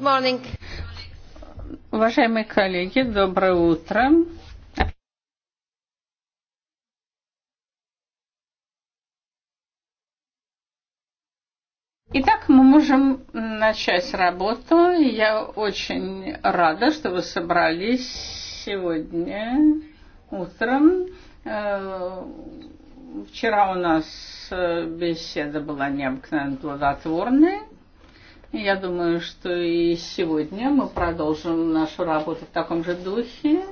Good morning. Уважаемые коллеги, доброе утро. Итак, мы можем начать работу. Я очень рада, что вы собрались сегодня утром. Э, вчера у нас э, беседа была необыкновенно плодотворная. Я думаю, что и сегодня мы продолжим нашу работу в таком же духе.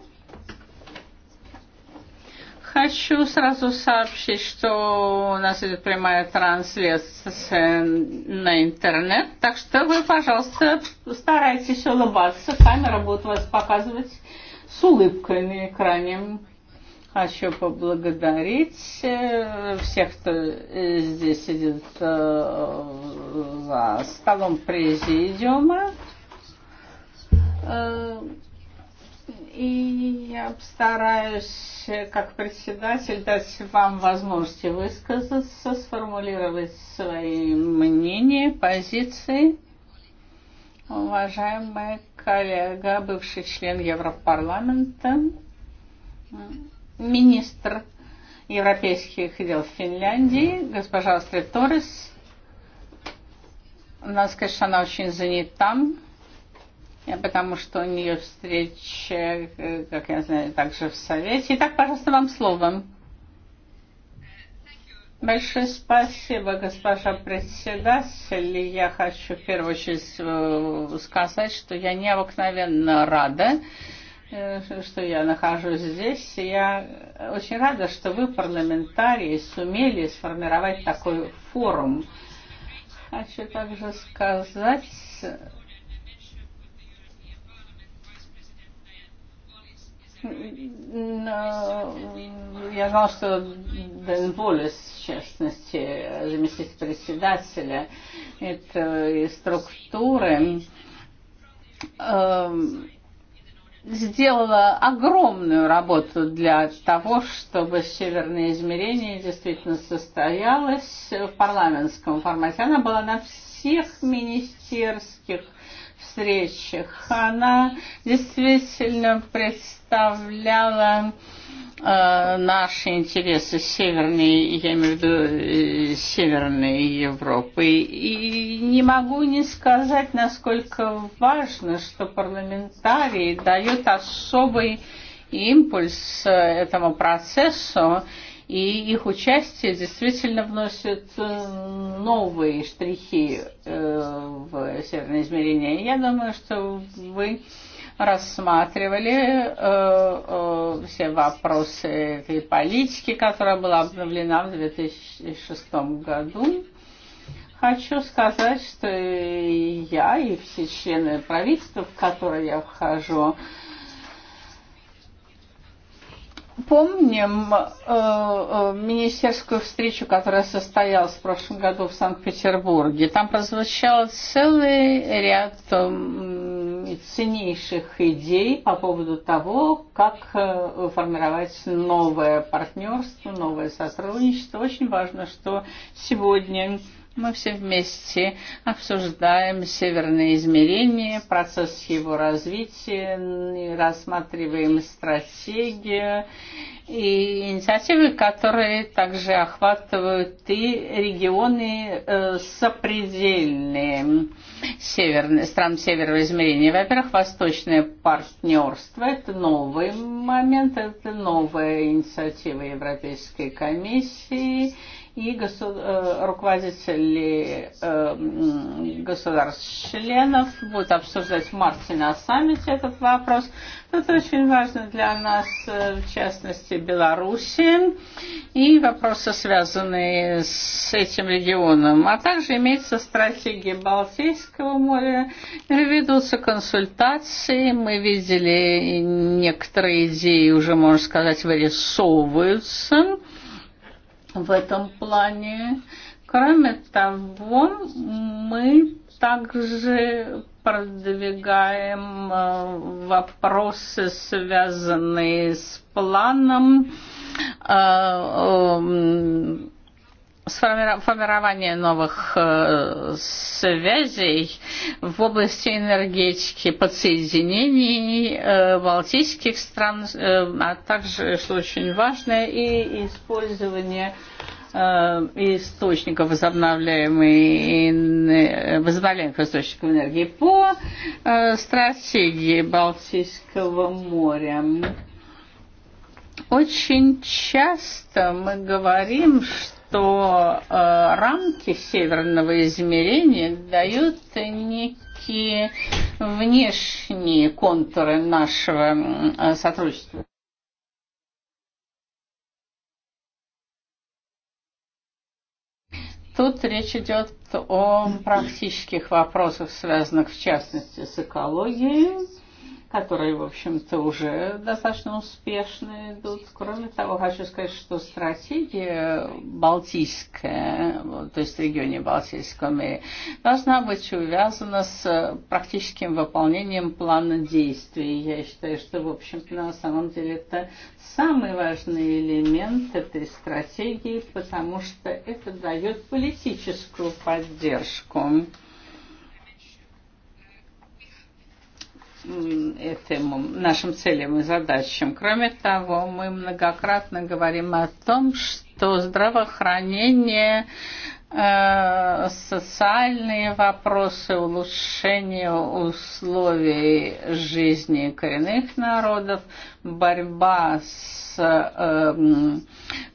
Хочу сразу сообщить, что у нас идет прямая трансляция на интернет, так что вы, пожалуйста, старайтесь улыбаться, камера будет вас показывать с улыбкой на экране. Хочу поблагодарить всех, кто здесь сидит за столом президиума. И я постараюсь, как председатель, дать вам возможность высказаться, сформулировать свои мнения, позиции. Уважаемая коллега, бывший член Европарламента, министр европейских дел Финляндии, госпожа Астрид Торрес. У нас, конечно, она очень занята, потому что у нее встреча, как я знаю, также в Совете. Итак, пожалуйста, вам слово. Большое спасибо, госпожа председатель. Я хочу в первую очередь э, сказать, что я необыкновенно рада Э, что я нахожусь здесь. Я очень рада, что вы, парламентарии, сумели сформировать такой форум. Хочу также сказать, я знал, что Дэн Волес, в частности, заместитель председателя этой структуры, сделала огромную работу для того, чтобы северное измерение действительно состоялось в парламентском формате. Она была на всех министерских встречах. Она действительно представляла э, наши интересы Северной, я имею в виду э, Северной Европы. И не могу не сказать, насколько важно, что парламентарий дает особый импульс этому процессу и их участие действительно вносит новые штрихи в северное измерение. Я думаю, что вы рассматривали э, э, все вопросы этой политики, которая была обновлена в 2006 году. Хочу сказать, что и я, и все члены правительства, в которые я вхожу, э, помним э, э, министерскую встречу, которая состоялась в прошлом году в Санкт-Петербурге. Там прозвучал целый ряд э, ценнейших идей по поводу того, как э, формировать новое партнерство, новое сотрудничество. Очень важно, что сегодня Мы все вместе обсуждаем северные измерения, процесс его развития, рассматриваем стратегию и инициативы, которые также охватывают и регионы э, сопредельные северные, стран северного измерения. Во-первых, восточное партнерство – это новый момент, это новая инициатива Европейской комиссии – и руководители государств-членов будут обсуждать в марте на саммите этот вопрос. Это очень важно для нас, э, в частности, Белоруссии и вопросы, связанные с этим регионом. А также имеется стратегия Балтийского моря, ведутся консультации, мы видели некоторые идеи уже, можно сказать, вырисовываются в этом плане. Кроме того, мы также продвигаем э, вопросы, связанные с планом э, формирование новых э, связей в области энергетики, подсоединений э, балтийских стран, э, а также, что очень важно, и использование э, источников возобновляемых источников энергии по э, стратегии Балтийского моря. Очень часто мы говорим, что что э, рамки северного измерения дают некие внешние контуры нашего э, сотрудничества. Тут речь идет о практических вопросах, связанных в частности с экологией которые, в общем-то, уже достаточно успешно идут. Кроме того, хочу сказать, что стратегия балтийская, то есть в регионе Балтийском, должна быть увязана с практическим выполнением плана действий. Я считаю, что, в общем-то, на самом деле это самый важный элемент этой стратегии, потому что это дает политическую поддержку. этим нашим целям и задачам. Кроме того, мы многократно говорим о том, что здравоохранение Э, социальные вопросы, улучшение условий жизни коренных народов, борьба с э,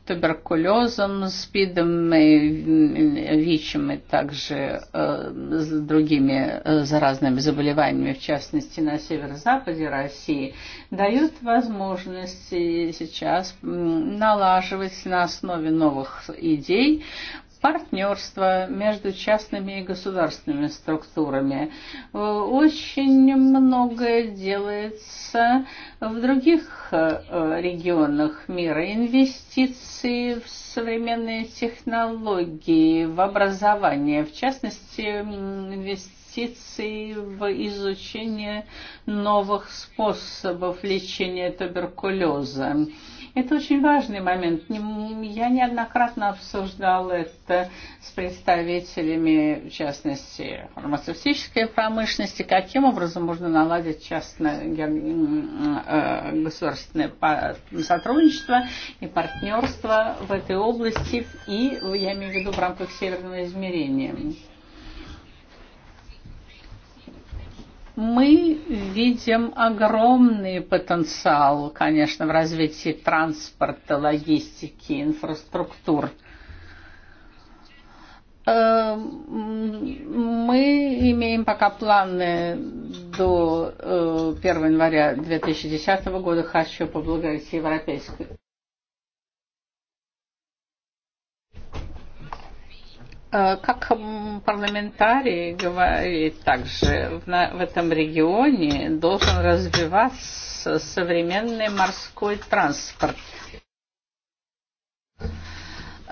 туберкулезом, СПИДом, и э, ВИЧем и также э, с другими э, заразными заболеваниями, в частности на северо-западе России, дают возможность сейчас налаживать на основе новых идей партнерство между частными и государственными структурами. Очень многое делается в других э, регионах мира. Инвестиции в современные технологии, в образование, в частности, инвестиции в изучение новых способов лечения туберкулеза. Это очень важный момент. Я неоднократно обсуждал это с представителями, в частности, фармацевтической промышленности, каким образом можно наладить частное э, государственное сотрудничество и партнерство в этой области, и я имею в виду в рамках северного измерения. Мы видим огромный потенциал, конечно, в развитии транспорта, логистики, инфраструктур. Мы имеем пока планы до 1 э, января 2010 года. Хочу поблагодарить Европейскую E, как парламентарий говорит также, в этом регионе должен развиваться современный морской транспорт.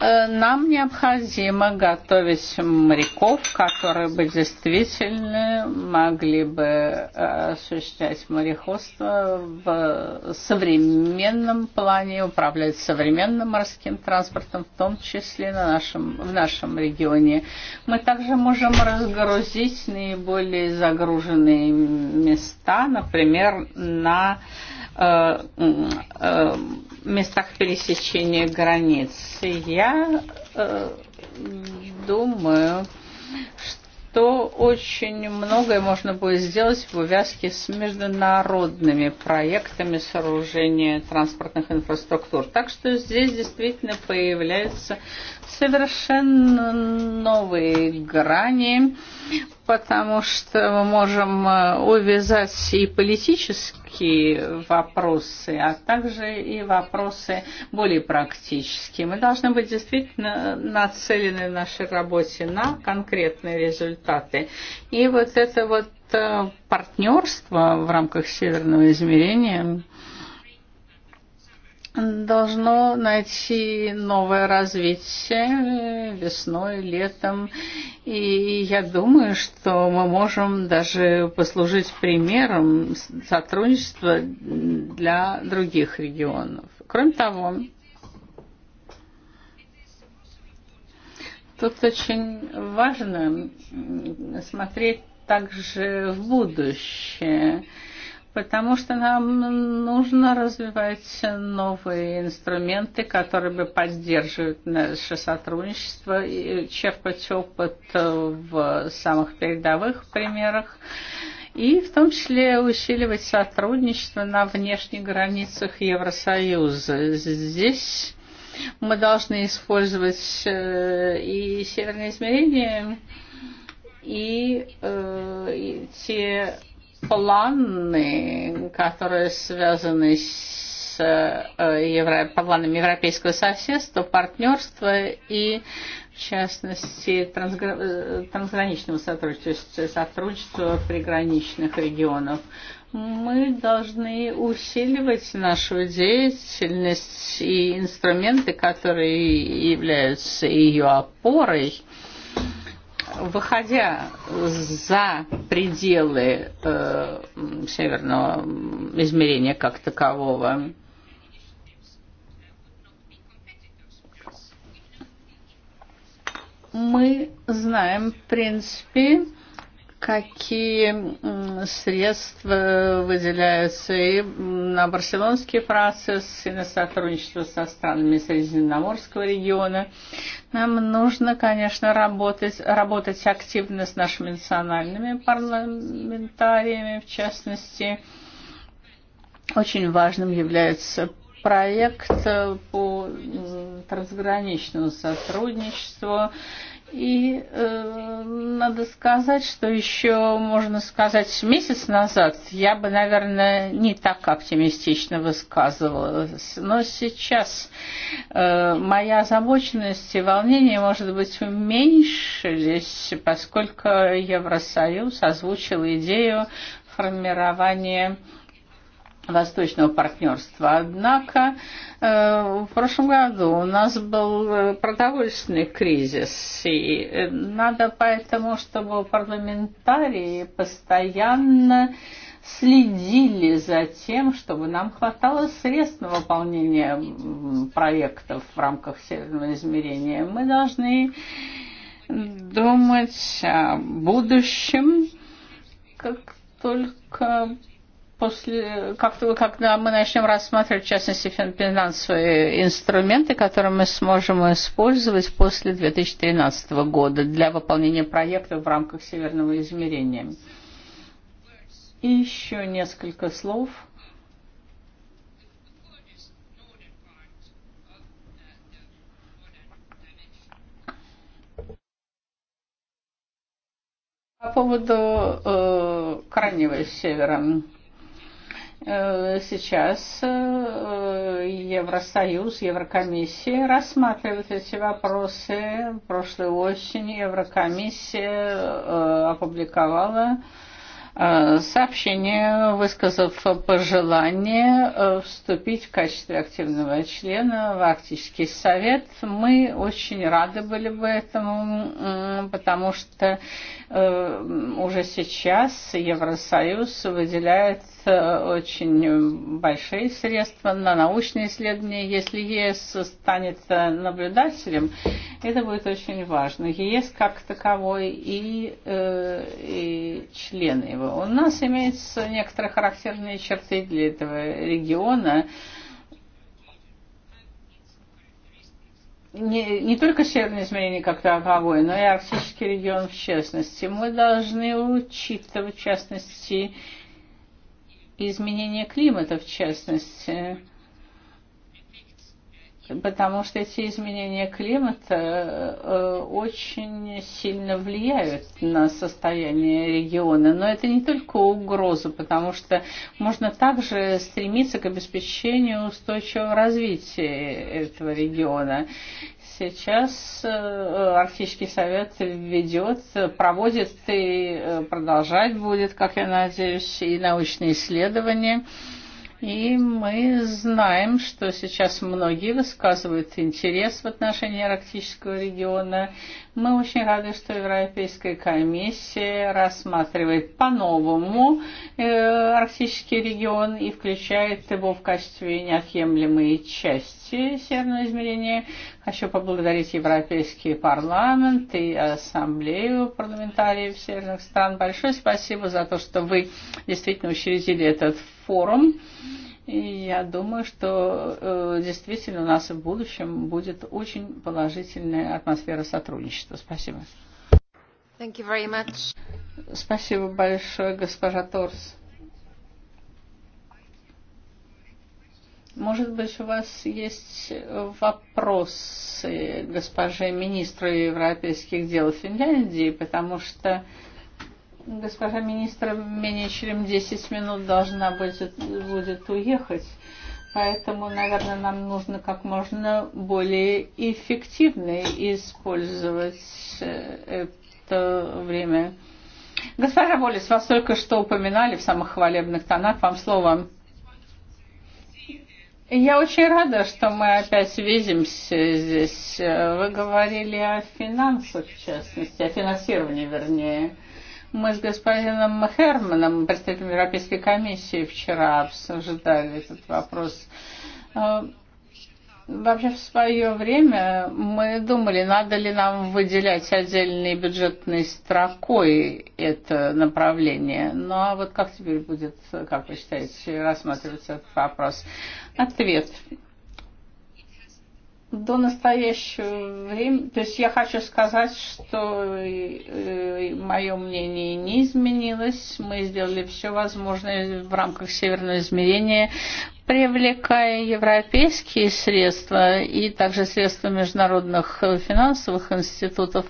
Э, нам необходимо готовить моряков, которые бы действительно могли бы э, осуществлять мореходство в современном плане, управлять современным морским транспортом, в том числе на нашем, в нашем регионе. Мы также можем разгрузить наиболее загруженные места, например, на э, Э, э, местах пересечения границ. Я э, думаю, что очень многое можно будет сделать в увязке с международными проектами сооружения транспортных инфраструктур. Так что здесь действительно появляются совершенно новые грани, потому что мы можем увязать и политические технические вопросы, а также и вопросы более практические. Мы должны быть действительно нацелены в нашей работе на конкретные результаты. И вот это вот э, партнерство в рамках северного измерения должно найти новое развитие весной, летом. И я думаю, что мы можем даже послужить примером сотрудничества для других регионов. Кроме того, тут очень важно смотреть также в будущее потому что нам нужно развивать новые инструменты, которые бы поддерживают наше сотрудничество, и черпать опыт в самых передовых примерах, и в том числе усиливать сотрудничество на внешних границах Евросоюза. Здесь мы должны использовать э, и северные измерения, и, э, и те планы, которые связаны с э, планами европейского соседства, партнерства и, в частности, трансгр... Э, трансграничного сотрудничества, сотрудничества приграничных регионов. Мы должны усиливать нашу деятельность и инструменты, которые являются ее опорой выходя за пределы э, северного измерения как такового, мы знаем, в принципе, какие средства выделяются и на барселонский процесс, и на сотрудничество со странами Средиземноморского региона. Нам нужно, конечно, работать, работать активно с нашими национальными парламентариями, в частности. Очень важным является проект по трансграничному сотрудничеству И э, надо сказать, что еще, можно сказать, месяц назад я бы, наверное, не так оптимистично высказывалась. Но сейчас э, моя озабоченность и волнение, может быть, уменьшились, поскольку Евросоюз озвучил идею формирования Восточного партнерства. Однако э, в прошлом году у нас был э, продовольственный кризис, и э, надо поэтому, чтобы парламентарии постоянно следили за тем, чтобы нам хватало средств на выполнение проектов в рамках северного измерения. Мы должны думать о будущем, как только после, как, как мы начнем рассматривать, в частности, финансовые инструменты, которые мы сможем использовать после 2013 года для выполнения проекта в рамках северного измерения. И еще несколько слов. По поводу э, крайнего севера. Э, сейчас э, Евросоюз, Еврокомиссия рассматривают эти вопросы. Прошлой осенью Еврокомиссия э, опубликовала сообщение, высказав пожелание э, вступить в качестве активного члена в Арктический совет. Мы очень рады были бы этому, потому что э, уже сейчас Евросоюз выделяет э, очень большие средства на научные исследования. Если ЕС станет наблюдателем, это будет очень важно. ЕС как таковой и, и члены У нас имеются некоторые характерные черты для этого региона. не, не только северное измерение как таковое, но и арктический регион в частности. Мы должны учитывать, в частности, изменение климата в частности потому что эти изменения климата э, очень сильно влияют на состояние региона. Но это не только угроза, потому что можно также стремиться к обеспечению устойчивого развития этого региона. Сейчас э, Арктический совет ведет, проводит и э, продолжать будет, как я надеюсь, и научные исследования. И мы знаем, что сейчас многие высказывают интерес в отношении арктического региона. Мы очень рады, что Европейская комиссия рассматривает по-новому э, арктический регион и включает его в качестве неотъемлемой части Северные измерения. Хочу поблагодарить Европейский парламент и Ассамблею парламентариев северных стран. Большое спасибо за то, что вы действительно учредили этот форум. И я думаю, что э, действительно у нас в будущем будет очень положительная атмосфера сотрудничества. Спасибо. Thank you very much. Спасибо большое, госпожа Торс. Может быть, у вас есть вопрос госпоже министру европейских дел Финляндии, потому что госпожа министра менее чем 10 минут должна будет, будет уехать. Поэтому, наверное, нам нужно как можно более эффективно использовать э, это время. Госпожа Болис, вас только что упоминали в самых хвалебных тонах. Вам слово. Я очень рада, что мы опять видимся здесь. Вы говорили о финансах, в частности, о финансировании, вернее. Мы с господином Херманом, представителем Европейской комиссии, вчера обсуждали этот вопрос. Вообще в свое время мы думали, надо ли нам выделять отдельной бюджетной строкой это направление. Ну а вот как теперь будет, как вы считаете, рассматриваться этот вопрос? Ответ. До настоящего времени, то есть я хочу сказать, что э, мое мнение не изменилось. Мы сделали все возможное в рамках северного измерения привлекая европейские средства и также средства международных финансовых институтов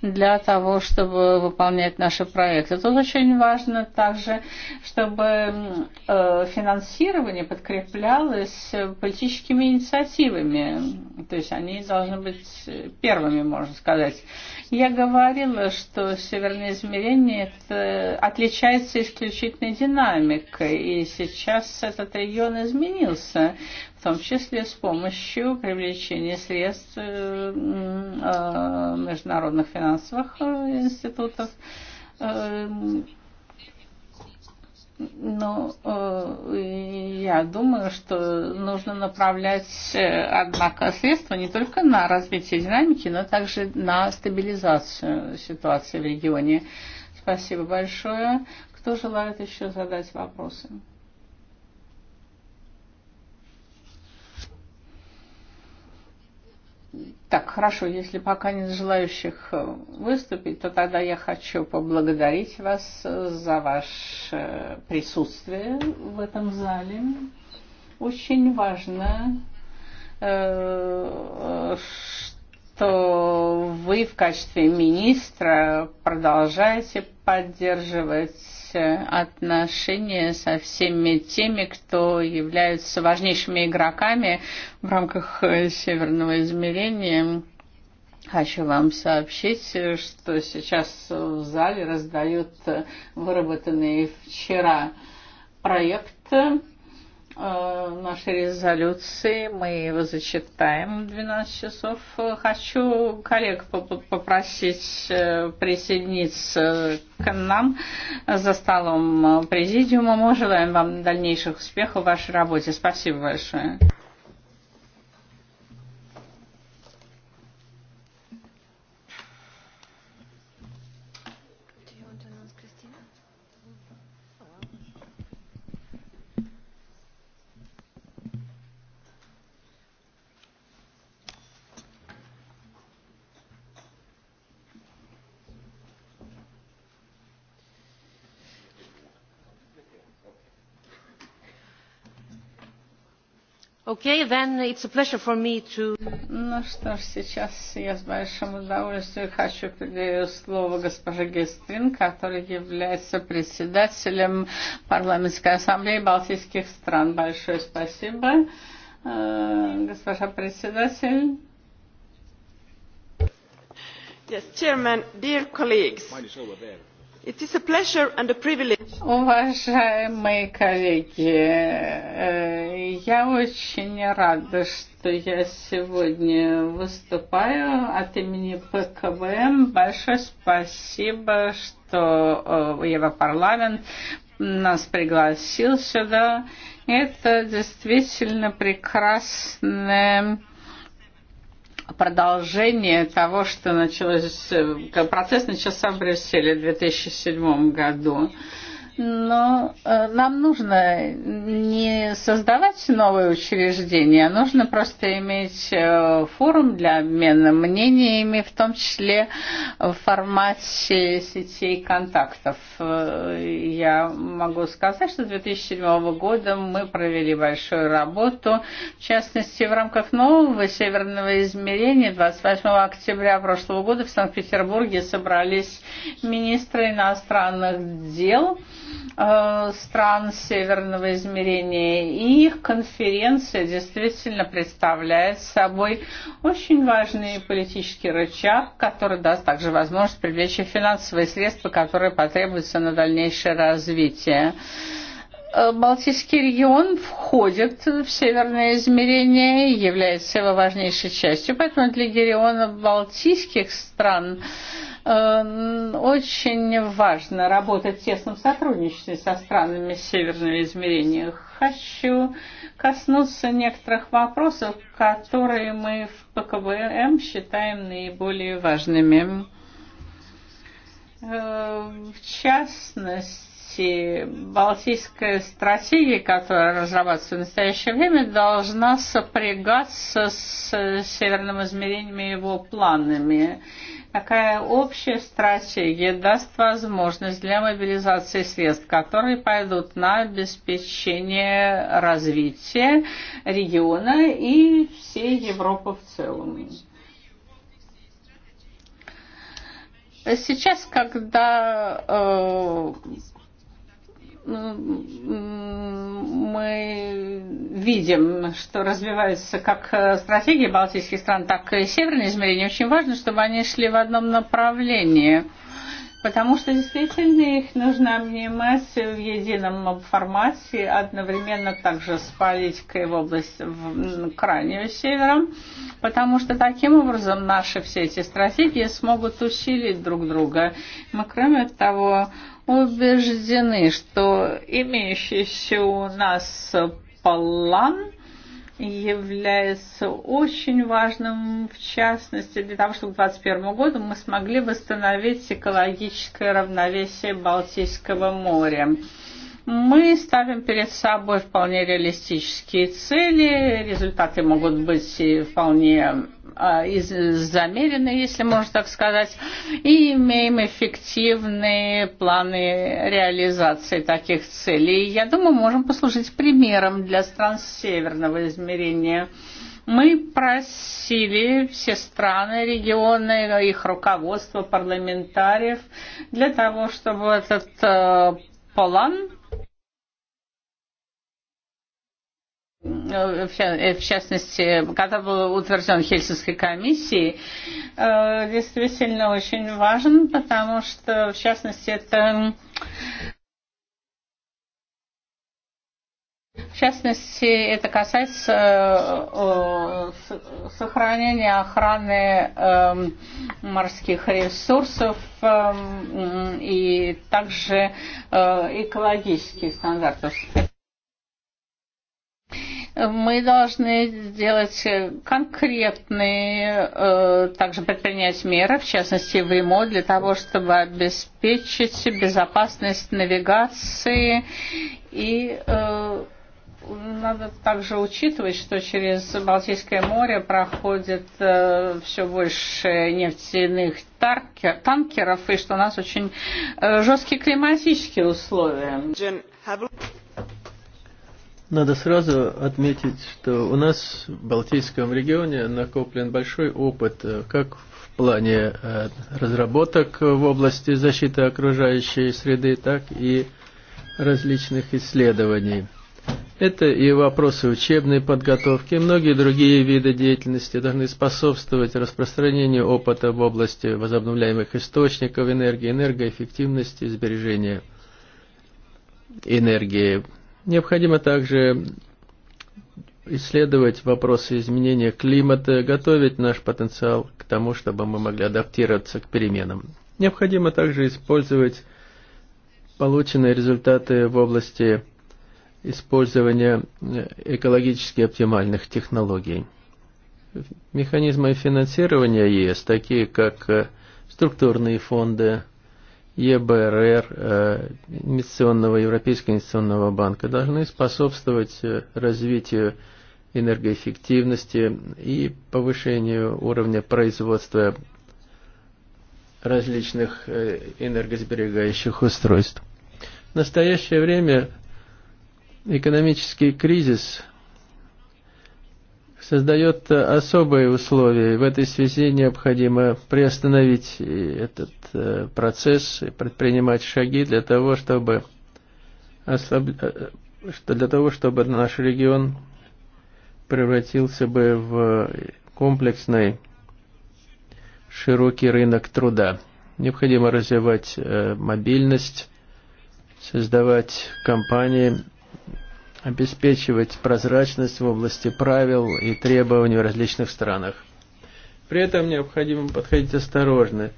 для того, чтобы выполнять наши проекты. Тут очень важно также, чтобы э, финансирование подкреплялось политическими инициативами, то есть они должны быть первыми, можно сказать. Я говорила, что северное измерение отличается исключительной динамикой, и сейчас этот регион изменился, в том числе с помощью привлечения средств э, международных финансовых э, институтов э, Ну, э, я думаю, что нужно направлять, э, однако, средства не только на развитие динамики, но также на стабилизацию ситуации в регионе. Спасибо большое. Кто желает еще задать вопросы? Так, хорошо, если пока нет желающих э, выступить, то тогда я хочу поблагодарить вас э, за ваше присутствие в этом зале. Очень важно, э, что вы в качестве министра продолжаете поддерживать отношения со всеми теми, кто являются важнейшими игроками в рамках северного измерения. Хочу вам сообщить, что сейчас в зале раздают выработанные вчера проекты нашей резолюции. Мы его зачитаем в 12 часов. Хочу коллег попросить э, присоединиться к нам за столом президиума. Мы желаем вам дальнейших успехов в вашей работе. Спасибо большое. Okay, then it's a pleasure for me to... ж, сейчас я с большим удовольствием хочу передать слово госпоже Гестрин, который является председателем Парламентской ассамблеи Балтийских стран. Большое спасибо, госпожа председатель. Yes, Chairman, dear colleagues. Mine is over there. It is a pleasure and a privilege. Уважаемые коллеги, э, я очень рада, что я сегодня выступаю от имени ПКВМ. Большое спасибо, что э, Европарламент нас пригласил сюда. Это действительно прекрасная продолжение того, что началось, э, процесс начался в Брюсселе в 2007 году. Но нам нужно не создавать новые учреждения, нужно просто иметь форум для обмена мнениями, в том числе в формате сетей контактов. Я могу сказать, что с 2007 года мы провели большую работу, в частности, в рамках нового северного измерения 28 октября прошлого года в Санкт-Петербурге собрались министры иностранных дел, стран северного измерения. И их конференция действительно представляет собой очень важный политический рычаг, который даст также возможность привлечь финансовые средства, которые потребуются на дальнейшее развитие. Балтийский регион входит в северное измерение и является его важнейшей частью, поэтому для регионов балтийских стран э, очень важно работать в тесном сотрудничестве со странами северного измерения. Хочу коснуться некоторых вопросов, которые мы в ПКБМ считаем наиболее важными. Э, в частности, Балтии, балтийская стратегия, которая разрабатывается в настоящее время, должна сопрягаться с северным измерением и его планами. Такая общая стратегия даст возможность для мобилизации средств, которые пойдут на обеспечение развития региона и всей Европы в целом. Сейчас, когда э, мы видим, что развиваются как э, стратегии балтийских стран, так и северные измерения. Очень важно, чтобы они шли в одном направлении, потому что действительно их нужно обнимать в едином формате, одновременно также с политикой в области в, крайнего севера, потому что таким образом наши все эти стратегии смогут усилить друг друга. Мы, кроме того, убеждены, что имеющийся у нас план является очень важным, в частности, для того, чтобы к 2021 году мы смогли восстановить экологическое равновесие Балтийского моря. Мы ставим перед собой вполне реалистические цели, результаты могут быть вполне замерены, если можно так сказать, и имеем эффективные планы реализации таких целей. Я думаю, можем послужить примером для стран северного измерения. Мы просили все страны, регионы, их руководство, парламентариев для того, чтобы этот э, план в частности, когда был утвержден Хельсинской комиссией, э, действительно очень важен, потому что, в частности, это В частности, это касается э, сохранения охраны э, морских ресурсов и также экологических стандартов. Мы должны сделать э, конкретные, э, также предпринять меры, в частности в ИМО, для того, чтобы обеспечить безопасность навигации и э, надо также учитывать, что через Балтийское море проходит все больше нефтяных танкеров, и что у нас очень жесткие климатические условия. Надо сразу отметить, что у нас в Балтийском регионе накоплен большой опыт э, как в плане э, разработок в области защиты окружающей среды, так и различных исследований. Это и вопросы учебной подготовки, и многие другие виды деятельности должны способствовать распространению опыта в области возобновляемых источников энергии, энергоэффективности сбережения энергии Необходимо также исследовать вопросы изменения климата, готовить наш потенциал к тому, чтобы мы могли адаптироваться к переменам. Необходимо также использовать полученные результаты в области использования э, экологически оптимальных технологий. Механизмы финансирования ЕС, такие как э, структурные фонды, ЕБРР, э, Инвестиционного Европейского инвестиционного банка должны способствовать э, развитию энергоэффективности и повышению уровня производства различных э, энергосберегающих устройств. В настоящее время экономический кризис – создает особые условия. В этой связи необходимо приостановить этот э, процесс и предпринимать шаги для того, чтобы, ослаб... Э, э, для того, чтобы наш регион превратился бы в комплексный широкий рынок труда. Необходимо развивать мобильность, создавать компании – обеспечивать прозрачность в области правил и требований в различных странах. При этом необходимо подходить осторожно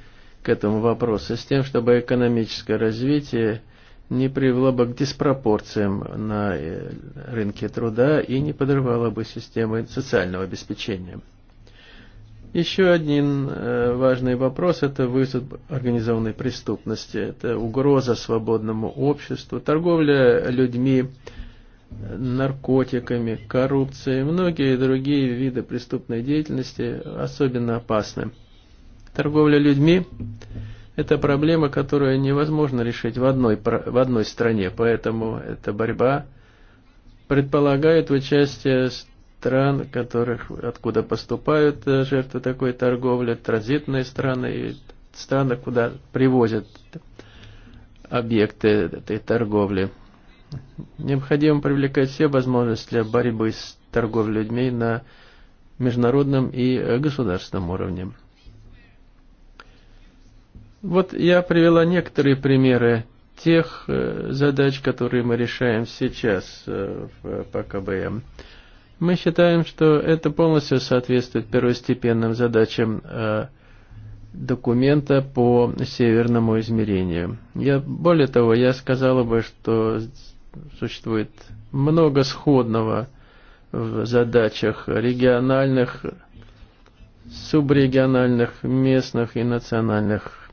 к этому вопросу, с тем, чтобы экономическое развитие не привело бы к диспропорциям на э, рынке труда и не подрывало бы системы социального обеспечения. Еще один э, важный вопрос – это вызов организованной преступности, это угроза свободному обществу, торговля людьми, наркотиками, коррупцией, многие другие виды преступной деятельности особенно опасны. Торговля людьми – это проблема, которую невозможно решить в одной, в одной стране, поэтому эта борьба предполагает участие стран, которых, откуда поступают э, жертвы такой торговли, транзитные страны и страны, куда привозят объекты этой торговли. Необходимо привлекать все возможности для борьбы с торговлей людьми на международном и государственном уровне. Вот я привела некоторые примеры тех э, задач, которые мы решаем сейчас э, в ПКБМ. Мы считаем, что это полностью соответствует первостепенным задачам э, документа по северному измерению. Я, более того, я сказала бы, что существует много сходного в задачах региональных, субрегиональных, местных и национальных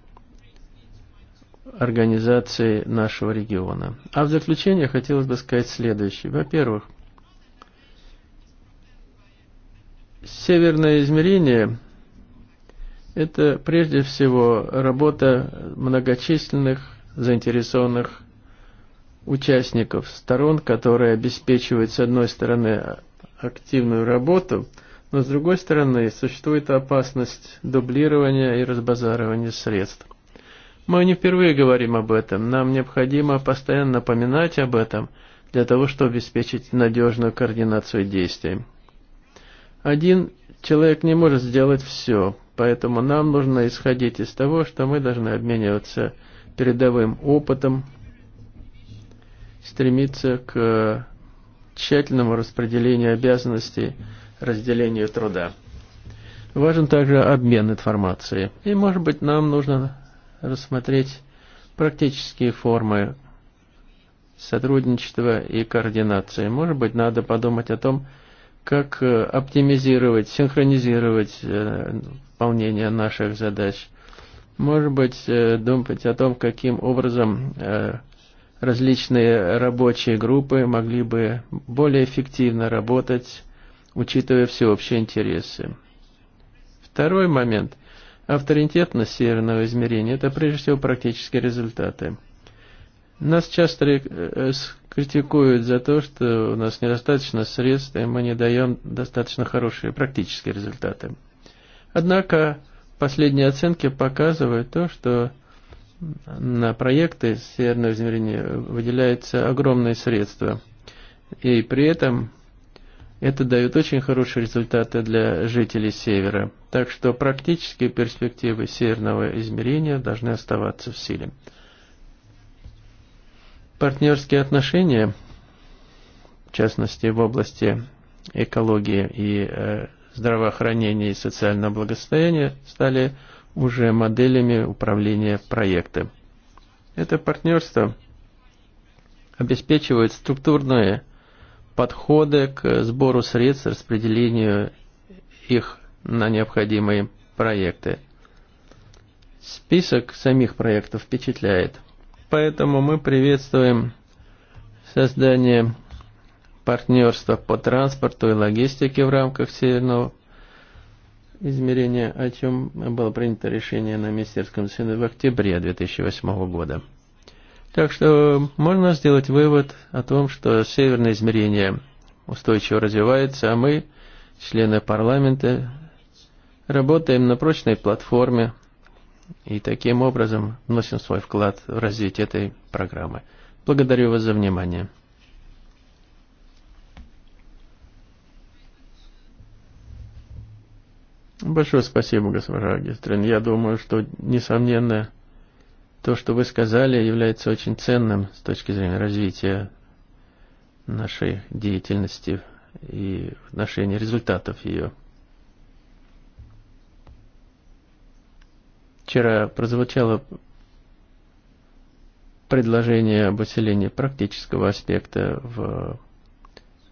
организаций нашего региона. А в заключение хотелось бы сказать следующее. Во-первых, северное измерение – это прежде всего работа многочисленных заинтересованных участников, сторон, которые обеспечивают, с одной стороны, активную работу, но с другой стороны, существует опасность дублирования и разбазаривания средств. Мы не впервые говорим об этом, нам необходимо постоянно напоминать об этом для того, чтобы обеспечить надежную координацию действий. Один человек не может сделать все, поэтому нам нужно исходить из того, что мы должны обмениваться передовым опытом, стремиться к э, тщательному распределению обязанностей, разделению труда. Важен также обмен информацией. И, может быть, нам нужно рассмотреть практические формы сотрудничества и координации. Может быть, надо подумать о том, как э, оптимизировать, синхронизировать э, выполнение наших задач. Может быть, думать о том, каким образом различные рабочие группы могли бы более эффективно работать, учитывая всеобщие интересы. Второй момент. Авторитетность северного измерения – это прежде всего практические результаты. Нас часто э, э, критикуют за то, что у нас недостаточно средств, и мы не даем достаточно хорошие практические результаты. Однако последние оценки показывают то, что на проекты северного измерения выделяются огромные средства. И при этом это дает очень хорошие результаты для жителей Севера. Так что практические перспективы северного измерения должны оставаться в силе. Партнерские отношения, в частности в области экологии и э, здравоохранения и социального благосостояния, стали уже моделями управления проекта. Это партнерство обеспечивает структурные подходы к сбору средств, распределению их на необходимые проекты. Список самих проектов впечатляет. Поэтому мы приветствуем создание партнерства по транспорту и логистике в рамках Северного измерения, о чем было принято решение на Министерском сыне в октябре 2008 года. Так что можно сделать вывод о том, что северное измерение устойчиво развивается, а мы, члены парламента, работаем на прочной платформе и таким образом вносим свой вклад в развитие этой программы. Благодарю вас за внимание. Большое спасибо, госпожа Гестрин. Я думаю, что, несомненно, то, что вы сказали, является очень ценным с точки зрения развития нашей деятельности и отношения результатов ее. Вчера прозвучало предложение об усилении практического аспекта в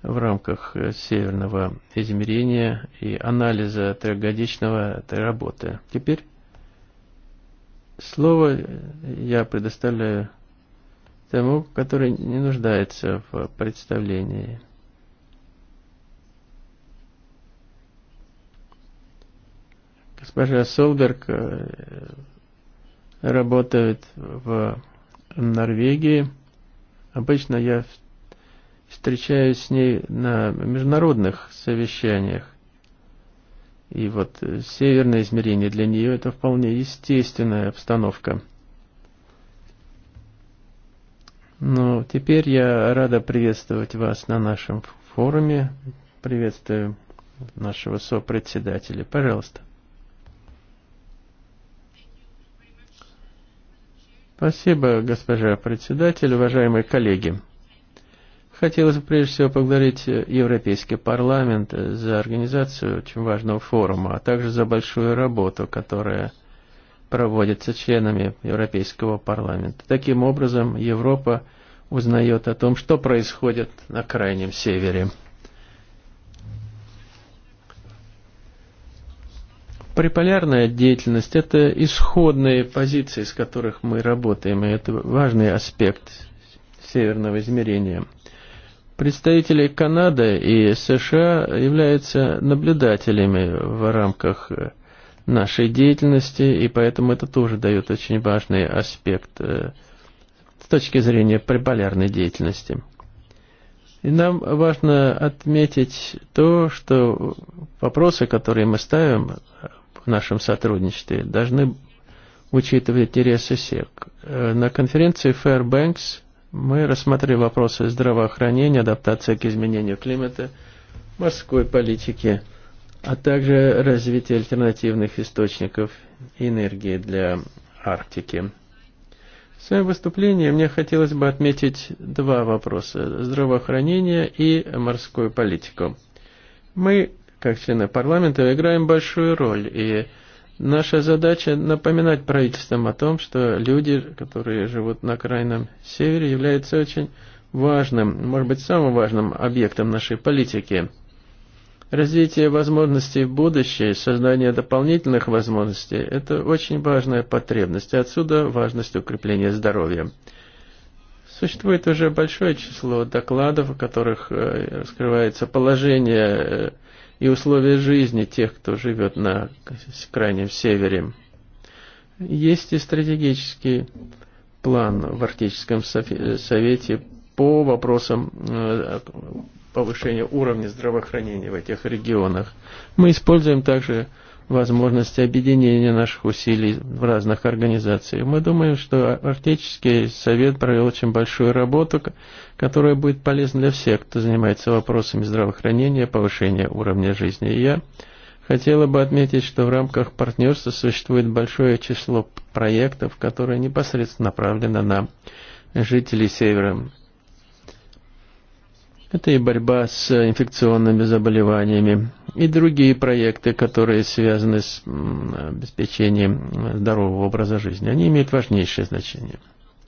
в рамках э, северного измерения и анализа трехгодичного этой работы. Теперь слово э, я предоставляю тому, который не нуждается в представлении. Госпожа Солберг э, работает в Норвегии. Обычно я встречаюсь с ней на международных совещаниях. И вот северное измерение для нее это вполне естественная обстановка. Ну, теперь я рада приветствовать вас на нашем форуме. Приветствую нашего сопредседателя. Пожалуйста. Спасибо, госпожа председатель, уважаемые коллеги. Хотелось прежде всего поблагодарить э, Европейский парламент э, за организацию очень важного форума, а также за большую работу, которая проводится членами Европейского парламента. Таким образом, Европа узнает о том, что происходит на Крайнем Севере. Приполярная деятельность – это исходные позиции, с которых мы работаем, и это важный аспект северного измерения – Представители Канады и США являются наблюдателями в рамках э, нашей деятельности, и поэтому это тоже дает очень важный аспект э, с точки зрения приполярной деятельности. И нам важно отметить то, что вопросы, которые мы ставим э, в нашем сотрудничестве, должны учитывать интересы СЕК. На конференции Fairbanks – Мы рассмотрели вопросы здравоохранения, адаптации к изменению климата, морской политики, а также развития альтернативных источников энергии для Арктики. В своем выступлении мне хотелось бы отметить два вопроса – здравоохранение и морскую политику. Мы, как члены парламента, играем большую роль, и Наша задача напоминать правительствам о том, что люди, которые живут на крайнем севере, являются очень важным, может быть, самым важным объектом нашей политики. Развитие возможностей в будущее, создание дополнительных возможностей – это очень важная потребность, и отсюда важность укрепления здоровья. Существует уже большое число докладов, в которых э, раскрывается положение э, и условия жизни тех, кто живет на крайнем севере. Есть и стратегический план в Арктическом совете по вопросам э, повышения уровня здравоохранения в этих регионах. Мы используем также возможности объединения наших усилий в разных организациях. Мы думаем, что Арктический совет провел очень большую работу, которая будет полезна для всех, кто занимается вопросами здравоохранения, повышения уровня жизни. И я хотела бы отметить, что в рамках партнерства существует большое число проектов, которые непосредственно направлены на жителей Севера Это и борьба с э, инфекционными заболеваниями, и другие проекты, которые связаны с обеспечением э, здорового образа жизни. Они имеют важнейшее значение.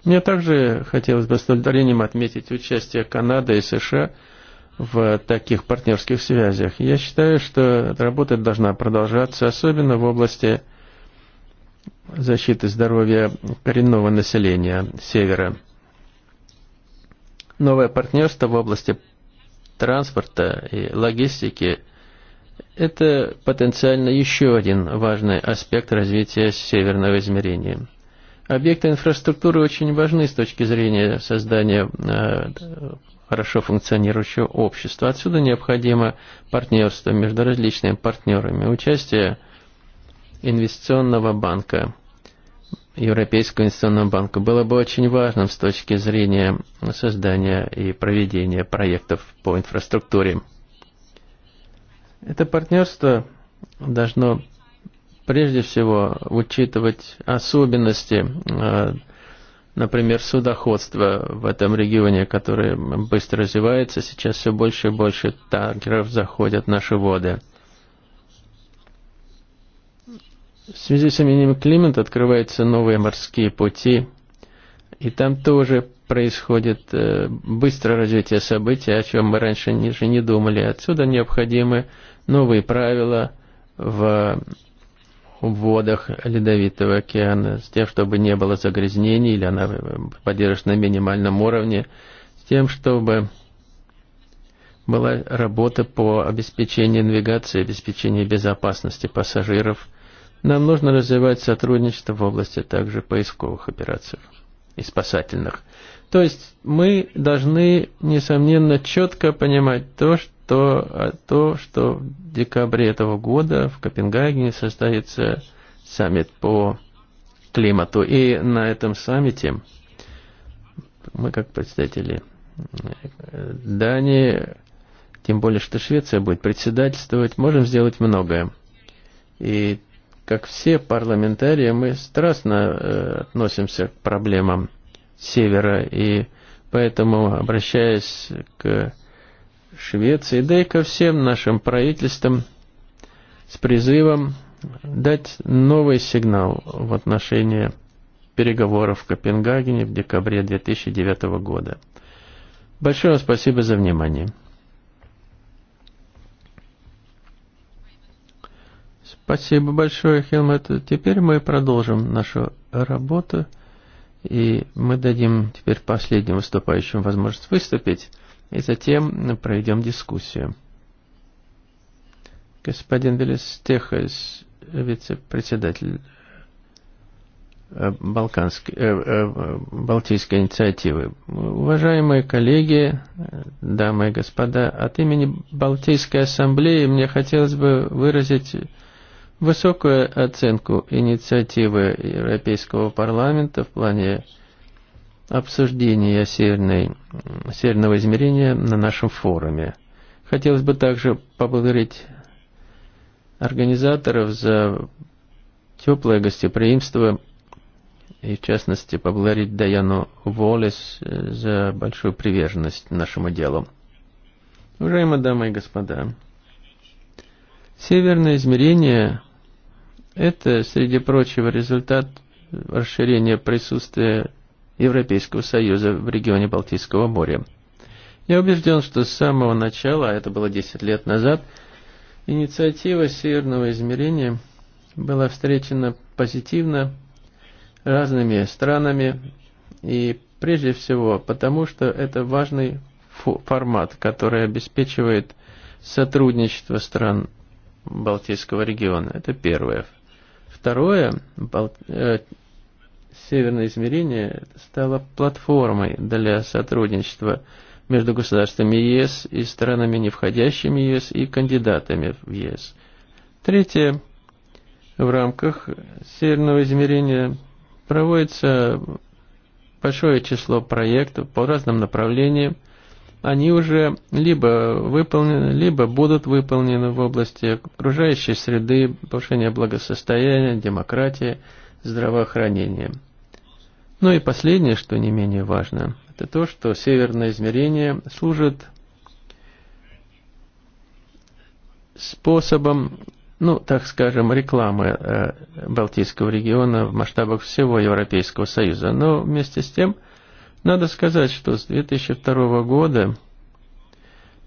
Мне также хотелось бы с удовлетворением отметить участие Канады и США в таких партнерских связях. Я считаю, что работа должна продолжаться, особенно в области защиты здоровья коренного населения Севера. Новое партнерство в области транспорта и логистики – это потенциально еще один важный аспект развития северного измерения. Объекты инфраструктуры очень важны с точки зрения создания э, хорошо функционирующего общества. Отсюда необходимо партнерство между различными партнерами, участие инвестиционного банка – Европейского инвестиционного банка было бы очень важным с точки зрения создания и проведения проектов по инфраструктуре. Это партнерство должно прежде всего учитывать особенности, э, например, судоходства в этом регионе, которое быстро развивается. Сейчас все больше и больше танкеров заходят в наши воды – В связи с именем климата открываются новые морские пути, и там тоже происходит э, быстрое развитие событий, о чем мы раньше ниже не думали. Отсюда необходимы новые правила в водах Ледовитого океана, с тем, чтобы не было загрязнений, или она поддерживается на минимальном уровне, с тем, чтобы была работа по обеспечению навигации, обеспечению безопасности пассажиров – Нам нужно развивать сотрудничество в области также поисковых операций и спасательных. То есть мы должны, несомненно, четко понимать то, что, то, что в декабре этого года в Копенгагене состоится саммит по климату. И на этом саммите мы, как представители э, Дании, тем более, что Швеция будет председательствовать, можем сделать многое. И как все парламентарии, мы страстно э, относимся к проблемам Севера, и поэтому, обращаясь к Швеции, да и ко всем нашим правительствам с призывом дать новый сигнал в отношении переговоров в Копенгагене в декабре 2009 года. Большое спасибо за внимание. Спасибо большое, Хелмет. Теперь мы продолжим нашу работу, и мы дадим теперь последним выступающим возможность выступить, и затем проведем дискуссию. Господин Велес Техас, вице-председатель э, Балканской, э, э, Балтийской инициативы. Уважаемые коллеги, дамы и господа, от имени Балтийской ассамблеи мне хотелось бы выразить высокую оценку инициативы Европейского парламента в плане обсуждения северной, северного измерения на нашем форуме. Хотелось бы также поблагодарить организаторов за теплое гостеприимство и, в частности, поблагодарить Даяну Волес э, за большую приверженность нашему делу. Уважаемые дамы и господа, северное измерение Это, среди прочего, результат расширения присутствия Европейского Союза в регионе Балтийского моря. Я убежден, что с самого начала, а это было 10 лет назад, инициатива северного измерения была встречена позитивно разными странами и прежде всего потому, что это важный формат, который обеспечивает сотрудничество стран Балтийского региона. Это первое. Второе, э, северное измерение стало платформой для сотрудничества между государствами ЕС и странами, не входящими в ЕС, и кандидатами в ЕС. Третье. В рамках северного измерения проводится большое число проектов по разным направлениям – они уже либо выполнены, либо будут выполнены в области окружающей среды, повышения благосостояния, демократии, здравоохранения. Ну и последнее, что не менее важно, это то, что северное измерение служит способом, ну, так скажем, рекламы э, Балтийского региона в масштабах всего Европейского Союза. Но вместе с тем Надо сказать, что с 2002 года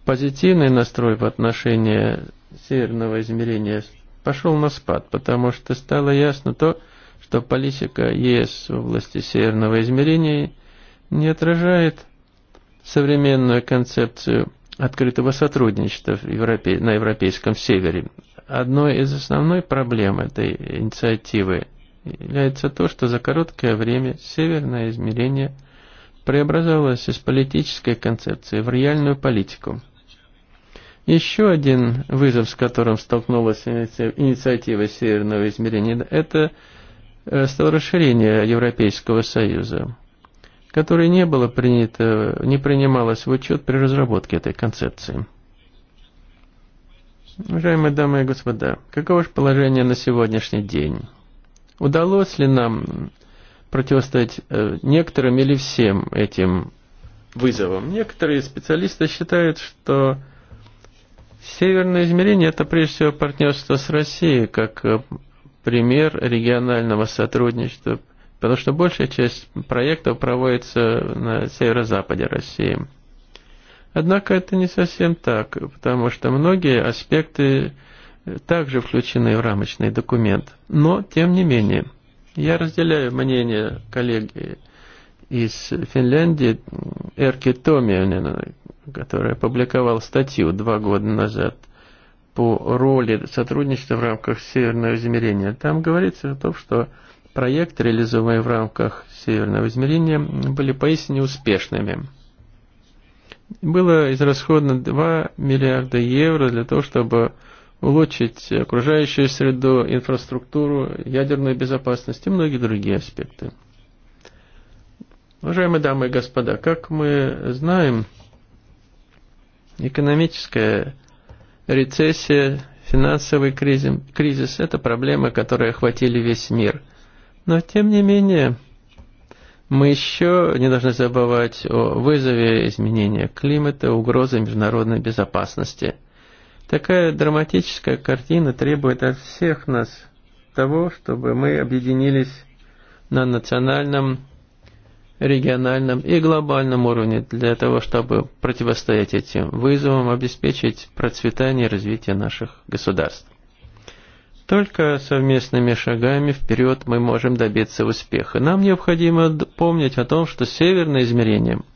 позитивный настрой в отношении северного измерения пошел на спад, потому что стало ясно то, что политика ЕС в области северного измерения не отражает современную концепцию открытого сотрудничества европе... на европейском севере. Одной из основной проблем этой инициативы является то, что за короткое время северное измерение – преобразовалась из политической концепции в реальную политику. Еще один вызов, с которым столкнулась инициатива Северного измерения, это э, стало расширение Европейского Союза, которое не было принято, не принималось в учет при разработке этой концепции. Уважаемые дамы и господа, каково же положение на сегодняшний день? Удалось ли нам противостоять э, некоторым или всем этим вызовам. Некоторые специалисты считают, что северное измерение – это прежде всего партнерство с Россией, как э, пример регионального сотрудничества, потому что большая часть проектов проводится на северо-западе России. Однако это не совсем так, потому что многие аспекты э, также включены в рамочный документ. Но, тем не менее – Я разделяю мнение коллеги из Финляндии Эрки Томиенена, который опубликовал статью два года назад по роли сотрудничества в рамках Северного измерения. Там говорится о том, что проекты, реализуемые в рамках Северного измерения, были поистине успешными. Было израсходно 2 миллиарда евро для того, чтобы улучшить окружающую среду, инфраструктуру, ядерную безопасность и многие другие аспекты. Уважаемые дамы и господа, как мы знаем, экономическая рецессия, финансовый кризис, кризис – это проблемы, которые охватили весь мир. Но, тем не менее, мы еще не должны забывать о вызове изменения климата, угрозы международной безопасности – Такая драматическая картина требует от всех нас того, чтобы мы объединились на национальном, региональном и глобальном уровне для того, чтобы противостоять этим вызовам, обеспечить процветание и развитие наших государств. Только совместными шагами вперед мы можем добиться успеха. Нам необходимо помнить о том, что северное измерение –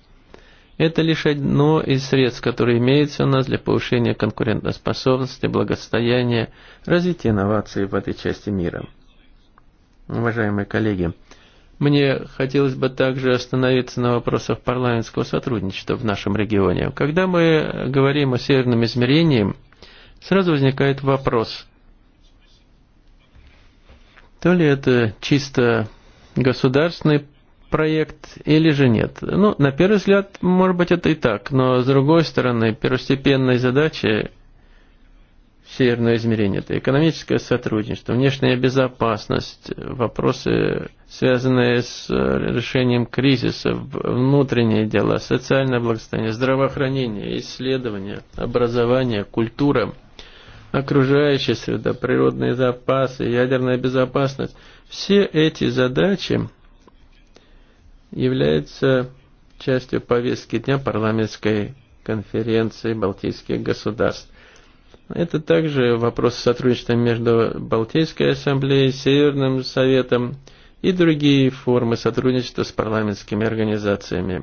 Это лишь одно из средств, которые имеются у нас для повышения конкурентоспособности, благосостояния, развития инноваций в этой части мира. Уважаемые коллеги, мне хотелось бы также остановиться на вопросах парламентского сотрудничества в нашем регионе. Когда мы говорим о северном измерении, сразу возникает вопрос, то ли это чисто государственный проект или же нет. Ну, на первый взгляд, может быть, это и так, но с другой стороны, первостепенной задачей северное измерение. Это экономическое сотрудничество, внешняя безопасность, вопросы, связанные с э, решением кризисов, внутренние дела, социальное благосостояние, здравоохранение, исследование, образование, культура, окружающая среда, природные запасы, ядерная безопасность. Все эти задачи – является частью повестки дня парламентской конференции Балтийских государств. Это также вопрос сотрудничества между Балтийской ассамблеей, Северным советом и другие формы сотрудничества с парламентскими организациями.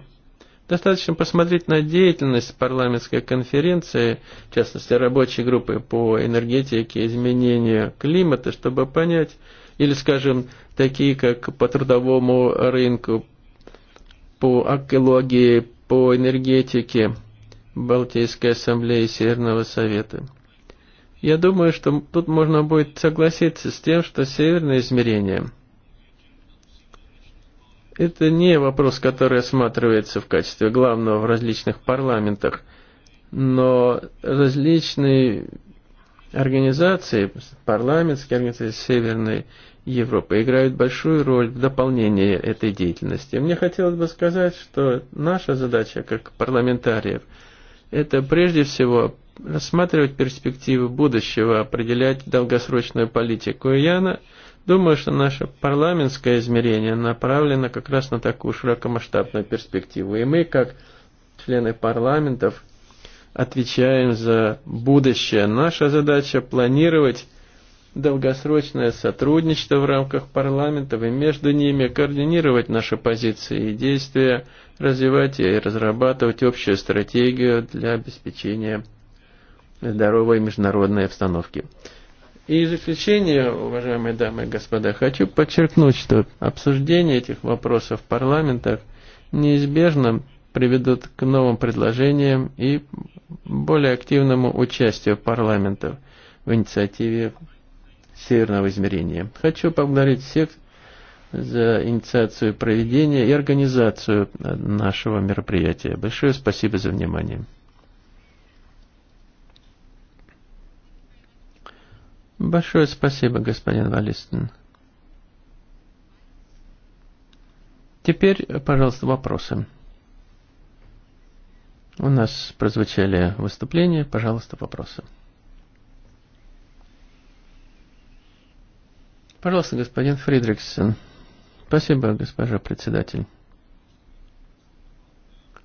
Достаточно посмотреть на деятельность парламентской конференции, в частности рабочей группы по энергетике и изменению климата, чтобы понять, или, скажем, такие как по трудовому рынку, по экологии, по энергетике Балтийской Ассамблеи Северного Совета. Я думаю, что тут можно будет согласиться с тем, что северное измерение – это не вопрос, который осматривается в качестве главного в различных парламентах, но различные организации, парламентские организации северные Европы играют большую роль в дополнении этой деятельности. Мне хотелось бы сказать, что наша задача как парламентариев – это прежде всего рассматривать перспективы будущего, определять долгосрочную политику. И я думаю, что наше парламентское измерение направлено как раз на такую широкомасштабную перспективу. И мы, как члены парламентов, отвечаем за будущее. Наша задача – планировать долгосрочное сотрудничество в рамках парламентов и между ними координировать наши позиции и действия, развивать и разрабатывать общую стратегию для обеспечения здоровой международной обстановки. И в заключение, уважаемые дамы и господа, хочу подчеркнуть, что обсуждение этих вопросов в парламентах неизбежно приведут к новым предложениям и более активному участию парламентов в инициативе северного измерения. Хочу поблагодарить всех за инициацию проведения и организацию нашего мероприятия. Большое спасибо за внимание. Большое спасибо, господин Валистин. Теперь, пожалуйста, вопросы. У нас прозвучали выступления. Пожалуйста, вопросы. Пожалуйста, господин Фридриксон. Спасибо, госпожа председатель.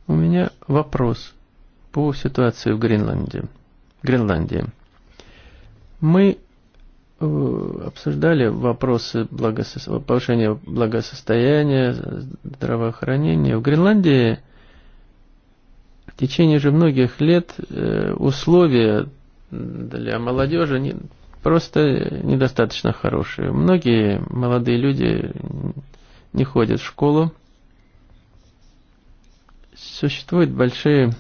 У меня вопрос по ситуации в Гренландии. Гренландии. Мы э, обсуждали вопросы благосо... повышения благосостояния, здравоохранения. В Гренландии в течение же многих лет э, условия для молодежи просто недостаточно хорошие. Многие молодые люди не ходят в школу. Существует большая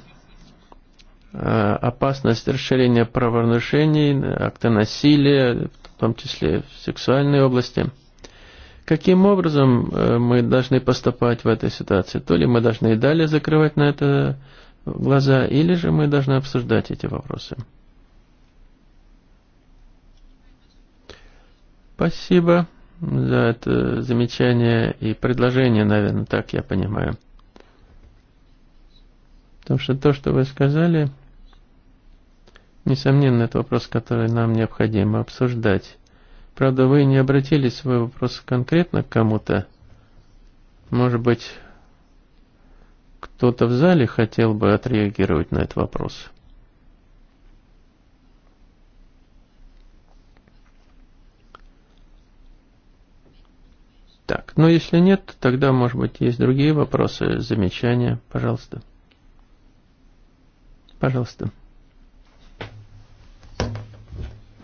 э, опасность расширения правонарушений, акта насилия, в том числе в сексуальной области. Каким образом э, мы должны поступать в этой ситуации? То ли мы должны и далее закрывать на это глаза, или же мы должны обсуждать эти вопросы. Спасибо за это замечание и предложение, наверное, так я понимаю. Потому что то, что вы сказали, несомненно, это вопрос, который нам необходимо обсуждать. Правда, вы не обратили свой вопрос конкретно к кому-то. Может быть, кто-то в зале хотел бы отреагировать на этот вопрос. Так, ну если нет, тогда, может быть, есть другие вопросы, замечания, пожалуйста. Пожалуйста.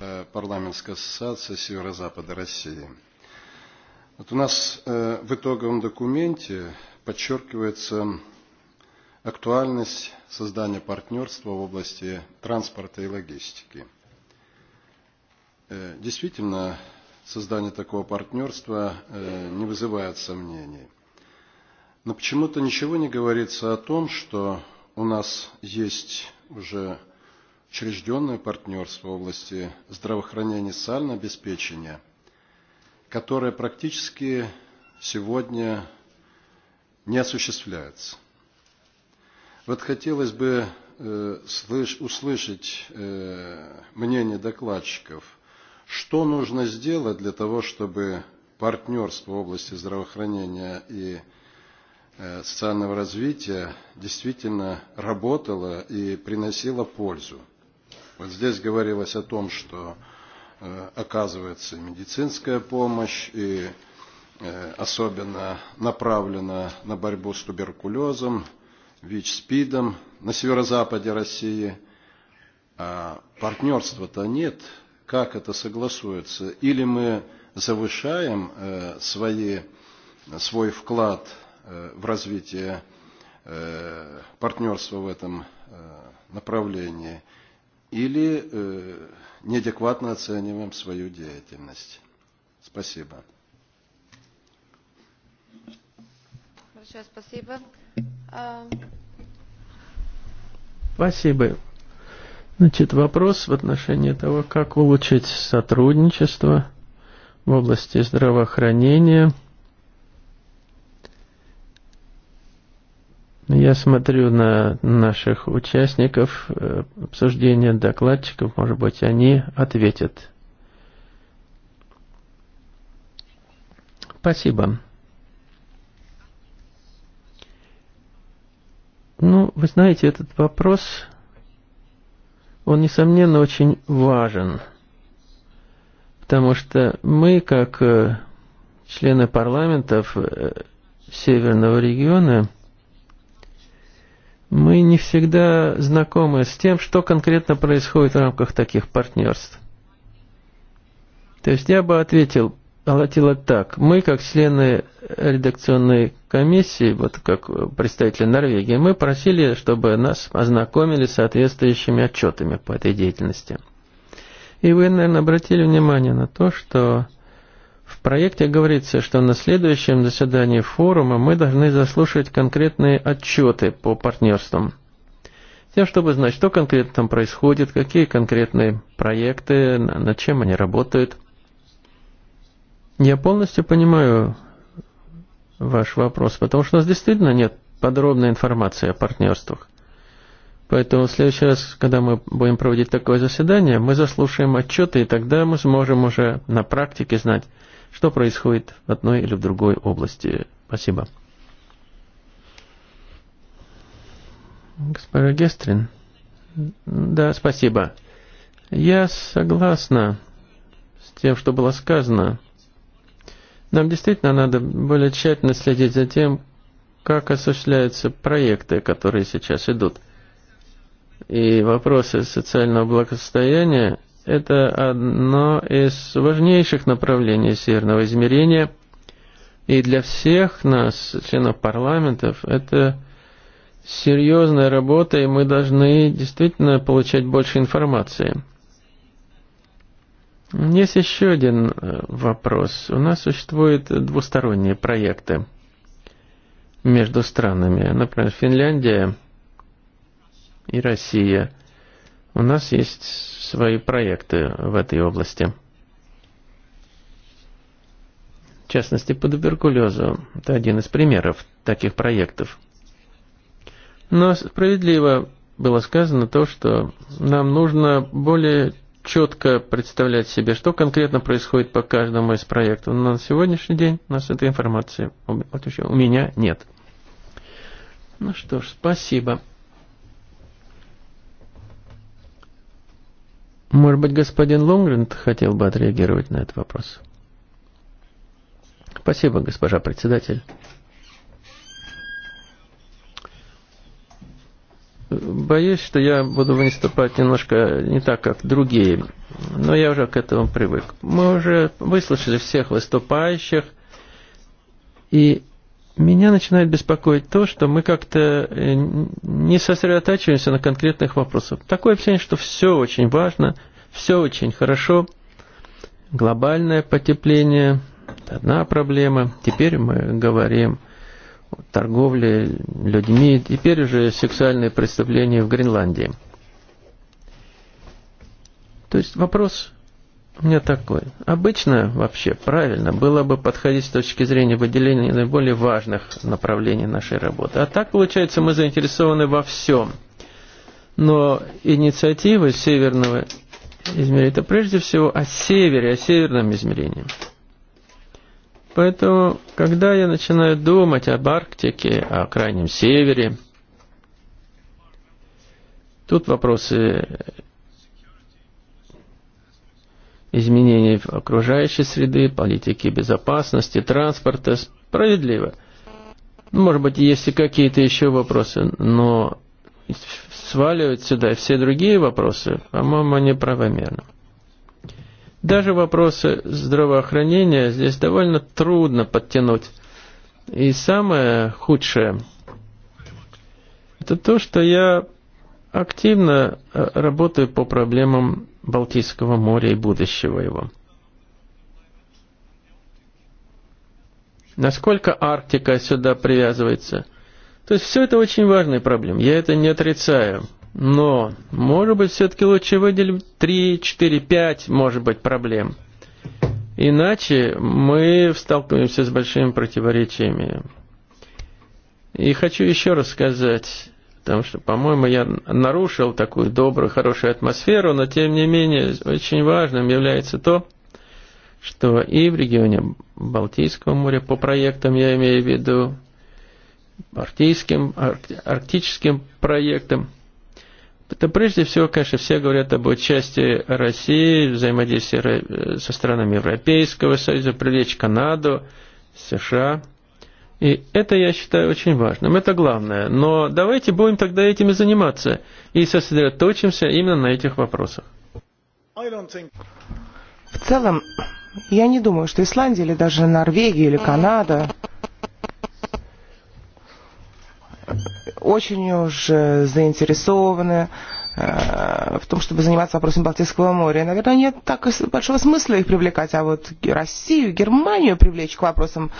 Э, парламентская ассоциация Северо-Запада России. Вот у нас э, в итоговом документе подчеркивается актуальность создания партнерства в области транспорта и логистики. Э, действительно, создание такого партнерства э, не вызывает сомнений. Но почему-то ничего не говорится о том, что у нас есть уже учрежденное партнерство в области здравоохранения и социального обеспечения, которое практически сегодня не осуществляется. Вот хотелось бы э, услышать э, мнение докладчиков – Что нужно сделать для того, чтобы партнерство в области здравоохранения и э, социального развития действительно работало и приносило пользу? Вот здесь говорилось о том, что э, оказывается медицинская помощь и э, особенно направлена на борьбу с туберкулезом, ВИЧ-СПИДом на северо-западе России. А партнерства-то нет – как это согласуется. Или мы завышаем э, свои, свой вклад э, в развитие э, партнерства в этом э, направлении, или э, неадекватно оцениваем свою деятельность. Спасибо. Хорошо, спасибо. Спасибо. Значит, вопрос в отношении того, как улучшить сотрудничество в области здравоохранения. Я смотрю на наших участников э, обсуждения докладчиков, может быть, они ответят. Спасибо. Ну, вы знаете, этот вопрос он, несомненно, очень важен, потому что мы, как э, члены парламентов э, Северного региона, мы не всегда знакомы с тем, что конкретно происходит в рамках таких партнерств. То есть я бы ответил Галатила так. Мы, как члены редакционной комиссии, вот как представители Норвегии, мы просили, чтобы нас ознакомили с соответствующими отчетами по этой деятельности. И вы, наверное, обратили внимание на то, что в проекте говорится, что на следующем заседании форума мы должны заслушать конкретные отчеты по партнерствам. Тем, чтобы знать, что конкретно там происходит, какие конкретные проекты, над чем они работают – Я полностью понимаю ваш вопрос, потому что у нас действительно нет подробной информации о партнерствах. Поэтому в следующий раз, когда мы будем проводить такое заседание, мы заслушаем отчеты, и тогда мы сможем уже на практике знать, что происходит в одной или в другой области. Спасибо. Госпожа Гестрин. Да, спасибо. Я согласна с тем, что было сказано. Нам действительно надо более тщательно следить за тем, как осуществляются проекты, которые сейчас идут. И вопросы социального благосостояния – это одно из важнейших направлений северного измерения. И для всех нас, членов парламентов, это серьезная работа, и мы должны действительно получать больше информации – Есть еще один э, вопрос. У нас существуют двусторонние проекты между странами. Например, Финляндия и Россия. У нас есть свои проекты в этой области. В частности, по туберкулезу. Это один из примеров таких проектов. Но справедливо было сказано то, что нам нужно более четко представлять себе, что конкретно происходит по каждому из проектов. Но на сегодняшний день у нас этой информации у меня нет. Ну что ж, спасибо. Может быть, господин Лонгренд хотел бы отреагировать на этот вопрос? Спасибо, госпожа председатель. Боюсь, что я буду выступать немножко не так, как другие, но я уже к этому привык. Мы уже выслушали всех выступающих, и меня начинает беспокоить то, что мы как-то э, не сосредотачиваемся на конкретных вопросах. Такое ощущение, что все очень важно, все очень хорошо. Глобальное потепление – одна проблема. Теперь мы говорим – торговли людьми, теперь уже сексуальные преступления в Гренландии. То есть вопрос у меня такой. Обычно вообще правильно было бы подходить с точки зрения выделения наиболее важных направлений нашей работы. А так получается мы заинтересованы во всем. Но инициативы северного измерения, это прежде всего о севере, о северном измерении. Поэтому, когда я начинаю думать об Арктике, о Крайнем Севере, тут вопросы изменений окружающей среды, политики безопасности, транспорта, справедливо. Может быть, есть и какие-то еще вопросы, но сваливать сюда все другие вопросы, по-моему, неправомерно. правомерно. Даже вопросы здравоохранения здесь довольно трудно подтянуть. И самое худшее – это то, что я активно э, работаю по проблемам Балтийского моря и будущего его. Насколько Арктика сюда привязывается? То есть все это очень важные проблемы. я это не отрицаю – Но, может быть, все-таки лучше выделим 3, 4, 5, может быть, проблем. Иначе мы сталкиваемся с большими противоречиями. И хочу еще раз сказать, потому что, по-моему, я нарушил такую добрую, хорошую атмосферу, но, тем не менее, очень важным является то, что и в регионе Балтийского моря, по проектам я имею в виду, арктическим, арктическим проектам – Это прежде всего, конечно, все говорят об участии России, взаимодействии со странами Европейского Союза, привлечь Канаду, США. И это, я считаю, очень важным. Это главное. Но давайте будем тогда этим и заниматься. И сосредоточимся именно на этих вопросах. В целом, я не думаю, что Исландия или даже Норвегия или Канада очень уж заинтересованы э, в том, чтобы заниматься вопросом Балтийского моря. Наверное, нет так большого смысла их привлекать, а вот Россию, Германию привлечь к вопросам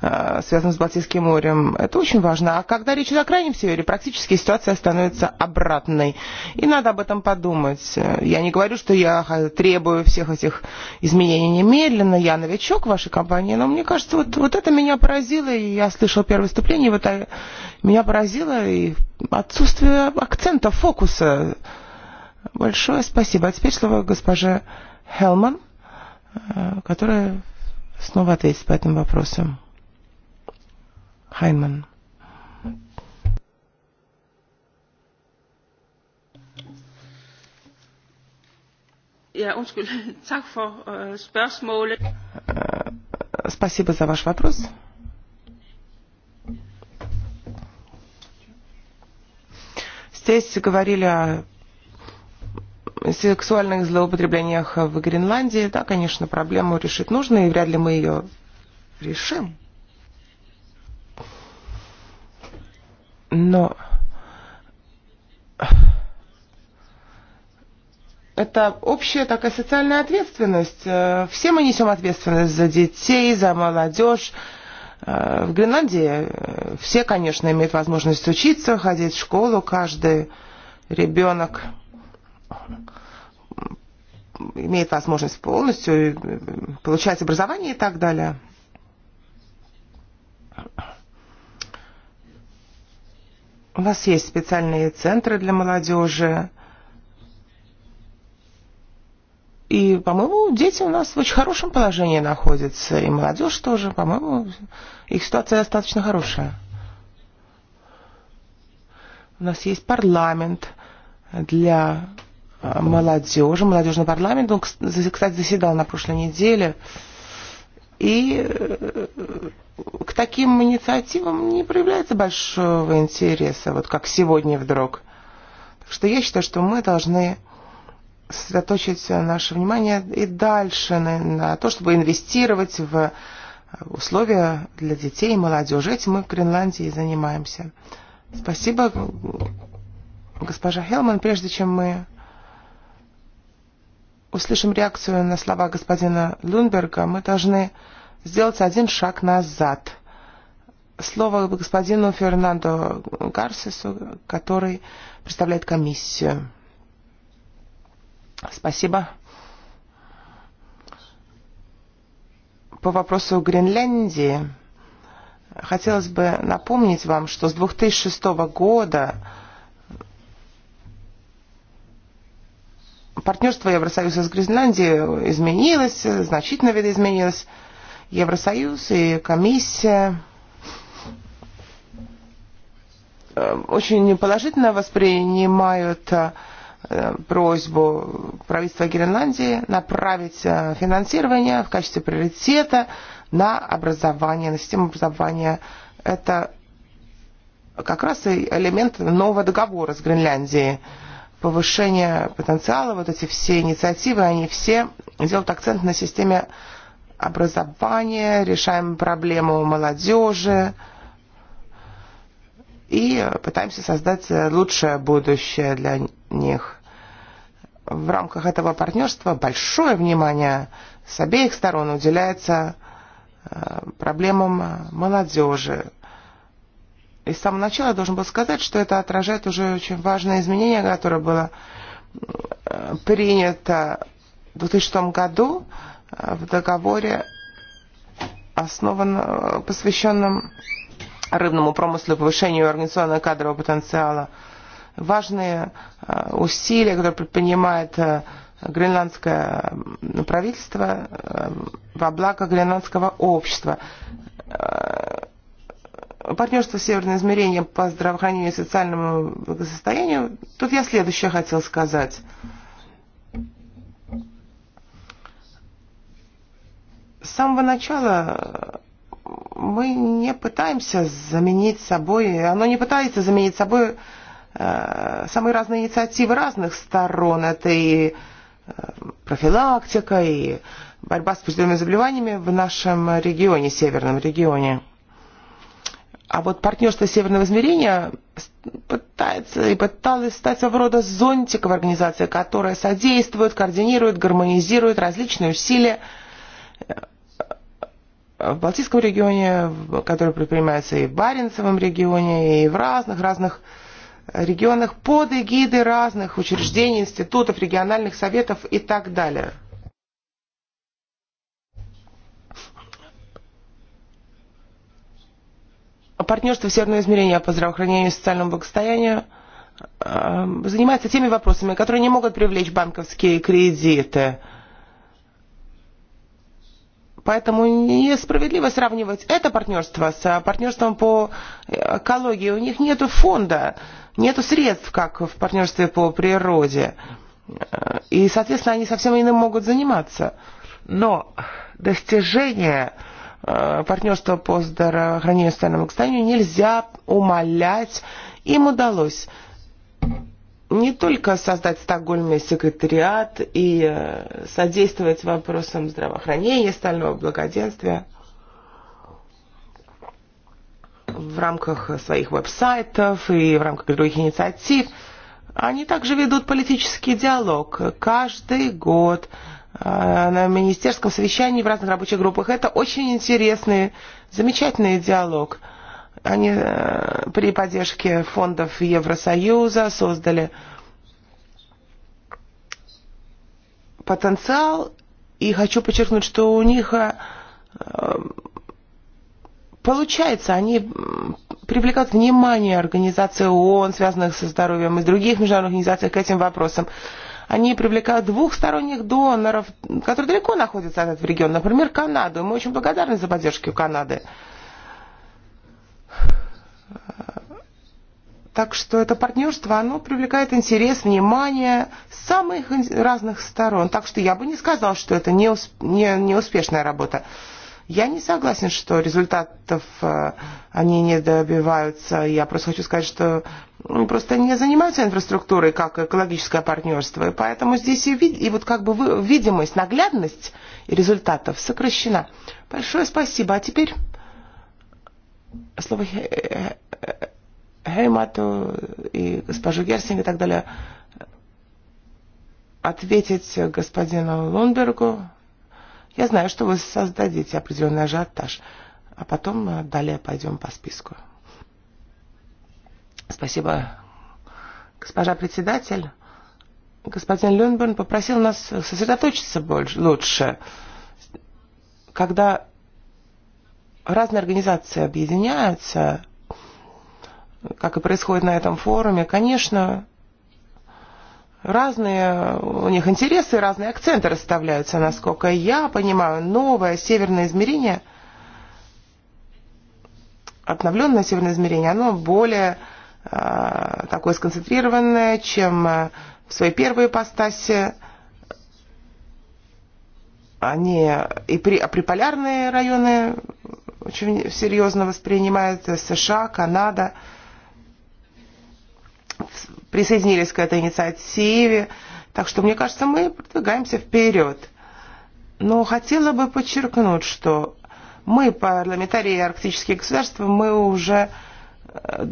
Э, связанным с Балтийским морем. Это очень важно. А когда речь идет о Крайнем Севере, практически ситуация становится обратной. И надо об этом подумать. Я не говорю, что я требую всех этих изменений немедленно. Я новичок в вашей компании, но мне кажется, вот, вот это меня поразило. И я слышал первое выступление, вот меня поразило и отсутствие акцента, фокуса. Большое спасибо. А теперь слово госпоже Хелман, э, которая снова ответит по этим вопросам. Heinemann. Ja, undskyld. Tak for uh, spørgsmålet. Uh, спасибо за ваш вопрос. Здесь говорили о сексуальных злоупотреблениях в Гренландии. Да, конечно, проблему решить нужно, и вряд ли мы ее решим. No. Это общая такая социальная ответственность. Все мы несем ответственность за детей, за молодежь. В Гренландии все, конечно, имеют возможность учиться, ходить в школу, каждый ребенок имеет возможность полностью получать образование и так далее. У нас есть специальные центры для молодежи. И, по-моему, дети у нас в очень хорошем положении находятся. И молодежь тоже, по-моему, их ситуация достаточно хорошая. У нас есть парламент для молодежи, молодежный парламент. Он, кстати, заседал на прошлой неделе. Uh, И э, к таким инициативам не проявляется большого интереса, вот как сегодня вдруг. Так что я считаю, что мы должны сосредоточить наше внимание и дальше на, на то, чтобы инвестировать в э, условия для детей и молодежи. Этим мы в Гренландии занимаемся. Спасибо, госпожа Хелман. Прежде чем мы услышим реакцию на слова господина Лунберга, мы должны сделать один шаг назад. Слово господину Фернандо Гарсису, который представляет комиссию. Спасибо. По вопросу Гренландии хотелось бы напомнить вам, что с 2006 года партнерство Евросоюза с Гренландией изменилось, значительно видоизменилось. Евросоюз и комиссия э, очень положительно воспринимают э, просьбу правительства Гренландии направить э, финансирование в качестве приоритета на образование, на систему образования. Это как раз и элемент нового договора с Гренландией повышения потенциала, вот эти все инициативы, они все делают акцент на системе образования, решаем проблему молодежи и пытаемся создать лучшее будущее для них. В рамках этого партнерства большое внимание с обеих сторон уделяется э, проблемам молодежи, и с самого начала должен был сказать, что это отражает уже очень важное изменение, которое было э, принято в 2006 году э, в договоре, основан, э, посвященном рыбному промыслу и повышению организационного кадрового потенциала. Важные усилия, которые предпринимает гренландское правительство во благо гренландского общества партнерство с северным измерение по здравоохранению и социальному благосостоянию, тут я следующее хотел сказать. С самого начала мы не пытаемся заменить собой, оно не пытается заменить собой э, самые разные инициативы разных сторон. Это и э, профилактика, и борьба с определенными заболеваниями в нашем регионе, северном регионе. А вот партнерство Северного измерения пытается и пыталось стать своего рода зонтиком организации, которая содействует, координирует, гармонизирует различные усилия э, в Балтийском регионе, которые предпринимаются и в Баренцевом регионе, и в разных-разных регионах под эгидой разных учреждений, институтов, региональных советов и так далее – партнерство «Северное измерения по здравоохранению и социальному благосостоянию занимается теми вопросами, которые не могут привлечь банковские кредиты. Поэтому несправедливо сравнивать это партнерство с партнерством по экологии. У них нет фонда, нет средств, как в партнерстве по природе. Э, и, соответственно, они совсем иным могут заниматься. Но достижение Партнерство по здравоохранению социальному состоянию нельзя умолять. Им удалось не только создать в секретариат и э, содействовать вопросам здравоохранения, стального благоденствия в рамках своих веб-сайтов и в рамках других инициатив, они также ведут политический диалог каждый год Э, на министерском совещании, в разных рабочих группах. Это очень интересный, замечательный диалог. Они э, при поддержке фондов Евросоюза создали потенциал, и хочу подчеркнуть, что у них э, получается, они привлекают внимание организации ООН, связанных со здоровьем, и других международных организаций к этим вопросам. Они привлекают двухсторонних доноров, которые далеко находятся от этого региона, например, Канаду. Мы очень благодарны за поддержку Канады. Так что это партнерство, оно привлекает интерес, внимание с самых разных сторон. Так что я бы не сказал, что это не, успешная работа. Я не согласен, что результатов э, они не добиваются. Я просто хочу сказать, что просто не занимаются инфраструктурой, как экологическое партнерство. И поэтому здесь и, вид и вот как бы видимость, наглядность результатов сокращена. Большое спасибо. А теперь слово Хеймату и госпожу Герсинг и так далее ответить господину Лунбергу. Я знаю, что вы создадите определенный ажиотаж, а потом далее пойдем по списку. Спасибо, госпожа председатель. Господин Люнберн попросил нас сосредоточиться больше, лучше. Когда разные организации объединяются, как и происходит на этом форуме, конечно, разные у них интересы, разные акценты расставляются, насколько я понимаю. Новое северное измерение, обновленное северное измерение, оно более Э, такое сконцентрированное, чем э, в своей первой ипостаси. Они и при, а приполярные районы очень серьезно воспринимают э, США, Канада. Присоединились к этой инициативе. Так что, мне кажется, мы продвигаемся вперед. Но хотела бы подчеркнуть, что мы, парламентарии арктических государств, мы уже э,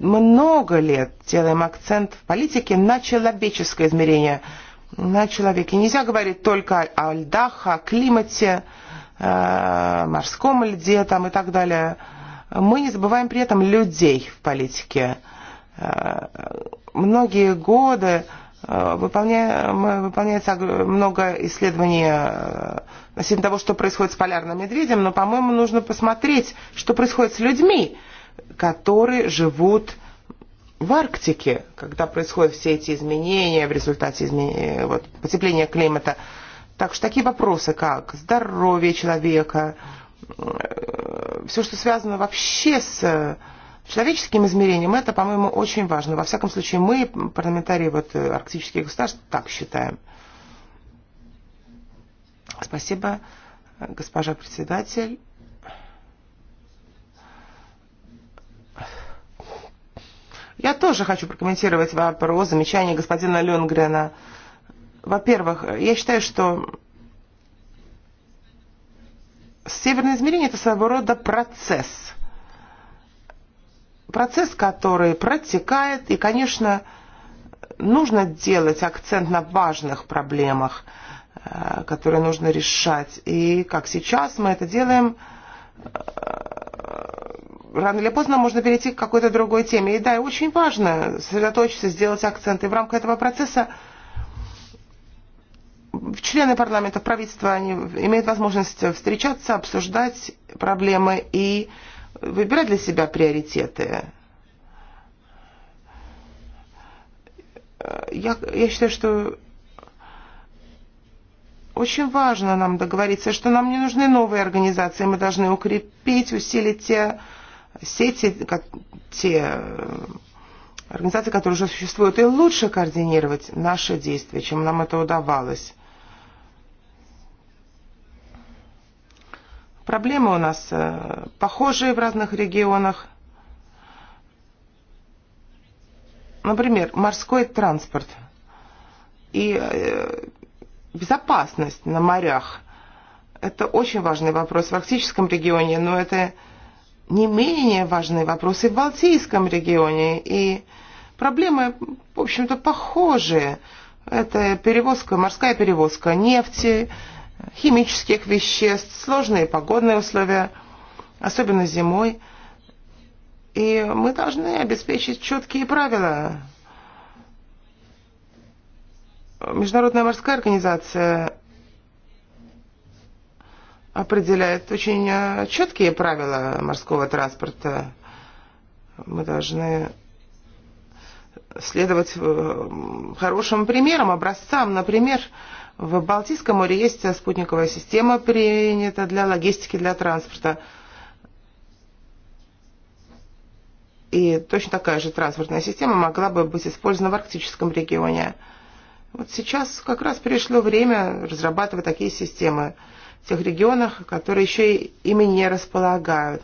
много лет делаем акцент в политике на человеческое измерение, на человеке. Нельзя говорить только о льдах, о климате, о э, морском льде там, и так далее. Мы не забываем при этом людей в политике. Э, многие годы э, выполняется много исследований относительно того, что происходит с полярным медведем, но, по-моему, нужно посмотреть, что происходит с людьми, которые живут в Арктике, когда происходят все эти изменения в результате изменения, э, вот, потепления климата. Так что такие вопросы, как здоровье человека, э, все, что связано вообще с э, человеческим измерением, это, по-моему, очень важно. Во всяком случае, мы, парламентарии вот, арктических государств, так считаем. Спасибо, госпожа председатель. Я тоже хочу прокомментировать вопрос, замечание господина Ленгрена. Во-первых, я считаю, что северное измерение – это своего рода процесс. Процесс, который протекает, и, конечно, нужно делать акцент на важных проблемах, э, которые нужно решать. И как сейчас мы это делаем э, – рано или поздно можно перейти к какой-то другой теме. И да, и очень важно сосредоточиться, сделать акценты в рамках этого процесса члены парламента, правительства, они имеют возможность встречаться, обсуждать проблемы и выбирать для себя приоритеты. Я, я считаю, что очень важно нам договориться, что нам не нужны новые организации, мы должны укрепить, усилить те сети, как, те э, организации, которые уже существуют, и лучше координировать наши действия, чем нам это удавалось. Проблемы у нас э, похожие в разных регионах. Например, морской транспорт и э, безопасность на морях. Это очень важный вопрос в арктическом регионе, но это не менее важные вопросы в Балтийском регионе. И проблемы, в общем-то, похожие. Это перевозка, морская перевозка нефти, химических веществ, сложные погодные условия, особенно зимой. И мы должны обеспечить четкие правила. Международная морская организация определяет очень э, четкие правила морского транспорта. Мы должны следовать э, хорошим примерам, образцам. Например, в Балтийском море есть спутниковая система принята для логистики, для транспорта. И точно такая же транспортная система могла бы быть использована в арктическом регионе. Вот сейчас как раз пришло время разрабатывать такие системы тех регионах, которые еще и ими не располагают.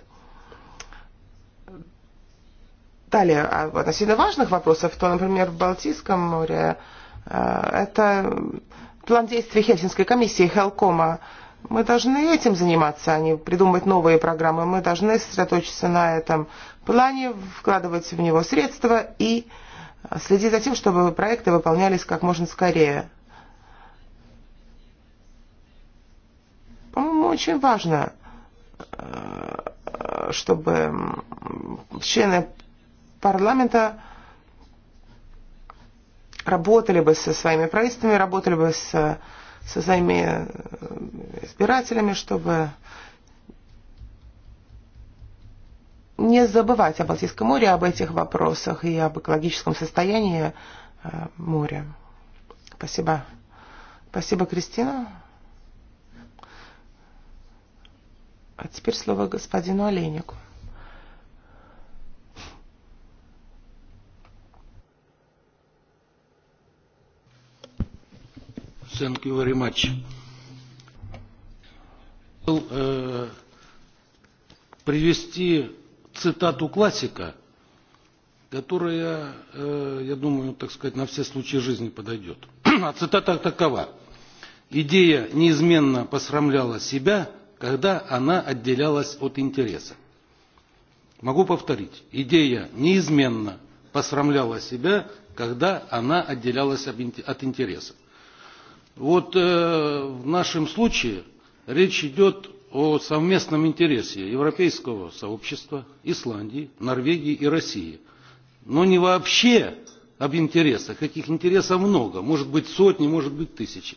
Далее, относительно важных вопросов, то, например, в Балтийском море, э, это план действий Хельсинской комиссии Хелкома. Мы должны этим заниматься, а не придумывать новые программы. Мы должны сосредоточиться на этом плане, вкладывать в него средства и следить за тем, чтобы проекты выполнялись как можно скорее. очень важно, э, чтобы члены парламента работали бы со своими правительствами, работали бы с, со своими э, избирателями, чтобы не забывать о Балтийском море, об этих вопросах и об экологическом состоянии э, моря. Спасибо. Спасибо, Кристина. А теперь слово господину Олейнику. Thank you very much. Хотел э, uh, привести цитату классика, которая, э, я думаю, так сказать, на все случаи жизни подойдет. а цитата такова. Идея неизменно посрамляла себя – когда она отделялась от интереса. Могу повторить, идея неизменно посрамляла себя, когда она отделялась от интереса. Вот э, в нашем случае речь идет о совместном интересе Европейского сообщества, Исландии, Норвегии и России. Но не вообще об интересах, этих интересов много, может быть сотни, может быть тысячи,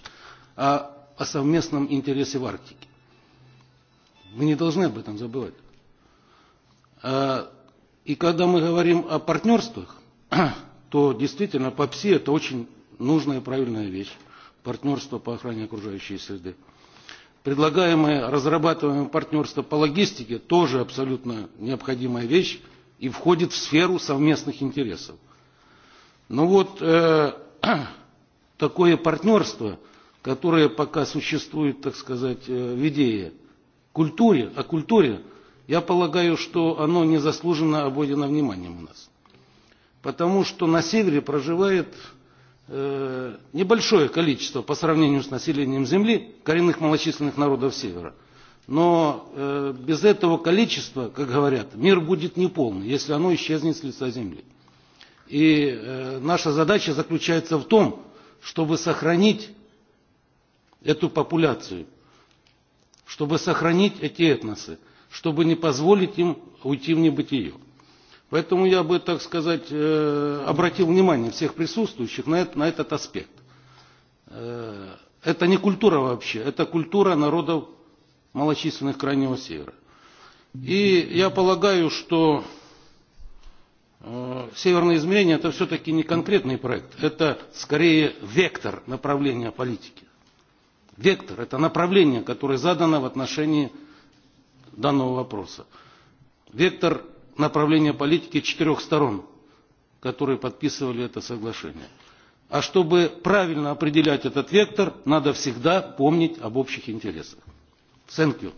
а о совместном интересе в Арктике. Мы не должны об этом забывать. И когда мы говорим о партнерствах, то действительно ПСИ это очень нужная и правильная вещь. Партнерство по охране окружающей среды. Предлагаемое разрабатываемое партнерство по логистике тоже абсолютно необходимая вещь и входит в сферу совместных интересов. Но вот э, такое партнерство, которое пока существует, так сказать, э, в идее – культуре, о культуре, я полагаю, что оно незаслуженно обойдено вниманием у нас. Потому что на севере проживает э, небольшое количество по сравнению с населением Земли коренных малочисленных народов севера. Но э, без этого количества, как говорят, мир будет неполный, если оно исчезнет с лица Земли. И э, наша задача заключается в том, чтобы сохранить эту популяцию, чтобы сохранить эти этносы, чтобы не позволить им уйти в небытие. Поэтому я бы, так сказать, э, обратил внимание всех присутствующих на, это, на этот аспект. Э, это не культура вообще, это культура народов малочисленных Крайнего Севера. И я полагаю, что э, северное измерение – это все-таки не конкретный проект, это скорее вектор направления политики вектор, это направление, которое задано в отношении данного вопроса. Вектор направления политики четырех сторон, которые подписывали это соглашение. А чтобы правильно определять этот вектор, надо всегда помнить об общих интересах. Thank you.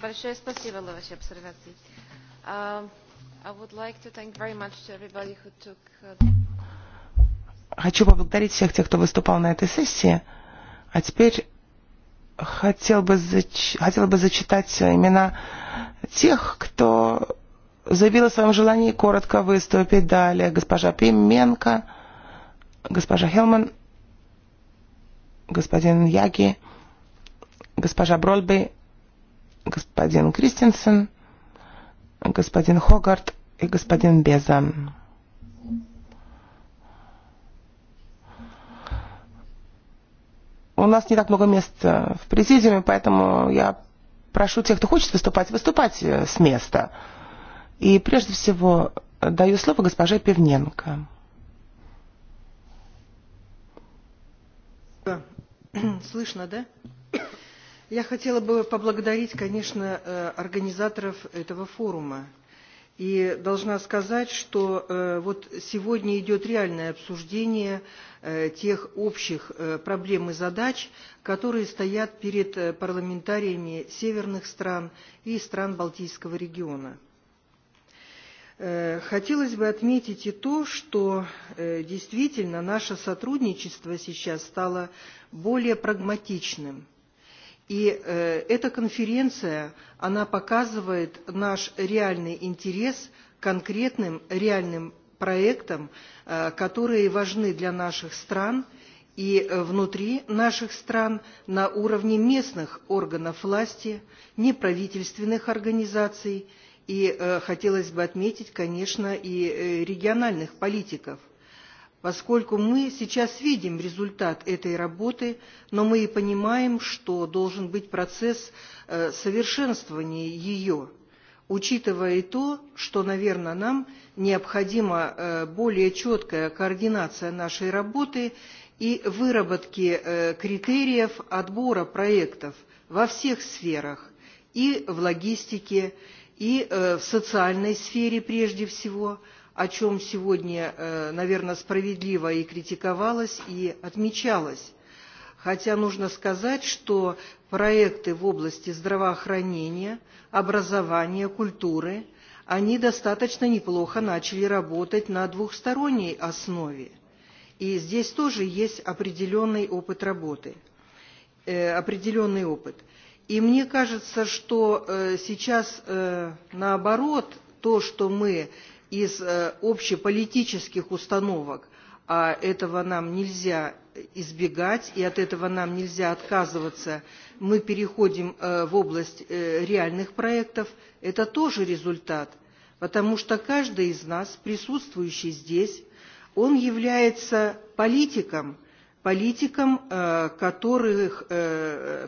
Большое спасибо за ваши обсервации. Uh, I would like to thank very much to everybody who took uh, Хочу поблагодарить всех тех, кто выступал на этой сессии. А теперь хотел бы зач... хотел бы зачитать имена тех, кто заявил о своем желании коротко выступить. Далее госпожа Пименко, госпожа Хелман, господин Яги, госпожа Брольбей, господин Кристенсен, господин Хогарт и господин Безан. у нас не так много мест э, в президиуме, поэтому я прошу тех, кто хочет выступать, выступать э, с места. И прежде всего э, даю слово госпоже Певненко. Слышно, да? Я хотела бы поблагодарить, конечно, организаторов этого форума – И должна сказать, что э, вот сегодня идет реальное обсуждение э, тех общих э, проблем и задач, которые стоят перед э, парламентариями северных стран и стран Балтийского региона. Э, хотелось бы отметить и то, что э, действительно наше сотрудничество сейчас стало более прагматичным – И э, эта конференция, она показывает наш реальный интерес к конкретным реальным проектам, э, которые важны для наших стран и э, внутри наших стран на уровне местных органов власти, неправительственных организаций и, э, хотелось бы отметить, конечно, и э, региональных политиков поскольку мы сейчас видим результат этой работы, но мы и понимаем, что должен быть процесс э, совершенствования ее, учитывая и то, что, наверное, нам необходима э, более четкая координация нашей работы и выработки э, критериев отбора проектов во всех сферах и в логистике, и в социальной сфере прежде всего – о чем сегодня, э, наверное, справедливо и критиковалось, и отмечалось. Хотя нужно сказать, что проекты в области здравоохранения, образования, культуры, они достаточно неплохо начали работать на двухсторонней основе. И здесь тоже есть определенный опыт работы, э, определенный опыт. И мне кажется, что э, сейчас наоборот, то, что мы из э, общеполитических установок, а этого нам нельзя избегать, и от этого нам нельзя отказываться, мы переходим э, в область э, реальных проектов, это тоже результат, потому что каждый из нас, присутствующий здесь, он является политиком, политикам, которых,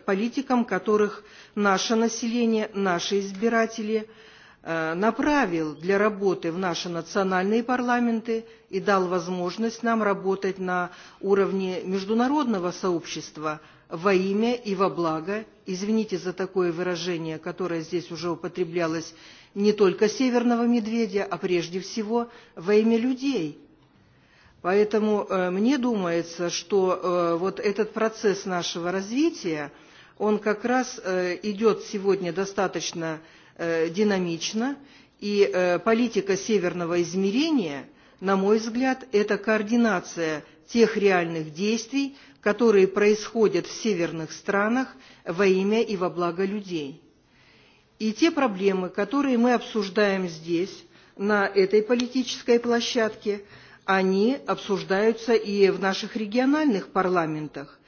политикам, которых наше население, наши избиратели – Э, направил для работы в наши национальные парламенты и дал возможность нам работать на уровне международного сообщества во имя и во благо, извините за такое выражение, которое здесь уже употреблялось, не только северного медведя, а прежде всего во имя людей. Поэтому э, мне думается, что э, вот этот процесс нашего развития, он как раз э, идет сегодня достаточно э, Э, динамична, и э, политика северного измерения, на мой взгляд, это координация тех реальных действий, которые происходят в северных странах во имя и во благо людей. И те проблемы, которые мы обсуждаем здесь, на этой политической площадке, они обсуждаются и в наших региональных парламентах.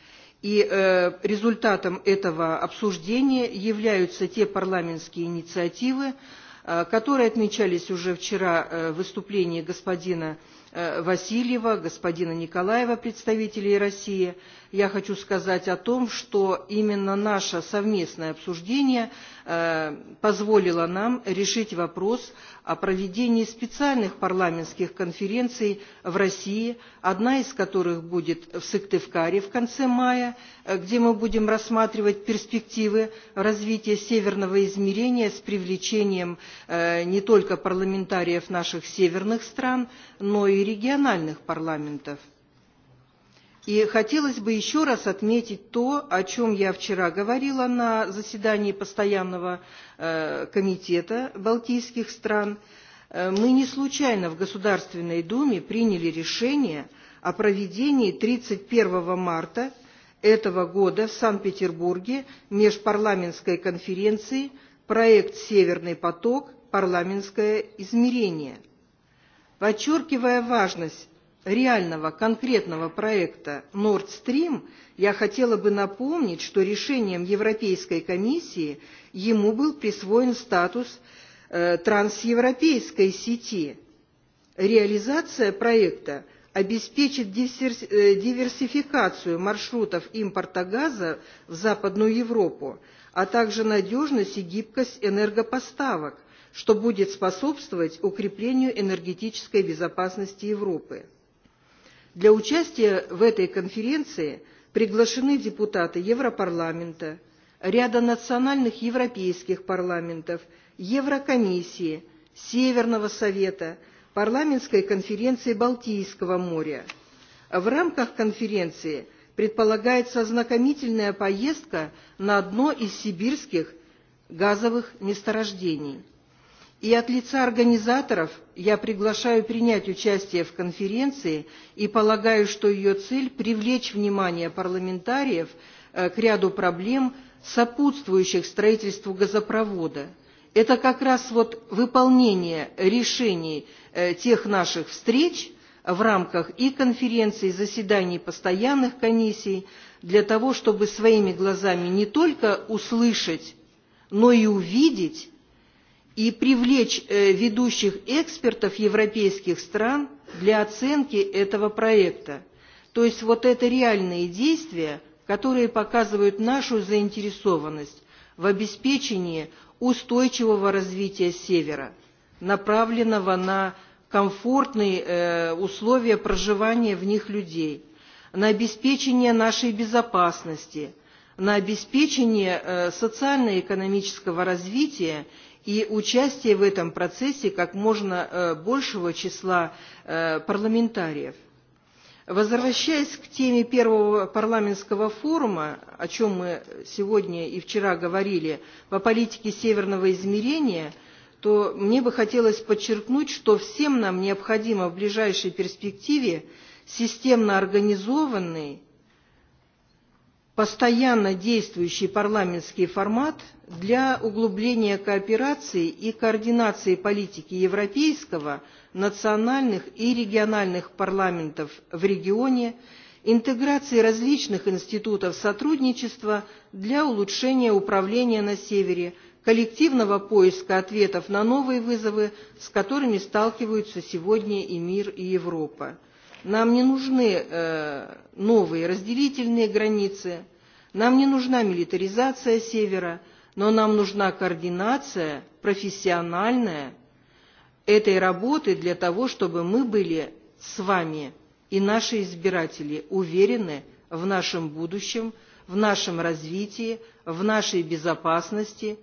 И э, результатом этого обсуждения являются те парламентские инициативы, э, которые отмечались уже вчера э, в выступлении господина э, Васильева, господина Николаева, представителей России, я хочу сказать о том, что именно наше совместное обсуждение э, позволило нам решить вопрос о проведении специальных парламентских конференций в России, одна из которых будет в Сыктывкаре в конце мая, э, где мы будем рассматривать перспективы развития северного измерения с привлечением э, не только парламентариев наших северных стран, но и региональных парламентов – И хотелось бы еще раз отметить то, о чем я вчера говорила на заседании постоянного э, комитета балтийских стран. Э, мы не случайно в Государственной Думе приняли решение о проведении 31 марта этого года в Санкт-Петербурге межпарламентской конференции «Проект «Северный поток. Парламентское измерение». Подчеркивая важность реального конкретного проекта Nord Stream, я хотела бы напомнить, что решением Европейской комиссии ему был присвоен статус э, трансевропейской сети. Реализация проекта обеспечит э, диверсификацию маршрутов импорта газа в Западную Европу, а также надежность и гибкость энергопоставок, что будет способствовать укреплению энергетической безопасности Европы. Для участия в этой конференции приглашены депутаты Европарламента, ряда национальных европейских парламентов, Еврокомиссии, Северного Совета, Парламентской конференции Балтийского моря. В рамках конференции предполагается ознакомительная поездка на одно из сибирских газовых месторождений – И от лица организаторов я приглашаю принять участие в конференции и полагаю, что ее цель – привлечь внимание парламентариев э, к ряду проблем, сопутствующих строительству газопровода. Это как раз вот выполнение решений э, тех наших встреч в рамках и конференций, и заседаний постоянных комиссий, для того, чтобы своими глазами не только услышать, но и увидеть и привлечь э, ведущих экспертов европейских стран для оценки этого проекта. То есть вот это реальные действия, которые показывают нашу заинтересованность в обеспечении устойчивого развития Севера, направленного на комфортные э, условия проживания в них людей, на обеспечение нашей безопасности, на обеспечение э, социально-экономического развития и участие в этом процессе как можно э, большего числа э, парламентариев. Возвращаясь к теме первого парламентского форума, о чем мы сегодня и вчера говорили, по политике северного измерения, то мне бы хотелось подчеркнуть, что всем нам необходимо в ближайшей перспективе системно организованный постоянно действующий парламентский формат для углубления кооперации и координации политики европейского, национальных и региональных парламентов в регионе, интеграции различных институтов сотрудничества для улучшения управления на Севере, коллективного поиска ответов на новые вызовы, с которыми сталкиваются сегодня и мир, и Европа. Нам не нужны э, новые разделительные границы, нам не нужна милитаризация Севера, но нам нужна координация профессиональная этой работы для того, чтобы мы были с вами и наши избиратели уверены в нашем будущем, в нашем развитии, в нашей безопасности.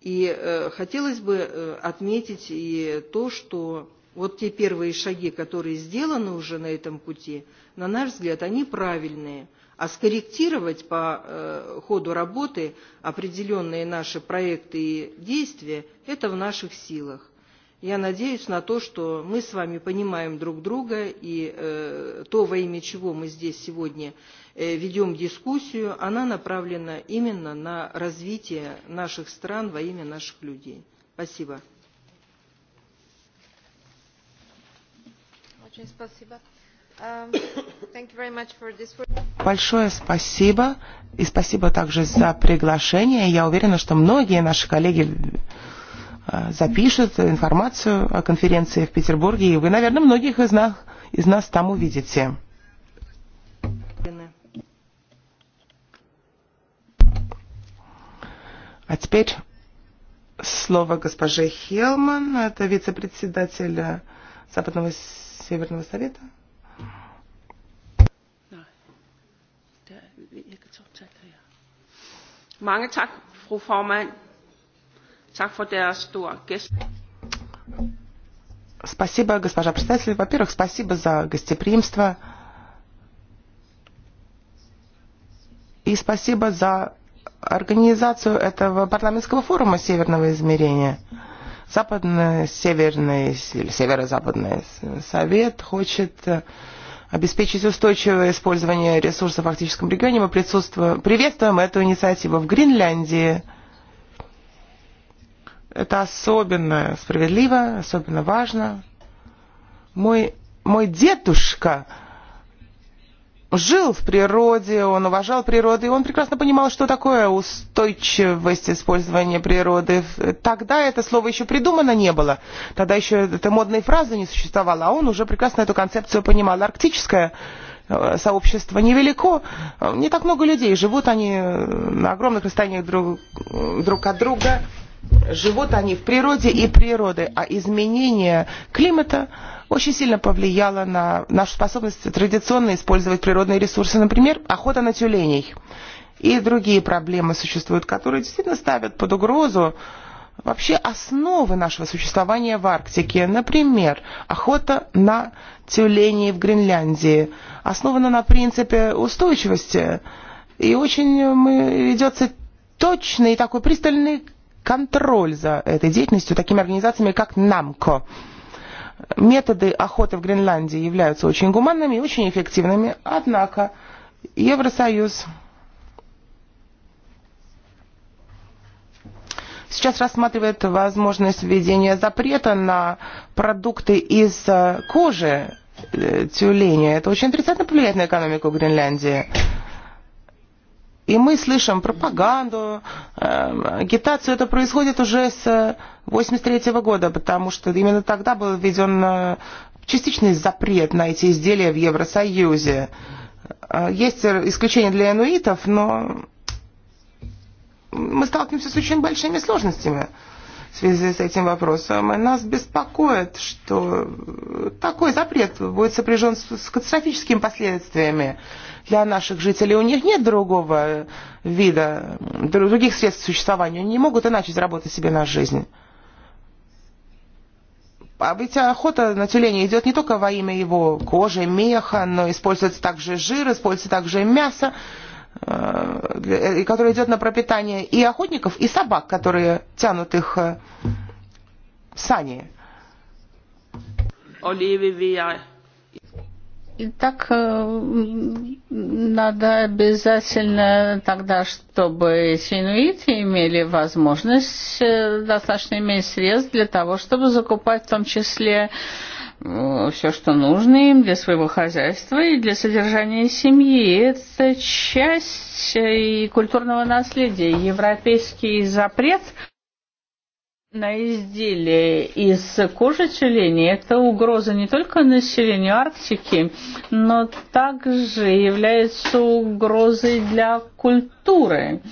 И э, хотелось бы э, отметить и то, что Вот те первые шаги, которые сделаны уже на этом пути, на наш взгляд, они правильные. А скорректировать по э, ходу работы определенные наши проекты и действия – это в наших силах. Я надеюсь на то, что мы с вами понимаем друг друга, и э, то, во имя чего мы здесь сегодня э, ведем дискуссию, она направлена именно на развитие наших стран во имя наших людей. Спасибо. Большое спасибо. И спасибо также за приглашение. Я уверена, что многие наши коллеги запишут информацию о конференции в Петербурге. И вы, наверное, многих из нас, из нас там увидите. А теперь слово госпоже Хелман, это вице-председатель Западного Северного Совета. Mange tak, fru formand. Tak for deres store gæst. Спасибо, госпожа председатель. Во-первых, спасибо за гостеприимство. И спасибо за организацию этого парламентского форума Северного измерения. Западный, Северный, Северо-Западный Совет хочет э, обеспечить устойчивое использование ресурсов в Арктическом регионе. Мы приветствуем эту инициативу в Гренландии. Это особенно справедливо, особенно важно. Мой, мой дедушка жил в природе, он уважал природу, и он прекрасно понимал, что такое устойчивость использования природы. Тогда это слово еще придумано не было, тогда еще этой модной фразы не существовало, а он уже прекрасно эту концепцию понимал. Арктическое э, сообщество невелико, не так много людей, живут они э, на огромных расстояниях друг, э, друг от друга, живут они в природе и природы, а изменение климата – очень сильно повлияло на нашу способность традиционно использовать природные ресурсы, например, охота на тюленей. И другие проблемы существуют, которые действительно ставят под угрозу вообще основы нашего существования в Арктике. Например, охота на тюленей в Гренляндии основана на принципе устойчивости. И очень э, ведется точный и такой пристальный контроль за этой деятельностью такими организациями, как НАМКО методы охоты в Гренландии являются очень гуманными и очень эффективными, однако Евросоюз сейчас рассматривает возможность введения запрета на продукты из э, кожи э, тюленя. Это очень отрицательно повлияет на экономику Гренландии. И мы слышим пропаганду, агитацию. Это происходит уже с 83 э, -го года, потому что именно тогда был введен э, частичный запрет на эти изделия в Евросоюзе. Э, есть исключение для инуитов, но мы сталкиваемся с очень большими сложностями в связи с этим вопросом. И нас беспокоит, что такой запрет будет сопряжен с катастрофическими последствиями для наших жителей. У них нет другого вида, других средств существования. Они не могут иначе заработать себе на жизнь. А ведь охота на тюленя идет не только во имя его кожи, меха, но используется также жир, используется также мясо. Э, и который идет на пропитание и охотников, и собак, которые тянут их э, сани. Оливия. И так э, надо обязательно тогда, чтобы синуиты имели возможность достаточно иметь средств для того, чтобы закупать в том числе э, Э, все, что нужно им для своего хозяйства и для содержания семьи. Это часть э, и культурного наследия. Европейский запрет на изделия из кожи тюленей – это угроза не только населению Арктики, но также является угрозой для культуры.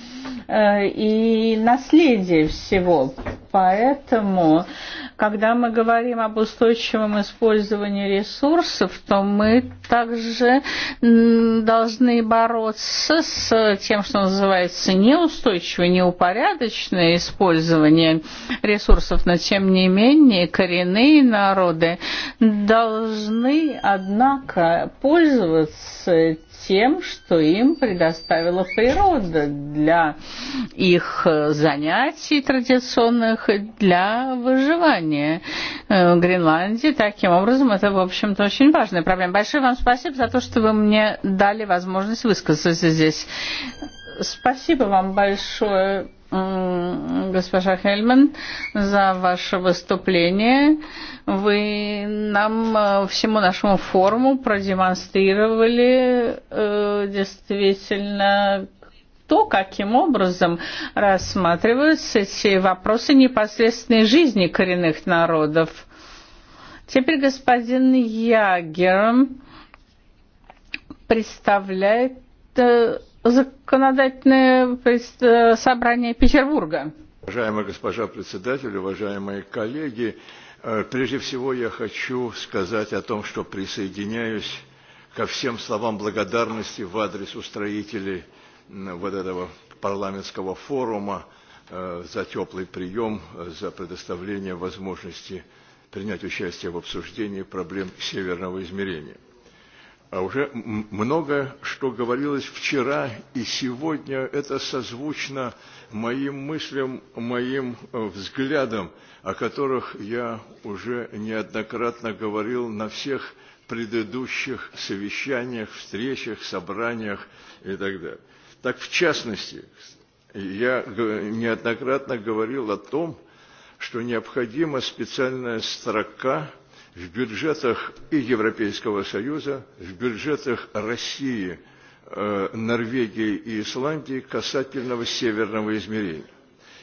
Э, и наследие всего. Поэтому, когда мы говорим об устойчивом использовании ресурсов, то мы также должны бороться с тем, что называется неустойчивое, неупорядочное использование ресурсов. Но, тем не менее, коренные народы должны, однако, пользоваться тем, что им предоставила природа для их э, занятий традиционных, для выживания э, в Гренландии. Таким образом, это, в общем-то, очень важная проблема. Большое вам спасибо за то, что вы мне дали возможность высказаться здесь. Спасибо вам большое госпожа Хельман, за ваше выступление. Вы нам э, всему нашему форуму продемонстрировали э, действительно то, каким образом рассматриваются эти вопросы непосредственной жизни коренных народов. Теперь господин Ягер представляет законодательное собрание Петербурга. Уважаемая госпожа председатель, уважаемые коллеги, э, прежде всего я хочу сказать о том, что присоединяюсь ко всем словам благодарности в адрес устроителей вот этого парламентского форума э, за теплый прием, за предоставление возможности принять участие в обсуждении проблем северного измерения. А Уже много что говорилось вчера и сегодня, это созвучно моим мыслям, моим э, взглядам, о которых я уже неоднократно говорил на всех предыдущих совещаниях, встречах, собраниях и так далее. Так, в частности, я э, неоднократно говорил о том, что необходима специальная строка в бюджетах и Европейского Союза, в бюджетах России, э, Норвегии и Исландии касательного северного измерения.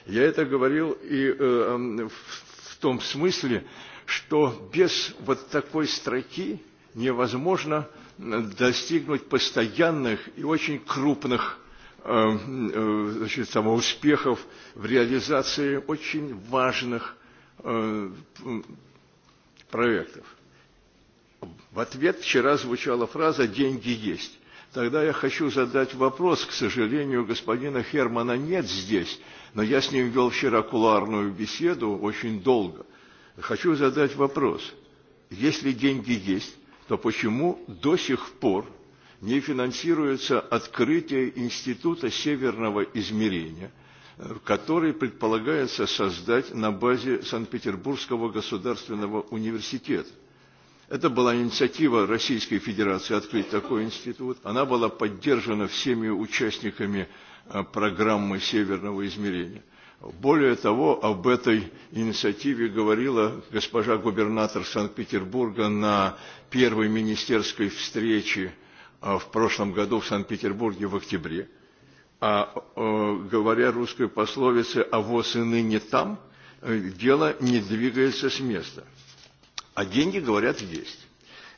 Я это говорил и э, в том смысле, что без вот такой строки невозможно достигнуть постоянных и очень крупных э, значит, успехов в реализации очень важных проектов. В ответ вчера звучала фраза «деньги есть». Тогда я хочу задать вопрос, к сожалению, господина Хермана нет здесь, но я с ним вел вчера кулуарную беседу очень долго. Хочу задать вопрос. Если деньги есть, то почему до сих пор не финансируется открытие Института Северного измерения – который предполагается создать на базе Санкт-Петербургского государственного университета. Это была инициатива Российской Федерации открыть такой институт. Она была поддержана всеми участниками э, программы северного измерения. Более того, об этой инициативе говорила госпожа губернатор Санкт-Петербурга на первой министерской встрече э, в прошлом году в Санкт-Петербурге в октябре а, э, говоря русской пословице а ВОЗ и ныне там», э, дело не двигается с места. А деньги, говорят, есть.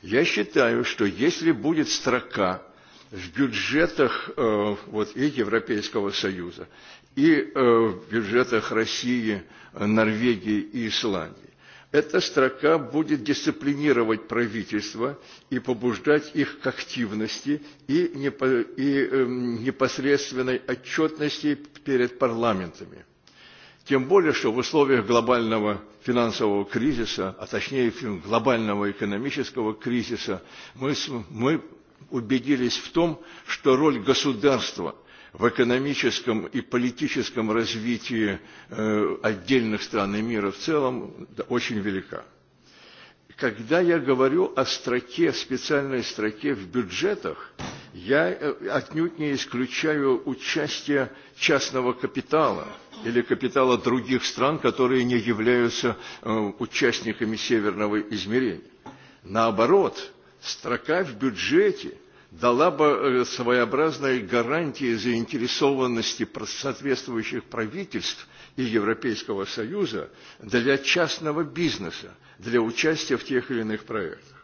Я считаю, что если будет строка в бюджетах э, вот, и Европейского Союза, и э, в бюджетах России, Норвегии и Исландии, Эта строка будет дисциплинировать правительство и побуждать их к активности и, непо, и э, непосредственной отчетности перед парламентами. Тем более, что в условиях глобального финансового кризиса, а точнее глобального экономического кризиса, мы, мы убедились в том, что роль государства – в экономическом и политическом развитии э, отдельных стран и мира в целом очень велика. Когда я говорю о строке, специальной строке в бюджетах, я э, отнюдь не исключаю участие частного капитала или капитала других стран, которые не являются э, участниками северного измерения. Наоборот, строка в бюджете дала бы э, своеобразной гарантии заинтересованности соответствующих правительств и Европейского Союза для частного бизнеса, для участия в тех или иных проектах.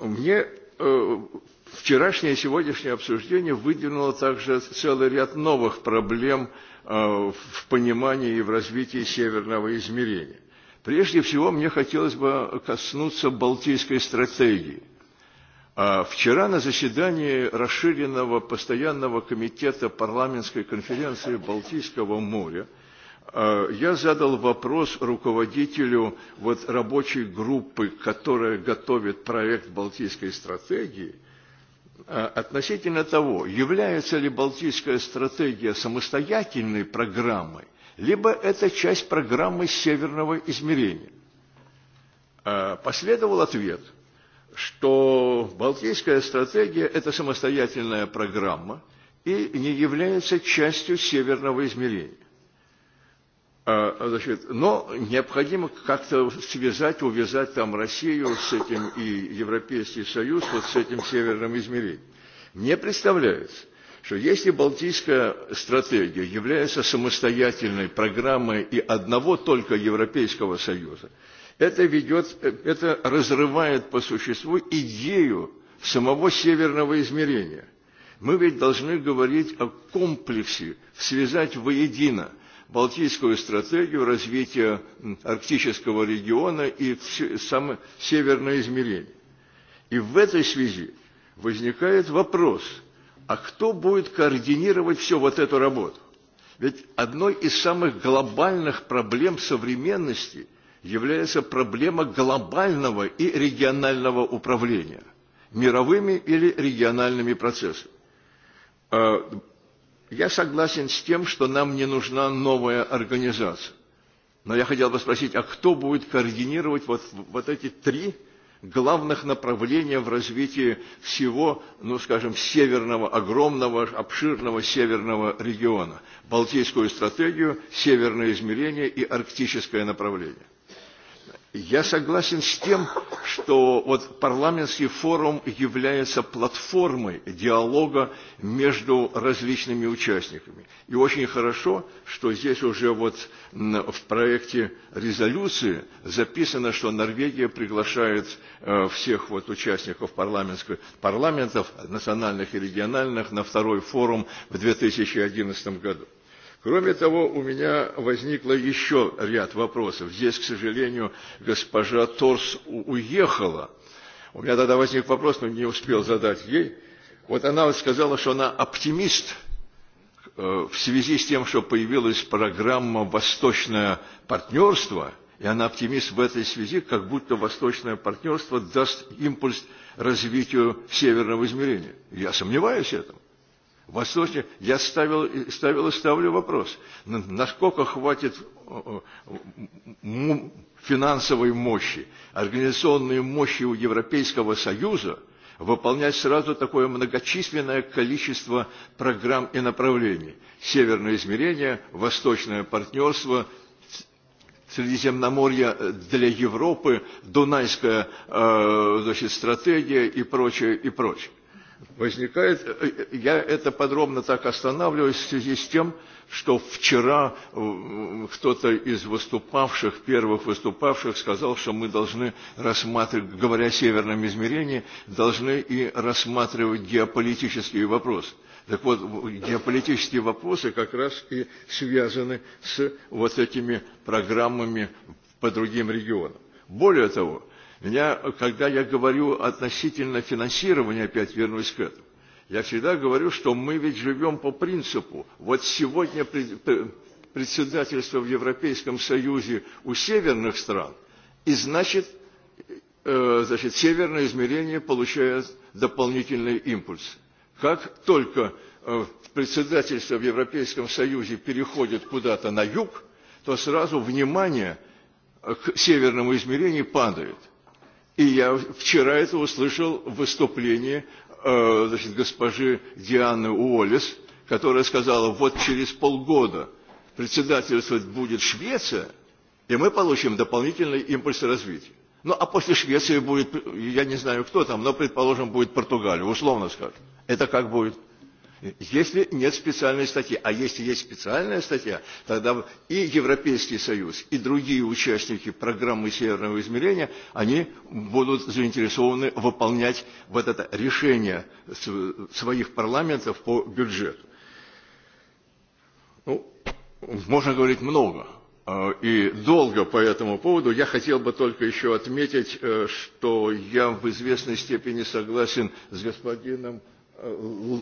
Мне э, вчерашнее и сегодняшнее обсуждение выдвинуло также целый ряд новых проблем э, в понимании и в развитии северного измерения. Прежде всего, мне хотелось бы коснуться Балтийской стратегии Вчера на заседании расширенного постоянного комитета парламентской конференции Балтийского моря я задал вопрос руководителю вот рабочей группы, которая готовит проект Балтийской стратегии, относительно того, является ли Балтийская стратегия самостоятельной программой, либо это часть программы северного измерения. Последовал ответ – что Балтийская стратегия – это самостоятельная программа и не является частью северного измерения. Значит, но необходимо как-то связать, увязать там Россию с этим и Европейский Союз вот с этим северным измерением. Мне представляется, что если Балтийская стратегия является самостоятельной программой и одного только Европейского Союза, Это, ведет, это разрывает по существу идею самого северного измерения. Мы ведь должны говорить о комплексе, связать воедино Балтийскую стратегию развития арктического региона и само северное измерение. И в этой связи возникает вопрос, а кто будет координировать всю вот эту работу? Ведь одной из самых глобальных проблем современности является проблема глобального и регионального управления мировыми или региональными процессами. Э, я согласен с тем, что нам не нужна новая организация. Но я хотел бы спросить, а кто будет координировать вот, вот эти три главных направления в развитии всего, ну, скажем, северного, огромного, обширного северного региона? Балтийскую стратегию, северное измерение и арктическое направление. Я согласен с тем, что вот парламентский форум является платформой диалога между различными участниками. И очень хорошо, что здесь уже вот в проекте резолюции записано, что Норвегия приглашает э, всех вот участников парламентских парламентов, национальных и региональных, на второй форум в 2011 году. Кроме того, у меня возникло еще ряд вопросов. Здесь, к сожалению, госпожа Торс уехала. У меня тогда возник вопрос, но не успел задать ей. Вот она сказала, что она оптимист э, в связи с тем, что появилась программа «Восточное партнерство», и она оптимист в этой связи, как будто «Восточное партнерство» даст импульс развитию северного измерения. Я сомневаюсь в этом. Восточнее, я ставил, ставил и ставлю вопрос, насколько хватит финансовой мощи, организационной мощи у Европейского Союза выполнять сразу такое многочисленное количество программ и направлений. Северное измерение, восточное партнерство, Средиземноморье для Европы, Дунайская э, значит, стратегия и прочее, и прочее возникает, я это подробно так останавливаюсь в связи с тем, что вчера э, кто-то из выступавших, первых выступавших, сказал, что мы должны рассматривать, говоря о северном измерении, должны и рассматривать геополитические вопросы. Так вот, геополитические вопросы как раз и связаны с вот этими программами по другим регионам. Более того, Меня, когда я говорю относительно финансирования, опять вернусь к этому, я всегда говорю, что мы ведь живем по принципу. Вот сегодня председательство в Европейском Союзе у северных стран, и значит, э, значит северное измерение получает дополнительный импульс. Как только э, председательство в Европейском Союзе переходит куда-то на юг, то сразу внимание к северному измерению падает. И я вчера это услышал в выступлении э, значит, госпожи Дианы Уоллес, которая сказала, вот через полгода председательствовать будет Швеция, и мы получим дополнительный импульс развития. Ну, а после Швеции будет, я не знаю кто там, но, предположим, будет Португалия, условно скажем. Это как будет? Если нет специальной статьи, а если есть специальная статья, тогда и Европейский Союз, и другие участники программы северного измерения, они будут заинтересованы выполнять вот это решение своих парламентов по бюджету. Ну, можно говорить много э, и долго по этому поводу. Я хотел бы только еще отметить, э, что я в известной степени согласен с господином э,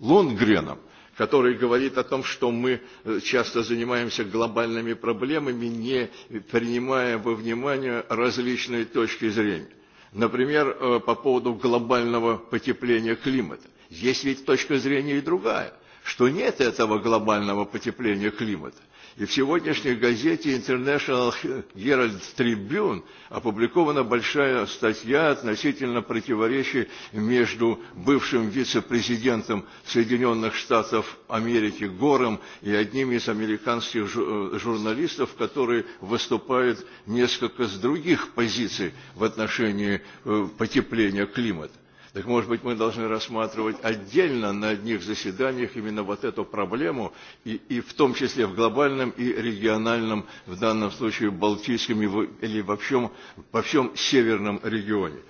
Лонгреном, который говорит о том, что мы э, часто занимаемся глобальными проблемами, не принимая во внимание различные точки зрения. Например, э, по поводу глобального потепления климата. Есть ведь точка зрения и другая, что нет этого глобального потепления климата. И в сегодняшней газете International Herald Tribune опубликована большая статья относительно противоречий между бывшим вице-президентом Соединенных Штатов Америки Гором и одним из американских э, журналистов, которые выступают несколько с других позиций в отношении э, потепления климата. Так, может быть, мы должны рассматривать отдельно на одних заседаниях именно вот эту проблему, и, и в том числе в глобальном и региональном, в данном случае в Балтийском или во всем, во всем северном регионе.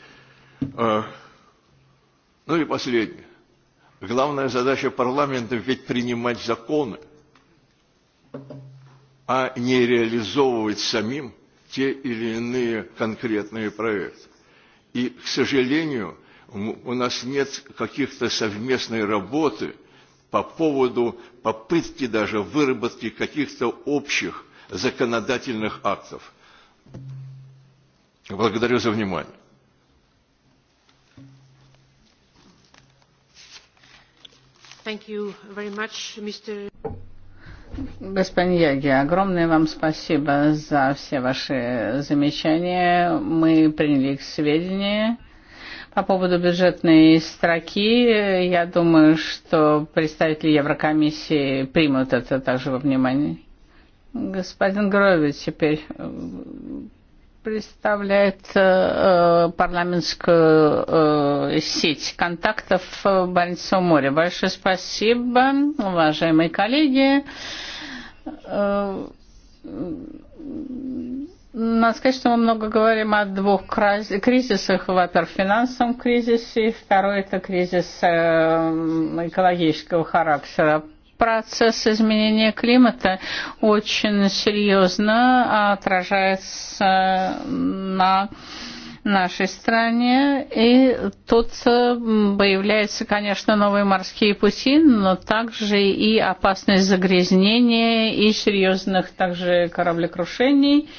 Ну и последнее. Главная задача парламента ведь принимать законы, а не реализовывать самим те или иные конкретные проекты. И, к сожалению, у нас нет каких-то совместной работы по поводу попытки даже выработки каких-то общих законодательных актов. Благодарю за внимание. Thank you very much, Mr. Господин Яги, огромное вам спасибо за все ваши замечания. Мы приняли их сведения. По поводу бюджетной строки, э, я думаю, что представители Еврокомиссии примут это также во внимание. Господин Грович теперь э, представляет э, парламентскую э, сеть контактов в э, Баренцевом море. Большое спасибо, уважаемые коллеги. Э, Надо сказать, что мы много говорим о двух кризисах. Во-первых, финансовом кризисе, второй – это кризис э, экологического характера. Процесс изменения климата очень серьезно отражается на нашей стране. И тут э, появляются, конечно, новые морские пути, но также и опасность загрязнения и серьезных также кораблекрушений –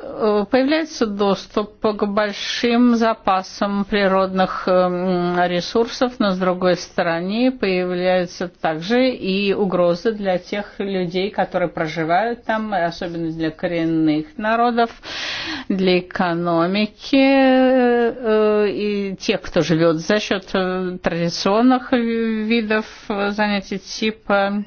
Э, появляется доступ к большим запасам природных ресурсов, но с другой стороны появляются также и угрозы для тех людей, которые проживают там, особенно для коренных народов, для экономики э, и тех, кто живет за счет э, традиционных видов занятий типа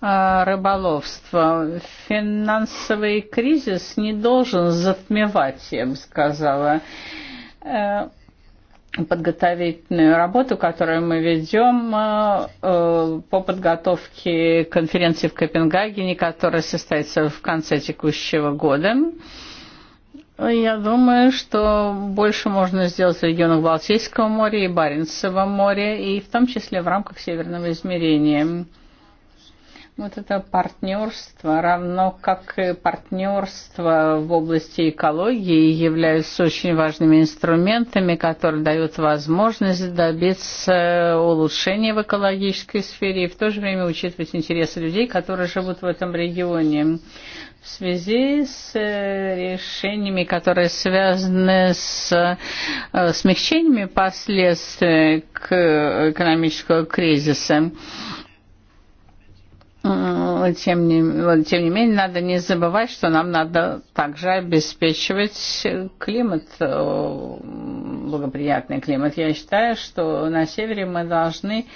рыболовства. Финансовый кризис не должен должен затмевать, я бы сказала, э, подготовительную работу, которую мы ведем э, э, по подготовке конференции в Копенгагене, которая состоится в конце текущего года. Я думаю, что больше можно сделать в регионах Балтийского моря и Баренцева моря, и в том числе в рамках северного измерения. Вот это партнерство, равно как и партнерство в области экологии, являются очень важными инструментами, которые дают возможность добиться э, улучшения в экологической сфере и в то же время учитывать интересы людей, которые живут в этом регионе. В связи с э, решениями, которые связаны с э, смягчениями последствий к экономического кризиса, тем не, тем не менее, надо не забывать, что нам надо также обеспечивать климат, э, благоприятный климат. Я считаю, что на севере мы должны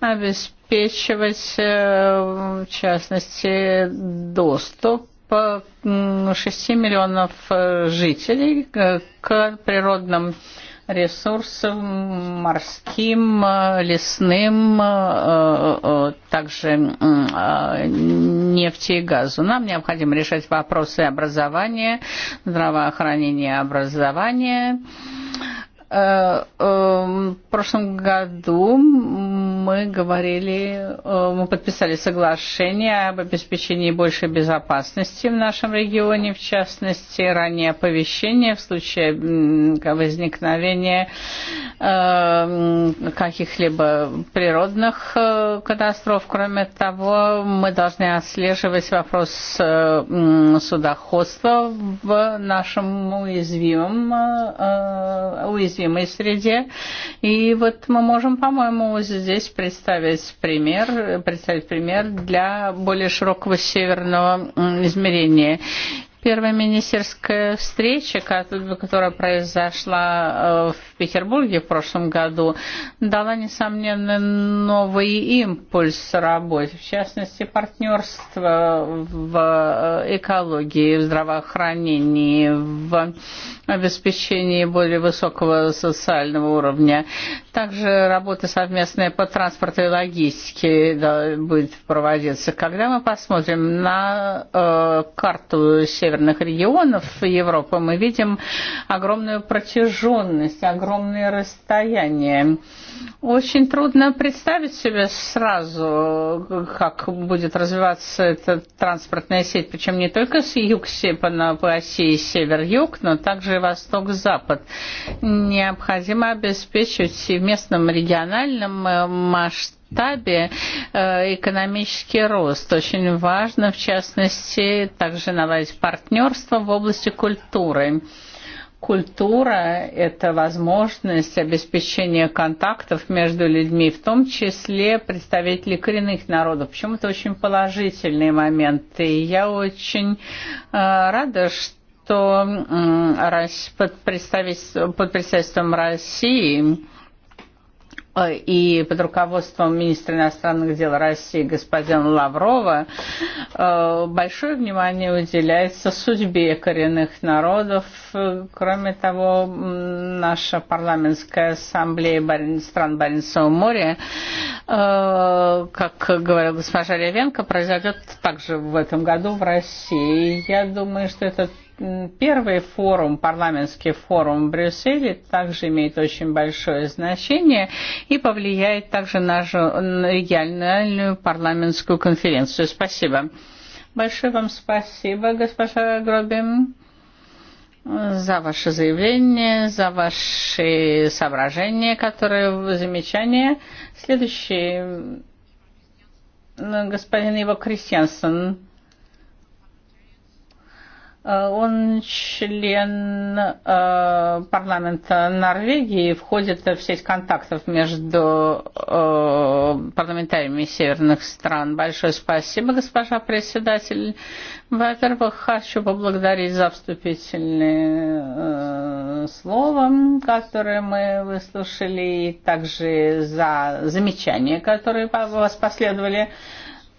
обеспечивать, э, в частности, доступ 6 э, миллионов жителей к природным ресурсам, морским, лесным, также нефти и газу. Нам необходимо решать вопросы образования, здравоохранения образования. Э, э, в прошлом году мы говорили, э, мы подписали соглашение об обеспечении большей безопасности в нашем регионе, в частности, ранее оповещение в случае возникновения э, каких-либо природных э, катастроф. Кроме того, мы должны отслеживать вопрос судоходства в нашем уязвимом, уязвимой среде. И вот мы можем, по-моему, здесь представить пример, представить пример для более широкого северного измерения. Первая министерская встреча, которая произошла э, в Петербурге в прошлом году, дала, несомненно, новый импульс работе, в частности, партнерство в э, экологии, в здравоохранении, в обеспечении более высокого социального уровня. Также работа совместная по транспорту и логистике да, будет проводиться. Когда мы посмотрим на э, карту северных регионов Европы, мы видим огромную протяженность, огромные расстояния. Очень трудно представить себе сразу, как будет развиваться эта транспортная сеть, причем не только с юг по, по оси север-юг, но также Восток-Запад. Необходимо обеспечить в местном региональном э, масштабе э, экономический рост. Очень важно, в частности, также наладить партнерство в области культуры. Культура – это возможность обеспечения контактов между людьми, в том числе представителей коренных народов. Почему то очень положительный момент. И я очень э, рада, что что под представительством России и под руководством министра иностранных дел России господина Лаврова большое внимание уделяется судьбе коренных народов. Кроме того, наша парламентская ассамблея стран Баренцевого моря, как говорила госпожа Левенко, произойдет также в этом году в России. Я думаю, что этот первый форум, парламентский форум в Брюсселе также имеет очень большое значение и повлияет также на региональную парламентскую конференцию. Спасибо. Большое вам спасибо, госпожа Гробин, за ваше заявление, за ваши соображения, которые замечания. Следующий господин Иво Кристиансен. Он eh, член э, парламента Норвегии, входит в сеть контактов между э, парламентариями северных стран. Большое спасибо, госпожа председатель. Во-первых, хочу поблагодарить за вступительные э, слова, которое мы выслушали, и также за замечания, которые у вас последовали.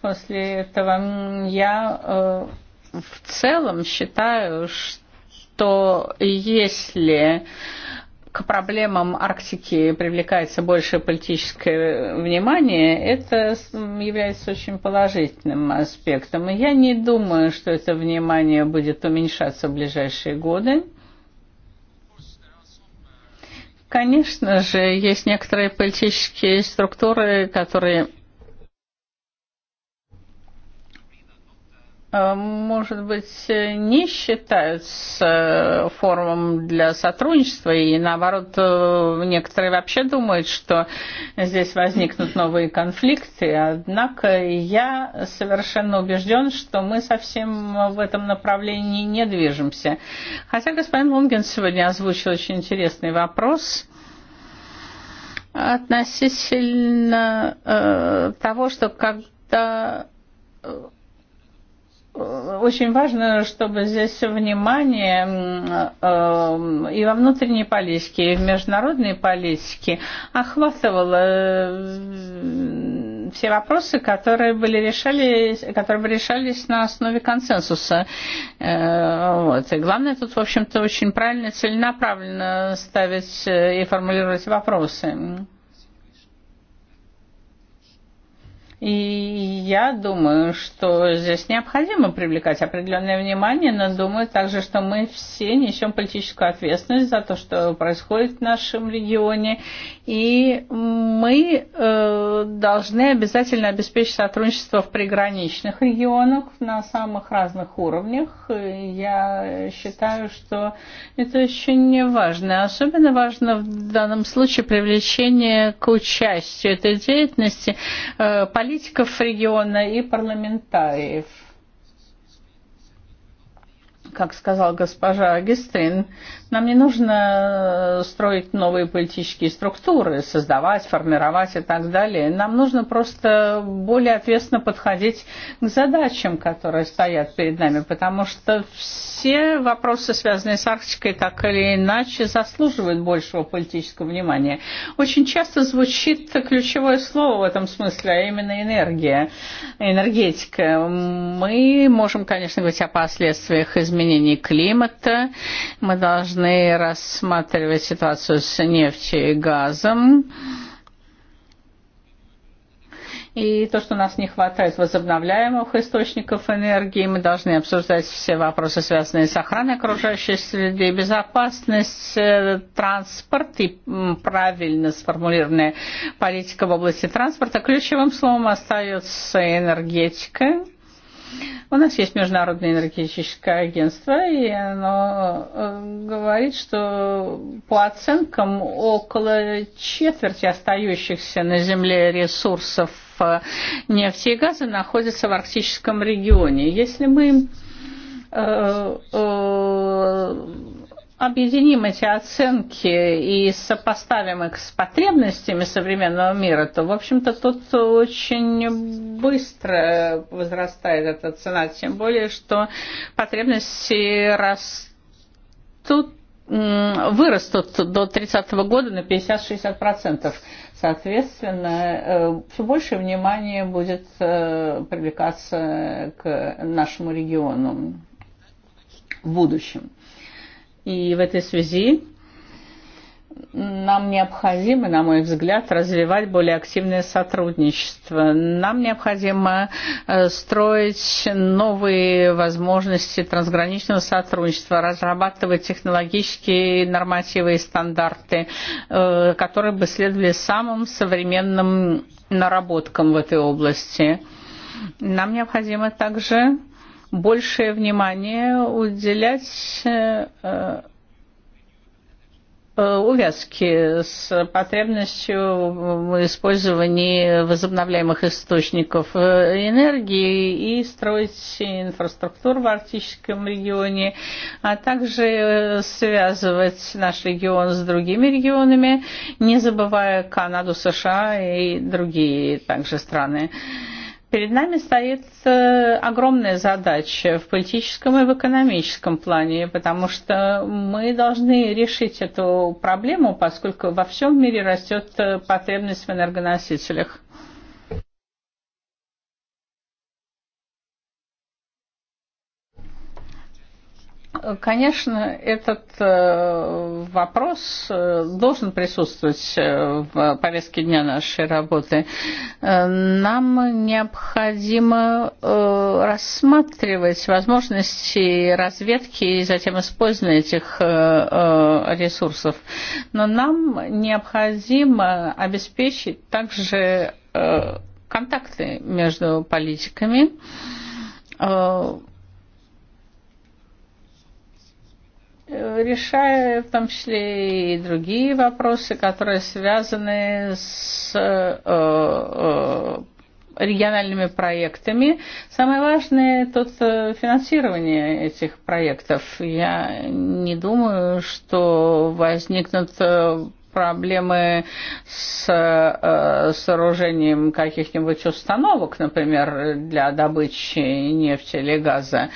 После этого я... Э, в целом считаю, что если к проблемам Арктики привлекается больше политическое внимание, это является очень положительным аспектом. И я не думаю, что это внимание будет уменьшаться в ближайшие годы. Конечно же, есть некоторые политические структуры, которые может быть, не считаются э, форумом для сотрудничества, и наоборот, э, некоторые вообще думают, что здесь возникнут новые конфликты. Однако я совершенно убежден, что мы совсем в этом направлении не движемся. Хотя господин Лунген сегодня озвучил очень интересный вопрос – относительно э, того, что когда э, очень важно, чтобы здесь внимание э, и во внутренней политике, и в международной политике охватывало э, все вопросы, которые были решались, которые решались на основе консенсуса. Э, вот. И главное тут, в общем-то, очень правильно, целенаправленно ставить и формулировать вопросы. И я думаю, что здесь необходимо привлекать определенное внимание, но думаю также, что мы все несем политическую ответственность за то, что происходит в нашем регионе, и мы э, должны обязательно обеспечить сотрудничество в приграничных регионах на самых разных уровнях. Я считаю, что это очень важно. Особенно важно в данном случае привлечение к участию этой деятельности э, политиков региона и парламентариев. Как сказал госпожа Агистрин, Нам не нужно э, строить новые политические структуры, создавать, формировать и так далее. Нам нужно просто более ответственно подходить к задачам, которые стоят перед нами, потому что все вопросы, связанные с Арктикой, так или иначе, заслуживают большего политического внимания. Очень часто звучит ключевое слово в этом смысле, а именно энергия, энергетика. Мы можем, конечно, говорить о последствиях изменений климата. Мы должны должны рассматривать ситуацию с нефтью и газом. И то, что у нас не хватает возобновляемых источников энергии, мы должны обсуждать все вопросы, связанные с охраной окружающей среды, безопасность, э, транспорт и правильно сформулированная политика в области транспорта. Ключевым словом остается энергетика У нас есть Международное энергетическое агентство, и оно э, говорит, что по оценкам около четверти остающихся на Земле ресурсов э, нефти и газа находятся в арктическом регионе. Если мы э, объединим эти оценки и сопоставим их с потребностями современного мира, то, в общем-то, тут очень быстро возрастает эта цена, тем более, что потребности растут вырастут до 30 -го года на 50-60%. Соответственно, э, все больше внимания будет э, привлекаться к нашему региону в будущем. И в этой связи нам необходимо, на мой взгляд, развивать более активное сотрудничество. Нам необходимо строить новые возможности трансграничного сотрудничества, разрабатывать технологические нормативы и стандарты, которые бы следовали самым современным наработкам в этой области. Нам необходимо также большее внимание уделять э, э, увязке с потребностью в использовании возобновляемых источников э, энергии и строить инфраструктуру в арктическом регионе, а также связывать наш регион с другими регионами, не забывая Канаду, США и другие также страны. Перед нами стоит э, огромная задача в политическом и в экономическом плане, потому что мы должны решить эту проблему, поскольку во всем мире растет э, потребность в энергоносителях. Конечно, этот э, вопрос э, должен присутствовать э, в повестке дня нашей работы. Нам необходимо рассматривать возможности разведки и затем использования этих ресурсов. Но нам необходимо обеспечить также контакты между политиками решая в том числе и другие вопросы, которые связаны с э, э, э, региональными проектами. Самое важное тут финансирование этих проектов. Я не думаю, что возникнут проблемы с э, сооружением каких-нибудь установок, например, для добычи нефти или газа.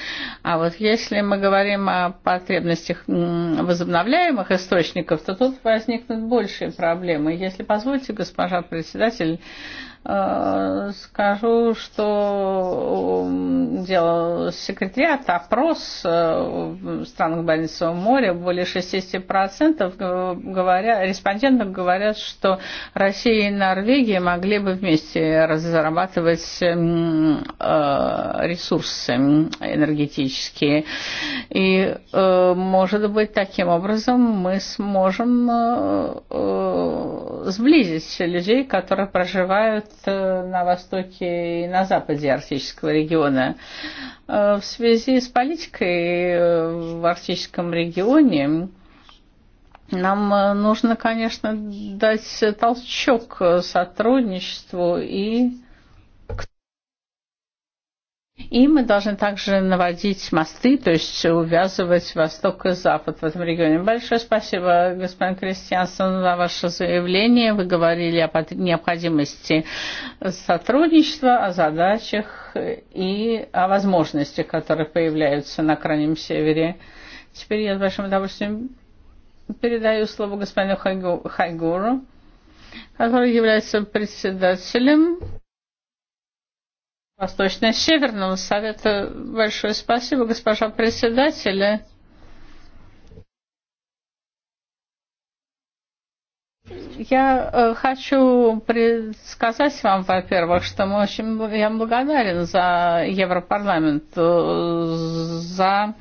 А вот если мы говорим о потребностях возобновляемых источников, то тут возникнут большие проблемы. Если позвольте, госпожа председатель, Э, скажу, что делал секретариат опрос э, в странах Больницевого моря. Более 60% э, говоря, респондентов говорят, что Россия и Норвегия могли бы вместе разрабатывать ресурсы энергетические. И, может быть, таким образом мы сможем сблизить людей, которые проживают Э, на востоке и на западе Арктического региона. Э, в связи с политикой э, в Арктическом регионе нам нужно, конечно, дать толчок сотрудничеству и И мы должны также наводить мосты, то есть увязывать Восток и Запад в этом регионе. Большое спасибо, господин Кристиансон, за ваше заявление. Вы говорили о необходимости сотрудничества, о задачах и о возможностях, которые появляются на Крайнем Севере. Теперь я с большим удовольствием передаю слово господину Хайгуру, который является председателем Восточный Северного Совета. Э, большое спасибо, госпожа председатель. Я э, хочу сказать вам, во-первых, что мы очень, я благодарен за Европарламент, э, за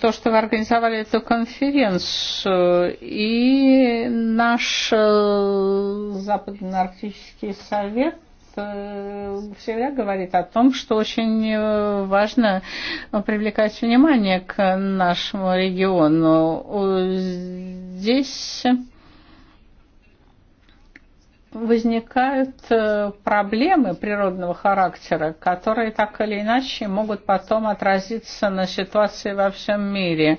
то, что вы организовали эту конференцию, и наш Западно-Арктический совет – Э, всегда говорит о том, что очень э, важно привлекать внимание к нашему региону. Здесь возникают э, проблемы природного характера, которые так или иначе могут потом отразиться на ситуации во всем мире.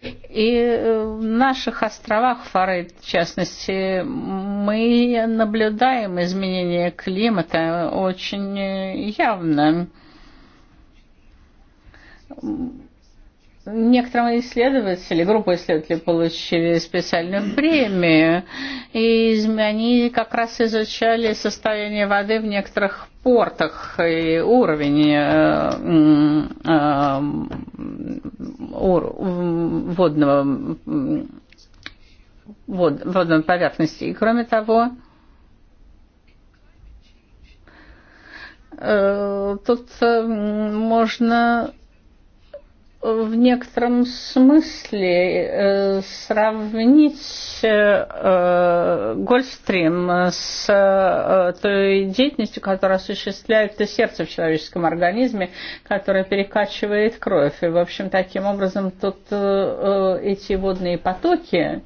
И э, в наших островах Фары, в частности, мы наблюдаем изменение климата очень э, явно Некоторые исследователи, группа исследователей получили специальную премию, и они как раз изучали состояние воды в некоторых портах и уровень э, э, ур, водного вод, водной поверхности. И кроме того, э, тут э, можно Э, в некотором смысле э, сравнить э, Гольфстрим с той деятельностью, которая осуществляет сердце в человеческом организме, которое перекачивает кровь. И, в общем, таким образом тут эти водные потоки,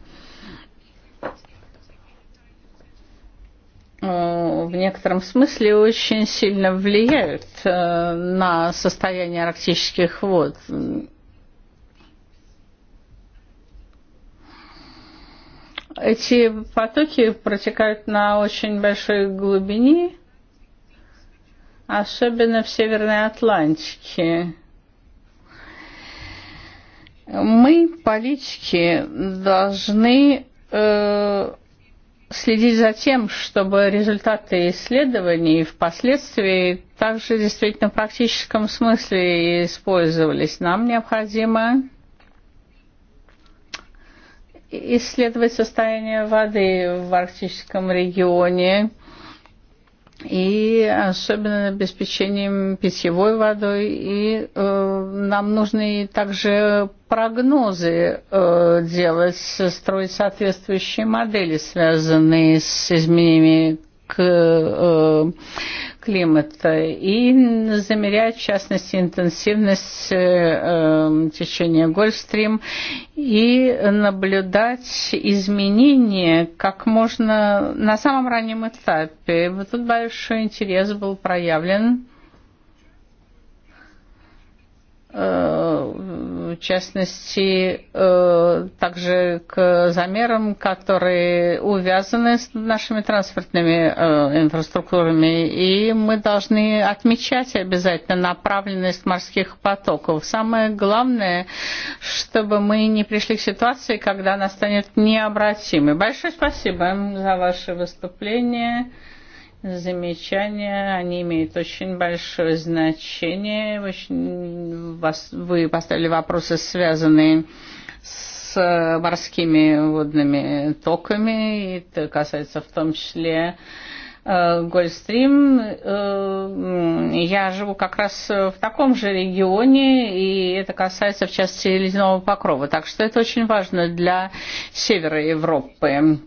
в некотором смысле очень сильно влияют на состояние арктических вод. Эти потоки протекают на очень большой глубине, особенно в Северной Атлантике. Мы, политики, должны э, следить за тем, чтобы результаты исследований впоследствии также действительно в практическом смысле использовались. Нам необходимо исследовать состояние воды в арктическом регионе, и особенно обеспечением питьевой водой. И э, нам нужны также прогнозы э, делать, строить соответствующие модели, связанные с изменениями к э, климата и замерять в частности, интенсивность э, течения Гольфстрим и наблюдать изменения как можно на самом раннем этапе. Вот тут большой интерес был проявлен в э, частности, э, также к замерам, которые увязаны с нашими транспортными э, инфраструктурами. И мы должны отмечать обязательно направленность морских потоков. Самое главное, чтобы мы не пришли к ситуации, когда она станет необратимой. Большое спасибо за ваше выступление замечания, они имеют очень большое значение. вы поставили вопросы, связанные с морскими водными токами, и это касается в том числе э, Гольфстрим. Э, я живу как раз в таком же регионе, и это касается, в частности, ледяного покрова. Так что это очень важно для севера Европы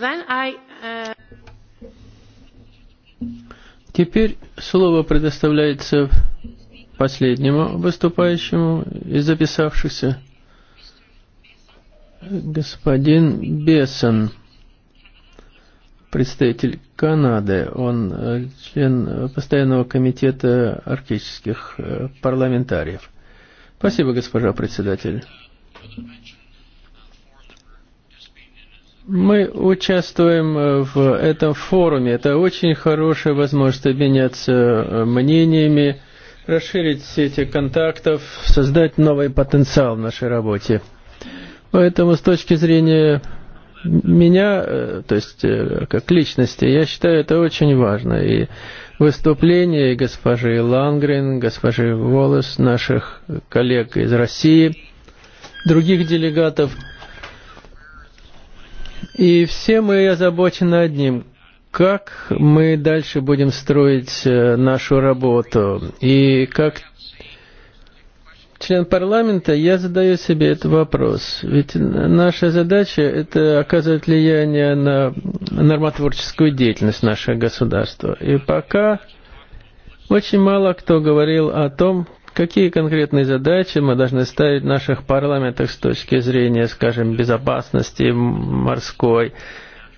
Then I... Uh... Теперь слово предоставляется последнему выступающему из записавшихся. Господин Бессон, представитель Канады, он э, член постоянного комитета арктических э, парламентариев. Спасибо, госпожа председатель. Мы участвуем в этом форуме. Это очень хорошая возможность обменяться э, мнениями, расширить сети контактов, создать новый потенциал в нашей работе. Поэтому с точки зрения меня, э, то есть э, как личности, я считаю это очень важно. И выступление госпожи Лангрен, госпожи Волос, наших коллег из России, других делегатов – И все мы озабочены одним – как мы дальше будем строить э, нашу работу. И как член парламента я задаю себе этот вопрос. Ведь наша задача – это оказывать влияние на нормотворческую деятельность нашего государства. И пока очень мало кто говорил о том, Какие конкретные задачи мы должны ставить в наших парламентах с точки зрения, скажем, безопасности морской,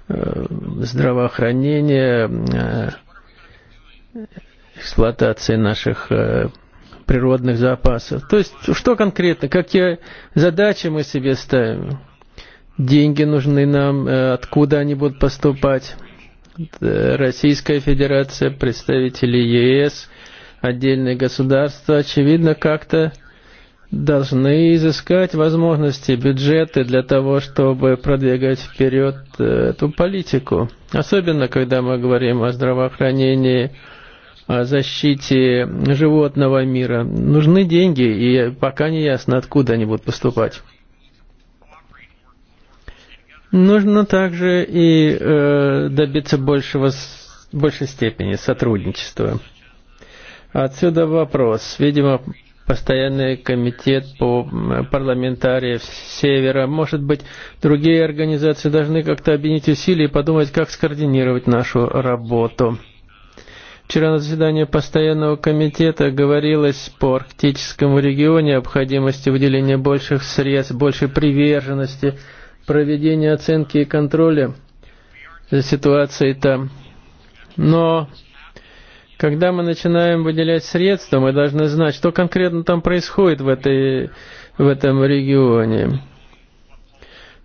э, здравоохранения, э, эксплуатации наших э, природных запасов? То есть, что конкретно, какие задачи мы себе ставим? Деньги нужны нам, откуда они будут поступать? Российская Федерация, представители ЕС – отдельные государства, очевидно, как-то должны изыскать возможности, бюджеты для того, чтобы продвигать вперед э, эту политику. Особенно, когда мы говорим о здравоохранении, о защите животного мира. Нужны деньги, и пока не ясно, откуда они будут поступать. Нужно также и э, добиться большего, большей степени сотрудничества. Отсюда вопрос. Видимо, постоянный комитет по парламентарии Севера, может быть, другие организации должны как-то объединить усилия и подумать, как скоординировать нашу работу. Вчера на заседании постоянного комитета говорилось по арктическому региону необходимости выделения больших средств, большей приверженности, проведения оценки и контроля за ситуацией там. Но Когда мы начинаем выделять средства, мы должны знать, что конкретно там происходит в, этой, в этом регионе.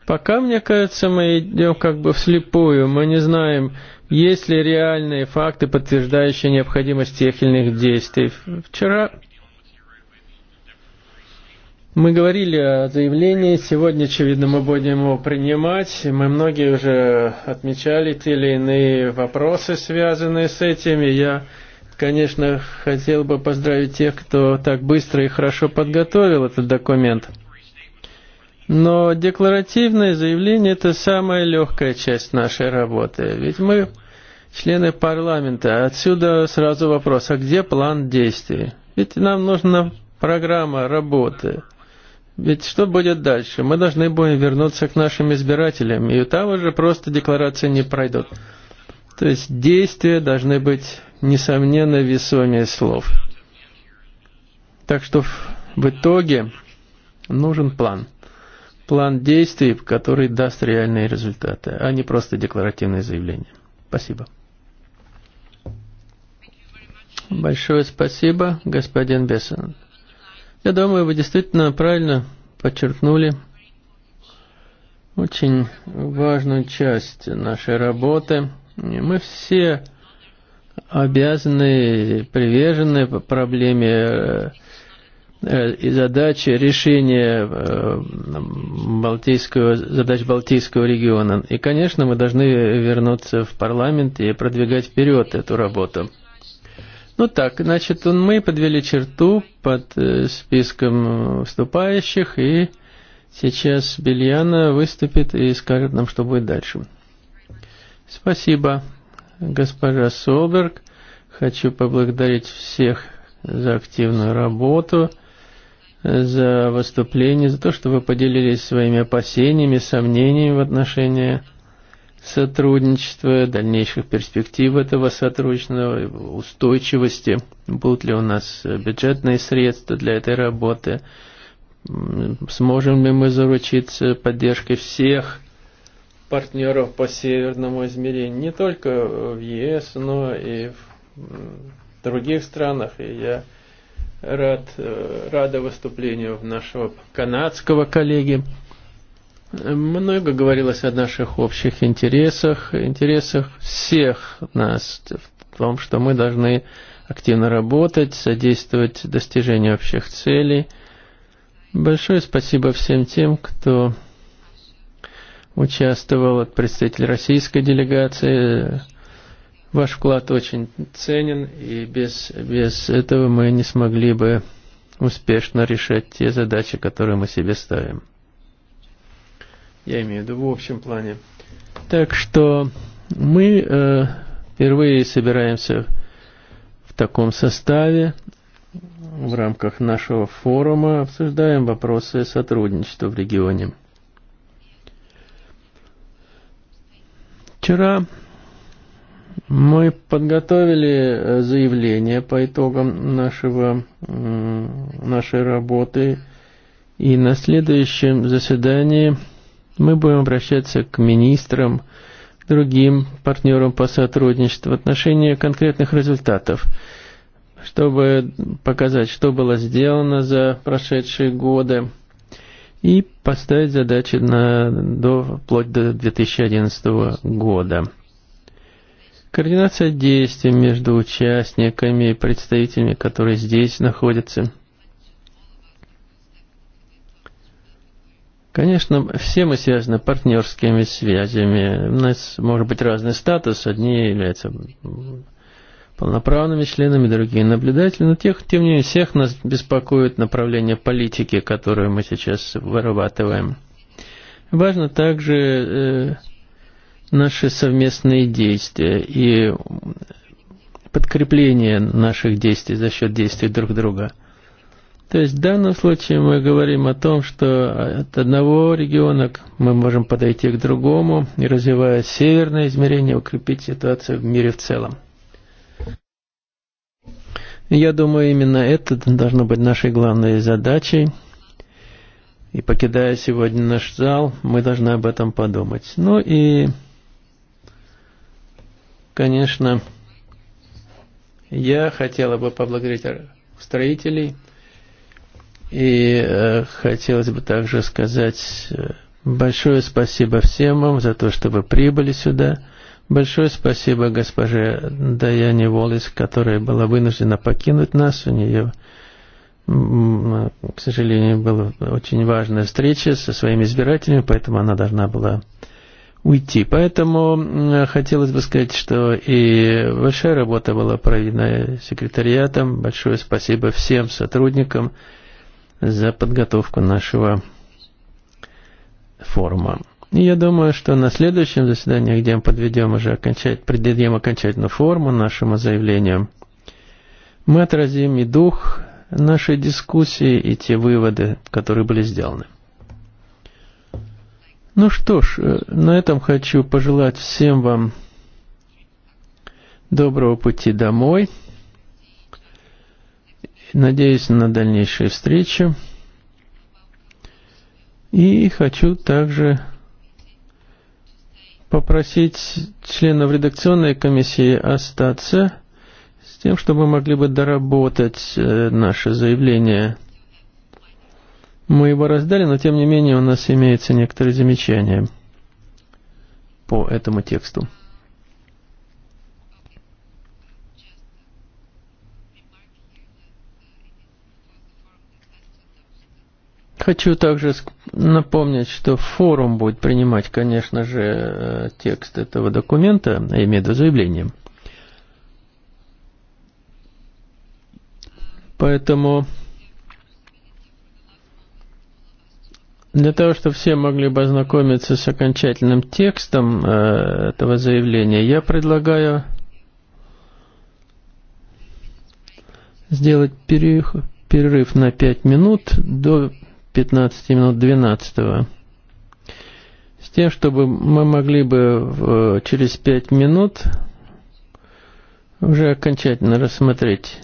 Пока, мне кажется, мы идем как бы вслепую. Мы не знаем, есть ли реальные факты, подтверждающие необходимость тех или иных действий. Вчера мы говорили о заявлении, сегодня, очевидно, мы будем его принимать. Мы многие уже отмечали те или иные вопросы, связанные с этим, и я Конечно, хотел бы поздравить тех, кто так быстро и хорошо подготовил этот документ. Но декларативное заявление – это самая легкая часть нашей работы. Ведь мы члены парламента. Отсюда сразу вопрос, а где план действий? Ведь нам нужна программа работы. Ведь что будет дальше? Мы должны будем вернуться к нашим избирателям, и там уже просто декларации не пройдут. То есть действия должны быть несомненно, весомее слов. Так что в итоге нужен план. План действий, который даст реальные результаты, а не просто декларативные заявления. Спасибо. Большое спасибо, господин Бессон. Я думаю, вы действительно правильно подчеркнули очень важную часть нашей работы. Мы все обязаны, привержены проблеме э, э, и задачи решения э, Балтийского, задач Балтийского региона. И, конечно, мы должны вернуться в парламент и продвигать вперед эту работу. Ну так, значит, мы подвели черту под списком вступающих, и сейчас Бельяна выступит и скажет нам, что будет дальше. Спасибо госпожа Соберг. Хочу поблагодарить всех за активную работу, за выступление, за то, что вы поделились своими опасениями, сомнениями в отношении сотрудничества, дальнейших перспектив этого сотрудничества, устойчивости, будут ли у нас бюджетные средства для этой работы, сможем ли мы заручиться поддержкой всех партнеров по Северному измерению, не только в ЕС, но и в других странах. И я рад, э, рада выступлению нашего канадского коллеги. Много говорилось о наших общих интересах, интересах всех нас, в том, что мы должны активно работать, содействовать достижению общих целей. Большое спасибо всем тем, кто участвовал представитель российской делегации. Ваш вклад очень ценен, и без, без этого мы не смогли бы успешно решать те задачи, которые мы себе ставим. Я имею в виду в общем плане. Так что мы э, впервые собираемся в таком составе в рамках нашего форума, обсуждаем вопросы сотрудничества в регионе. Вчера мы подготовили э, заявление по итогам нашего, нашей работы, и на следующем заседании мы будем обращаться к министрам, к другим партнерам по сотрудничеству в отношении конкретных результатов, чтобы показать, что было сделано за прошедшие годы и поставить задачи на, до, вплоть до 2011 года. Координация действий между участниками и представителями, которые здесь находятся. Конечно, все мы связаны партнерскими связями. У нас может быть разный статус. Одни являются полноправными членами, другие наблюдатели, но тех, тем не менее, всех нас беспокоит направление политики, которую мы сейчас вырабатываем. Важно также э, наши совместные действия и подкрепление наших действий за счет действий друг друга. То есть в данном случае мы говорим о том, что от одного региона мы можем подойти к другому и развивая северное измерение, укрепить ситуацию в мире в целом. Я думаю, именно это должно быть нашей главной задачей. И покидая сегодня наш зал, мы должны об этом подумать. Ну и, конечно, я хотела бы поблагодарить строителей. И э, хотелось бы также сказать э, большое спасибо всем вам за то, что вы прибыли сюда. Большое спасибо госпоже Даяне Волис, которая была вынуждена покинуть нас. У нее, к сожалению, была очень важная встреча со своими избирателями, поэтому она должна была уйти. Поэтому хотелось бы сказать, что и большая работа была проведена секретариатом. Большое спасибо всем сотрудникам за подготовку нашего форума. Я думаю, что на следующем заседании, где мы подведем уже окончательно, придадим окончательную форму нашему заявлению, мы отразим и дух нашей дискуссии, и те выводы, которые были сделаны. Ну что ж, э, на этом хочу пожелать всем вам доброго пути домой. Надеюсь на дальнейшие встречи. И хочу также попросить членов редакционной комиссии остаться с тем, чтобы мы могли бы доработать э, наше заявление. Мы его раздали, но тем не менее у нас имеются некоторые замечания по этому тексту. Хочу также напомнить, что форум будет принимать, конечно же, э, текст этого документа, и имею Поэтому Для того, чтобы все могли бы ознакомиться с окончательным текстом э, этого заявления, я предлагаю сделать перерыв на 5 минут до 15 минут 12 -го. с тем, чтобы мы могли бы э, через 5 минут уже окончательно рассмотреть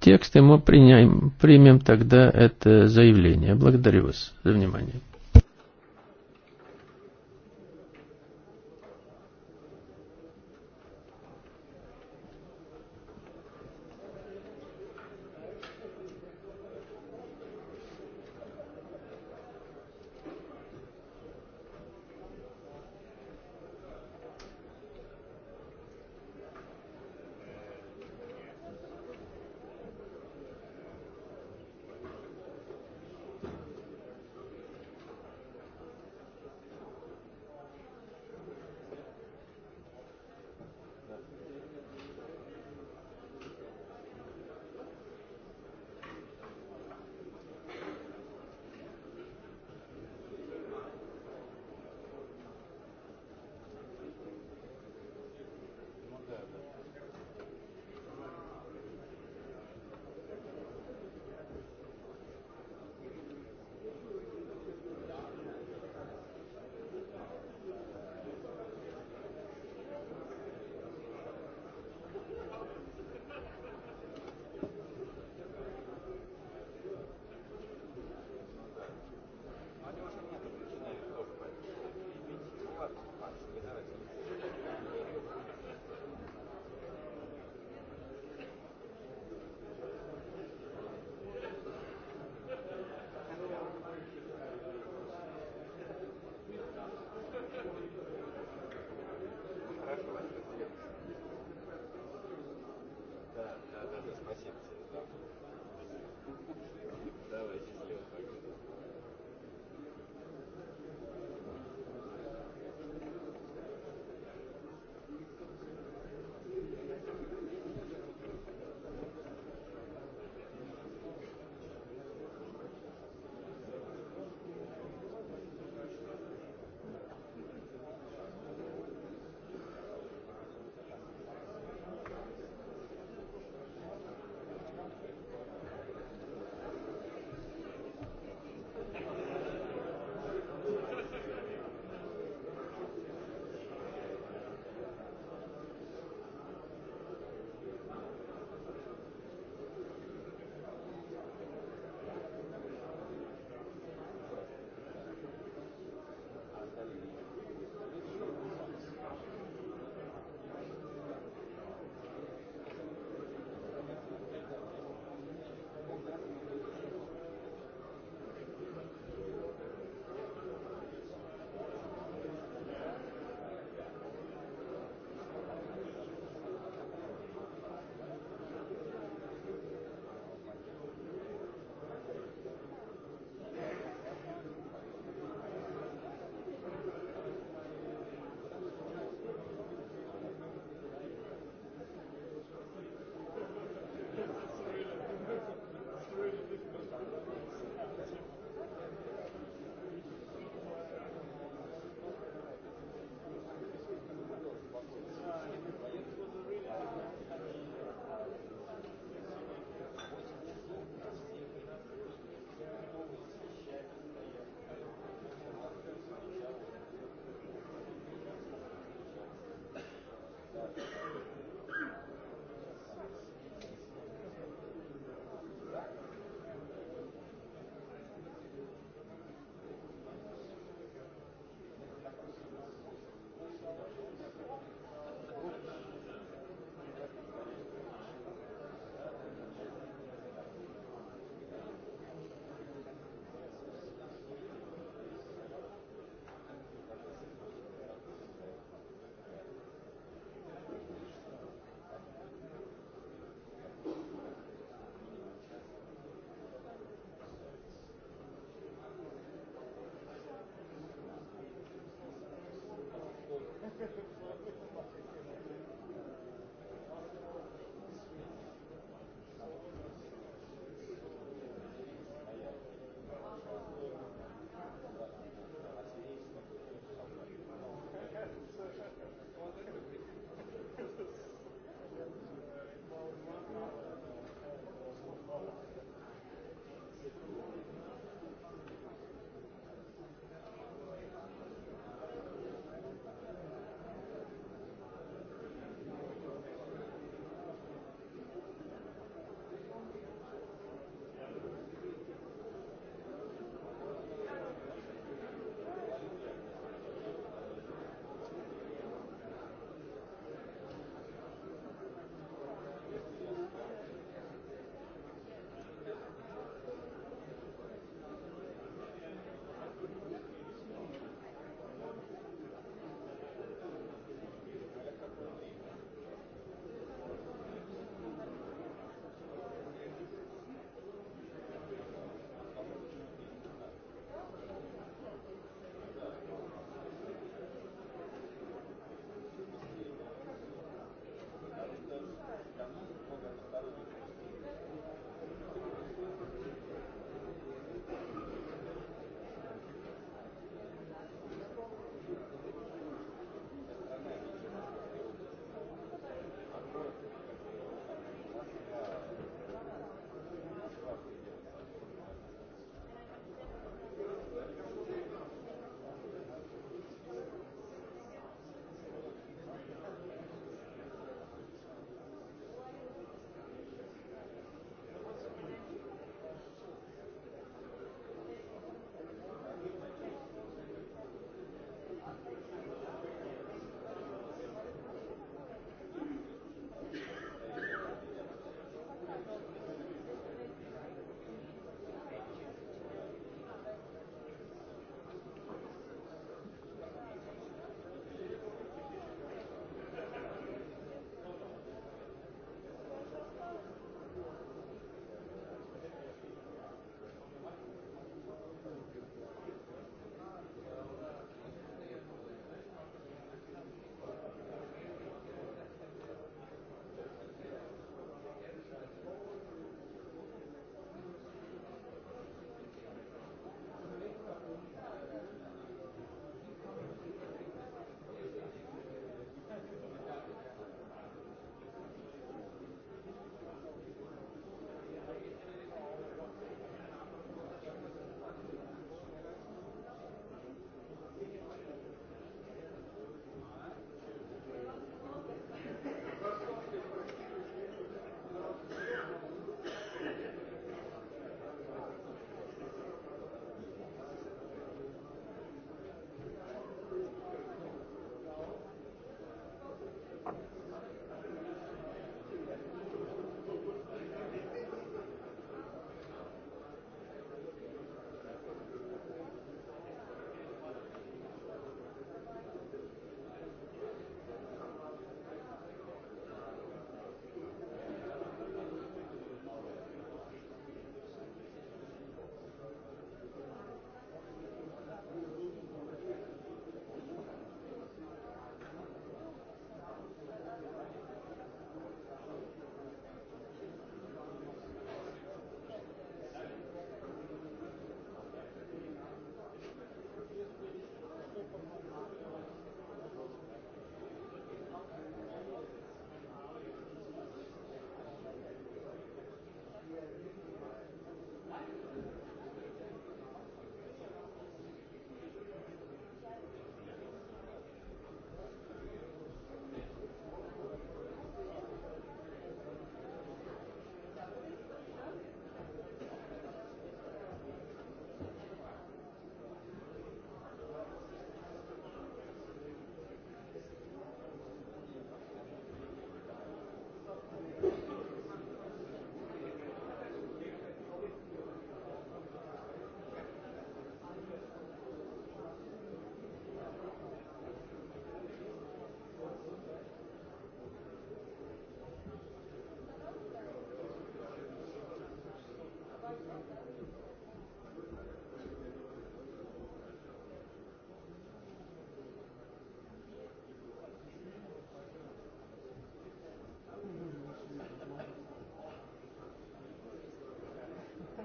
текст, и мы приняем, примем тогда это заявление. Благодарю вас за внимание.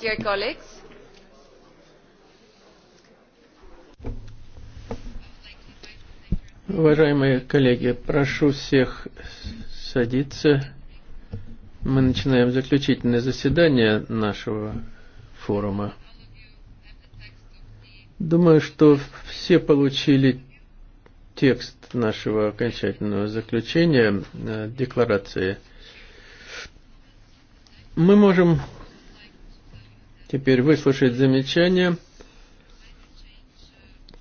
Dear colleagues, Уважаемые коллеги, прошу всех садиться. Мы начинаем заключительное заседание нашего форума. Думаю, что все получили текст нашего окончательного заключения, э, декларации. Мы можем Теперь выслушать замечания.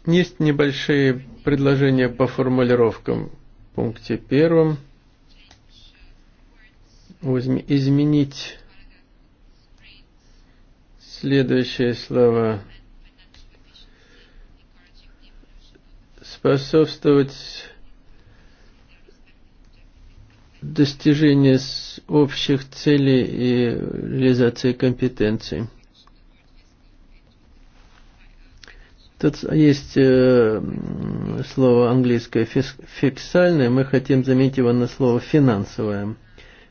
Есть небольшие предложения по формулировкам. В пункте первом изменить следующие слова. Способствовать достижению общих целей и реализации компетенций. Тут есть э, слово английское фиксальное, мы хотим заменить его на слово финансовое.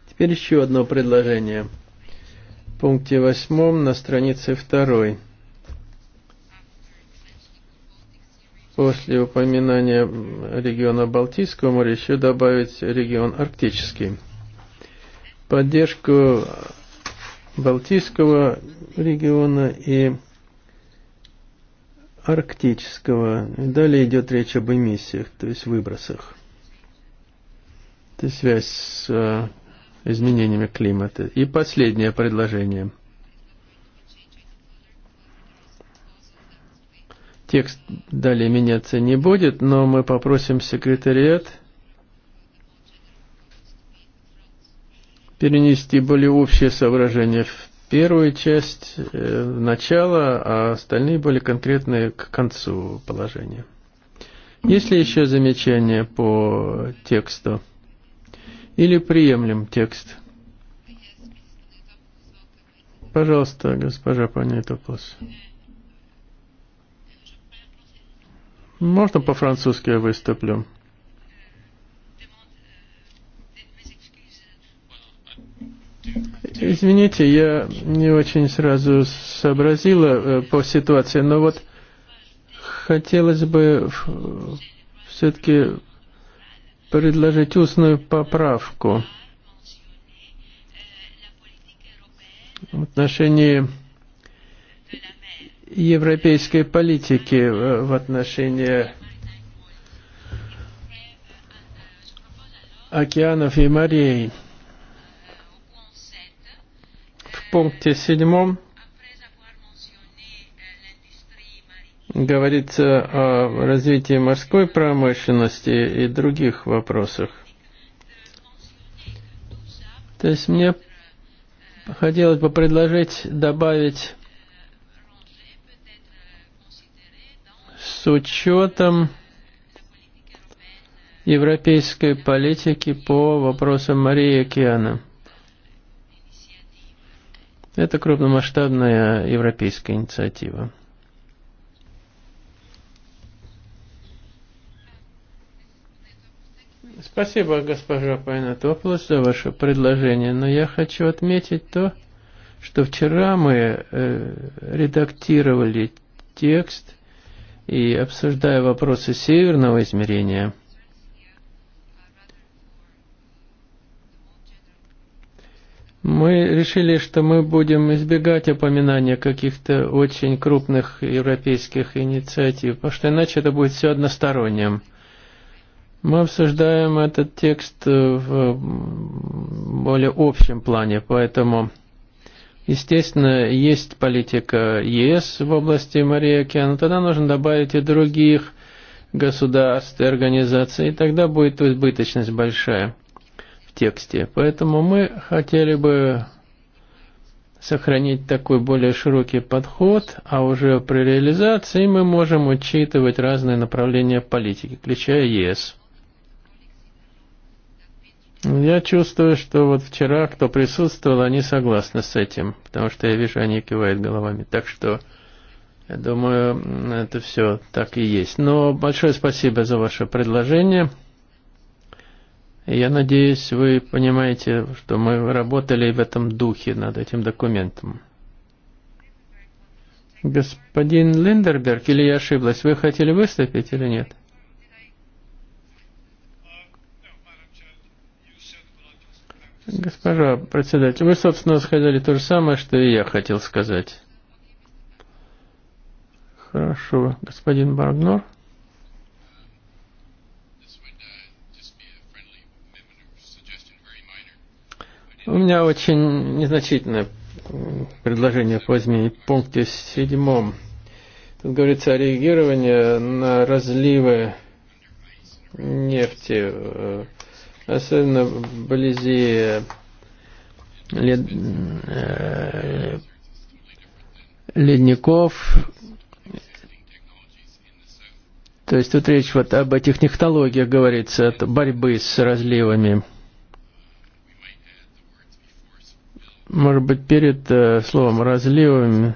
Теперь еще одно предложение. В пункте восьмом на странице второй. После упоминания региона Балтийского моря еще добавить регион Арктический. Поддержку Балтийского региона и арктического. И далее идет речь об эмиссиях, то есть выбросах. Это связь с э, изменениями климата. И последнее предложение. Текст далее меняться не будет, но мы попросим секретариат перенести более общие соображения в первую часть э, начала, а остальные были конкретные к концу положения. Есть ли еще замечания по тексту? Или приемлем текст? Пожалуйста, госпожа Панетоплос. Можно по-французски я выступлю? Извините, я не очень сразу сообразила э, по ситуации, но вот хотелось бы все-таки предложить устную поправку в отношении европейской политики э, в отношении океанов и морей. Пункте седьмом говорится о развитии морской промышленности и других вопросах. То есть мне хотелось бы предложить добавить с учетом европейской политики по вопросам Марии и океана. Это крупномасштабная европейская инициатива. Спасибо, госпожа Пайнатополос, за ваше предложение, но я хочу отметить то, что вчера мы э, редактировали текст и обсуждая вопросы северного измерения – Мы решили, что мы будем избегать упоминания каких-то очень крупных европейских инициатив, потому что иначе это будет все односторонним. Мы обсуждаем этот текст в более общем плане, поэтому, естественно, есть политика ЕС в области Марии Океана, тогда нужно добавить и других государств и организаций, и тогда будет избыточность большая тексте. Поэтому мы хотели бы сохранить такой более широкий подход, а уже при реализации мы можем учитывать разные направления политики, включая ЕС. Я чувствую, что вот вчера, кто присутствовал, они согласны с этим, потому что я вижу, они кивают головами. Так что, я думаю, это все так и есть. Но большое спасибо за ваше предложение. Я надеюсь, вы понимаете, что мы работали в этом духе над этим документом. Господин Линдерберг, или я ошиблась, вы хотели выступить или нет? Госпожа председатель, вы, собственно, сказали то же самое, что и я хотел сказать. Хорошо, господин Баргнор. У меня очень незначительное предложение по изменению пункте седьмом. Тут говорится о реагировании на разливы нефти, э, особенно вблизи лед... Э, ледников. То есть тут речь вот об этих технологиях говорится, от борьбы с разливами. Может быть, перед э, словом «разливами»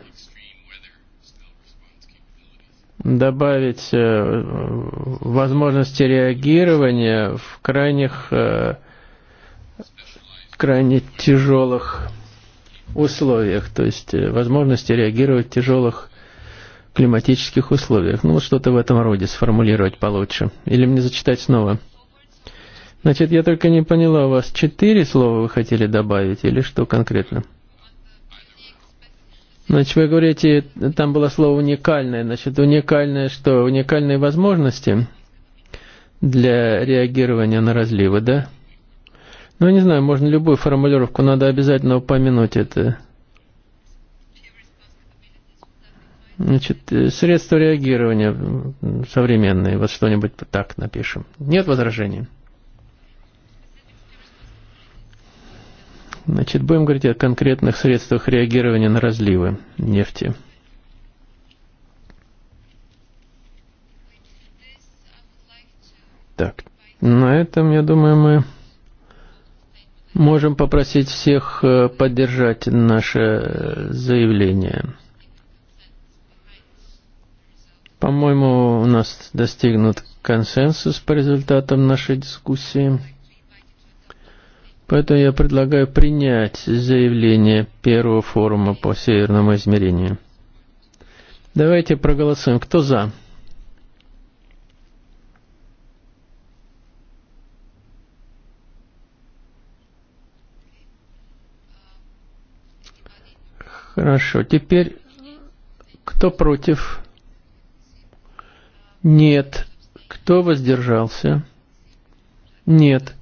добавить э, возможности реагирования в крайних, э, крайне тяжелых условиях, то есть э, возможности реагировать в тяжелых климатических условиях. Ну, вот что-то в этом роде сформулировать получше. Или мне зачитать снова – Значит, я только не поняла, у вас четыре слова вы хотели добавить или что конкретно? Значит, вы говорите, там было слово уникальное. Значит, уникальное что? Уникальные возможности для реагирования на разливы, да? Ну, не знаю, можно любую формулировку, надо обязательно упомянуть это. Значит, э, средства реагирования современные, вот что-нибудь так напишем. Нет возражений? Значит, будем говорить о конкретных средствах реагирования на разливы нефти. Так, на этом, я думаю, мы можем попросить всех э, поддержать наше э, заявление. По-моему, у нас достигнут консенсус по результатам нашей дискуссии. Поэтому я предлагаю принять заявление первого форума по северному измерению. Давайте проголосуем. Кто за? Хорошо. Теперь кто против? Нет. Кто воздержался? Нет.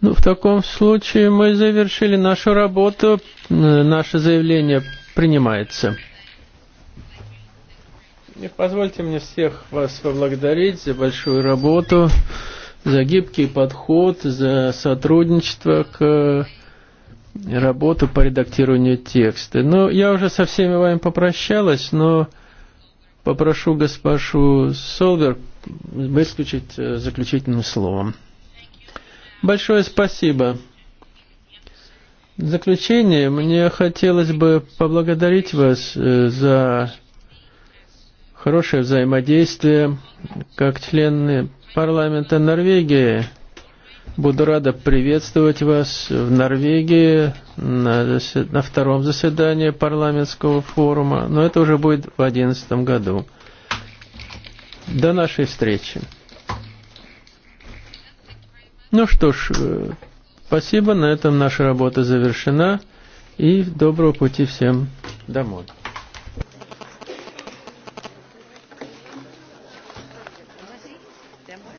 Ну, в таком случае мы завершили нашу работу. Э, наше заявление принимается. И позвольте мне всех вас поблагодарить за большую работу, за гибкий подход, за сотрудничество к э, работу по редактированию текста. Ну, я уже со всеми вами попрощалась, но попрошу госпожу Солберг выключить э, заключительным словом. Большое спасибо. В заключение мне хотелось бы поблагодарить вас э, за хорошее взаимодействие как члены парламента Норвегии. Буду рада приветствовать вас в Норвегии на, засед... на втором заседании парламентского форума, но это уже будет в 2011 году. До нашей встречи. Ну что ж, э, спасибо, на этом наша работа завершена. И доброго пути всем домой.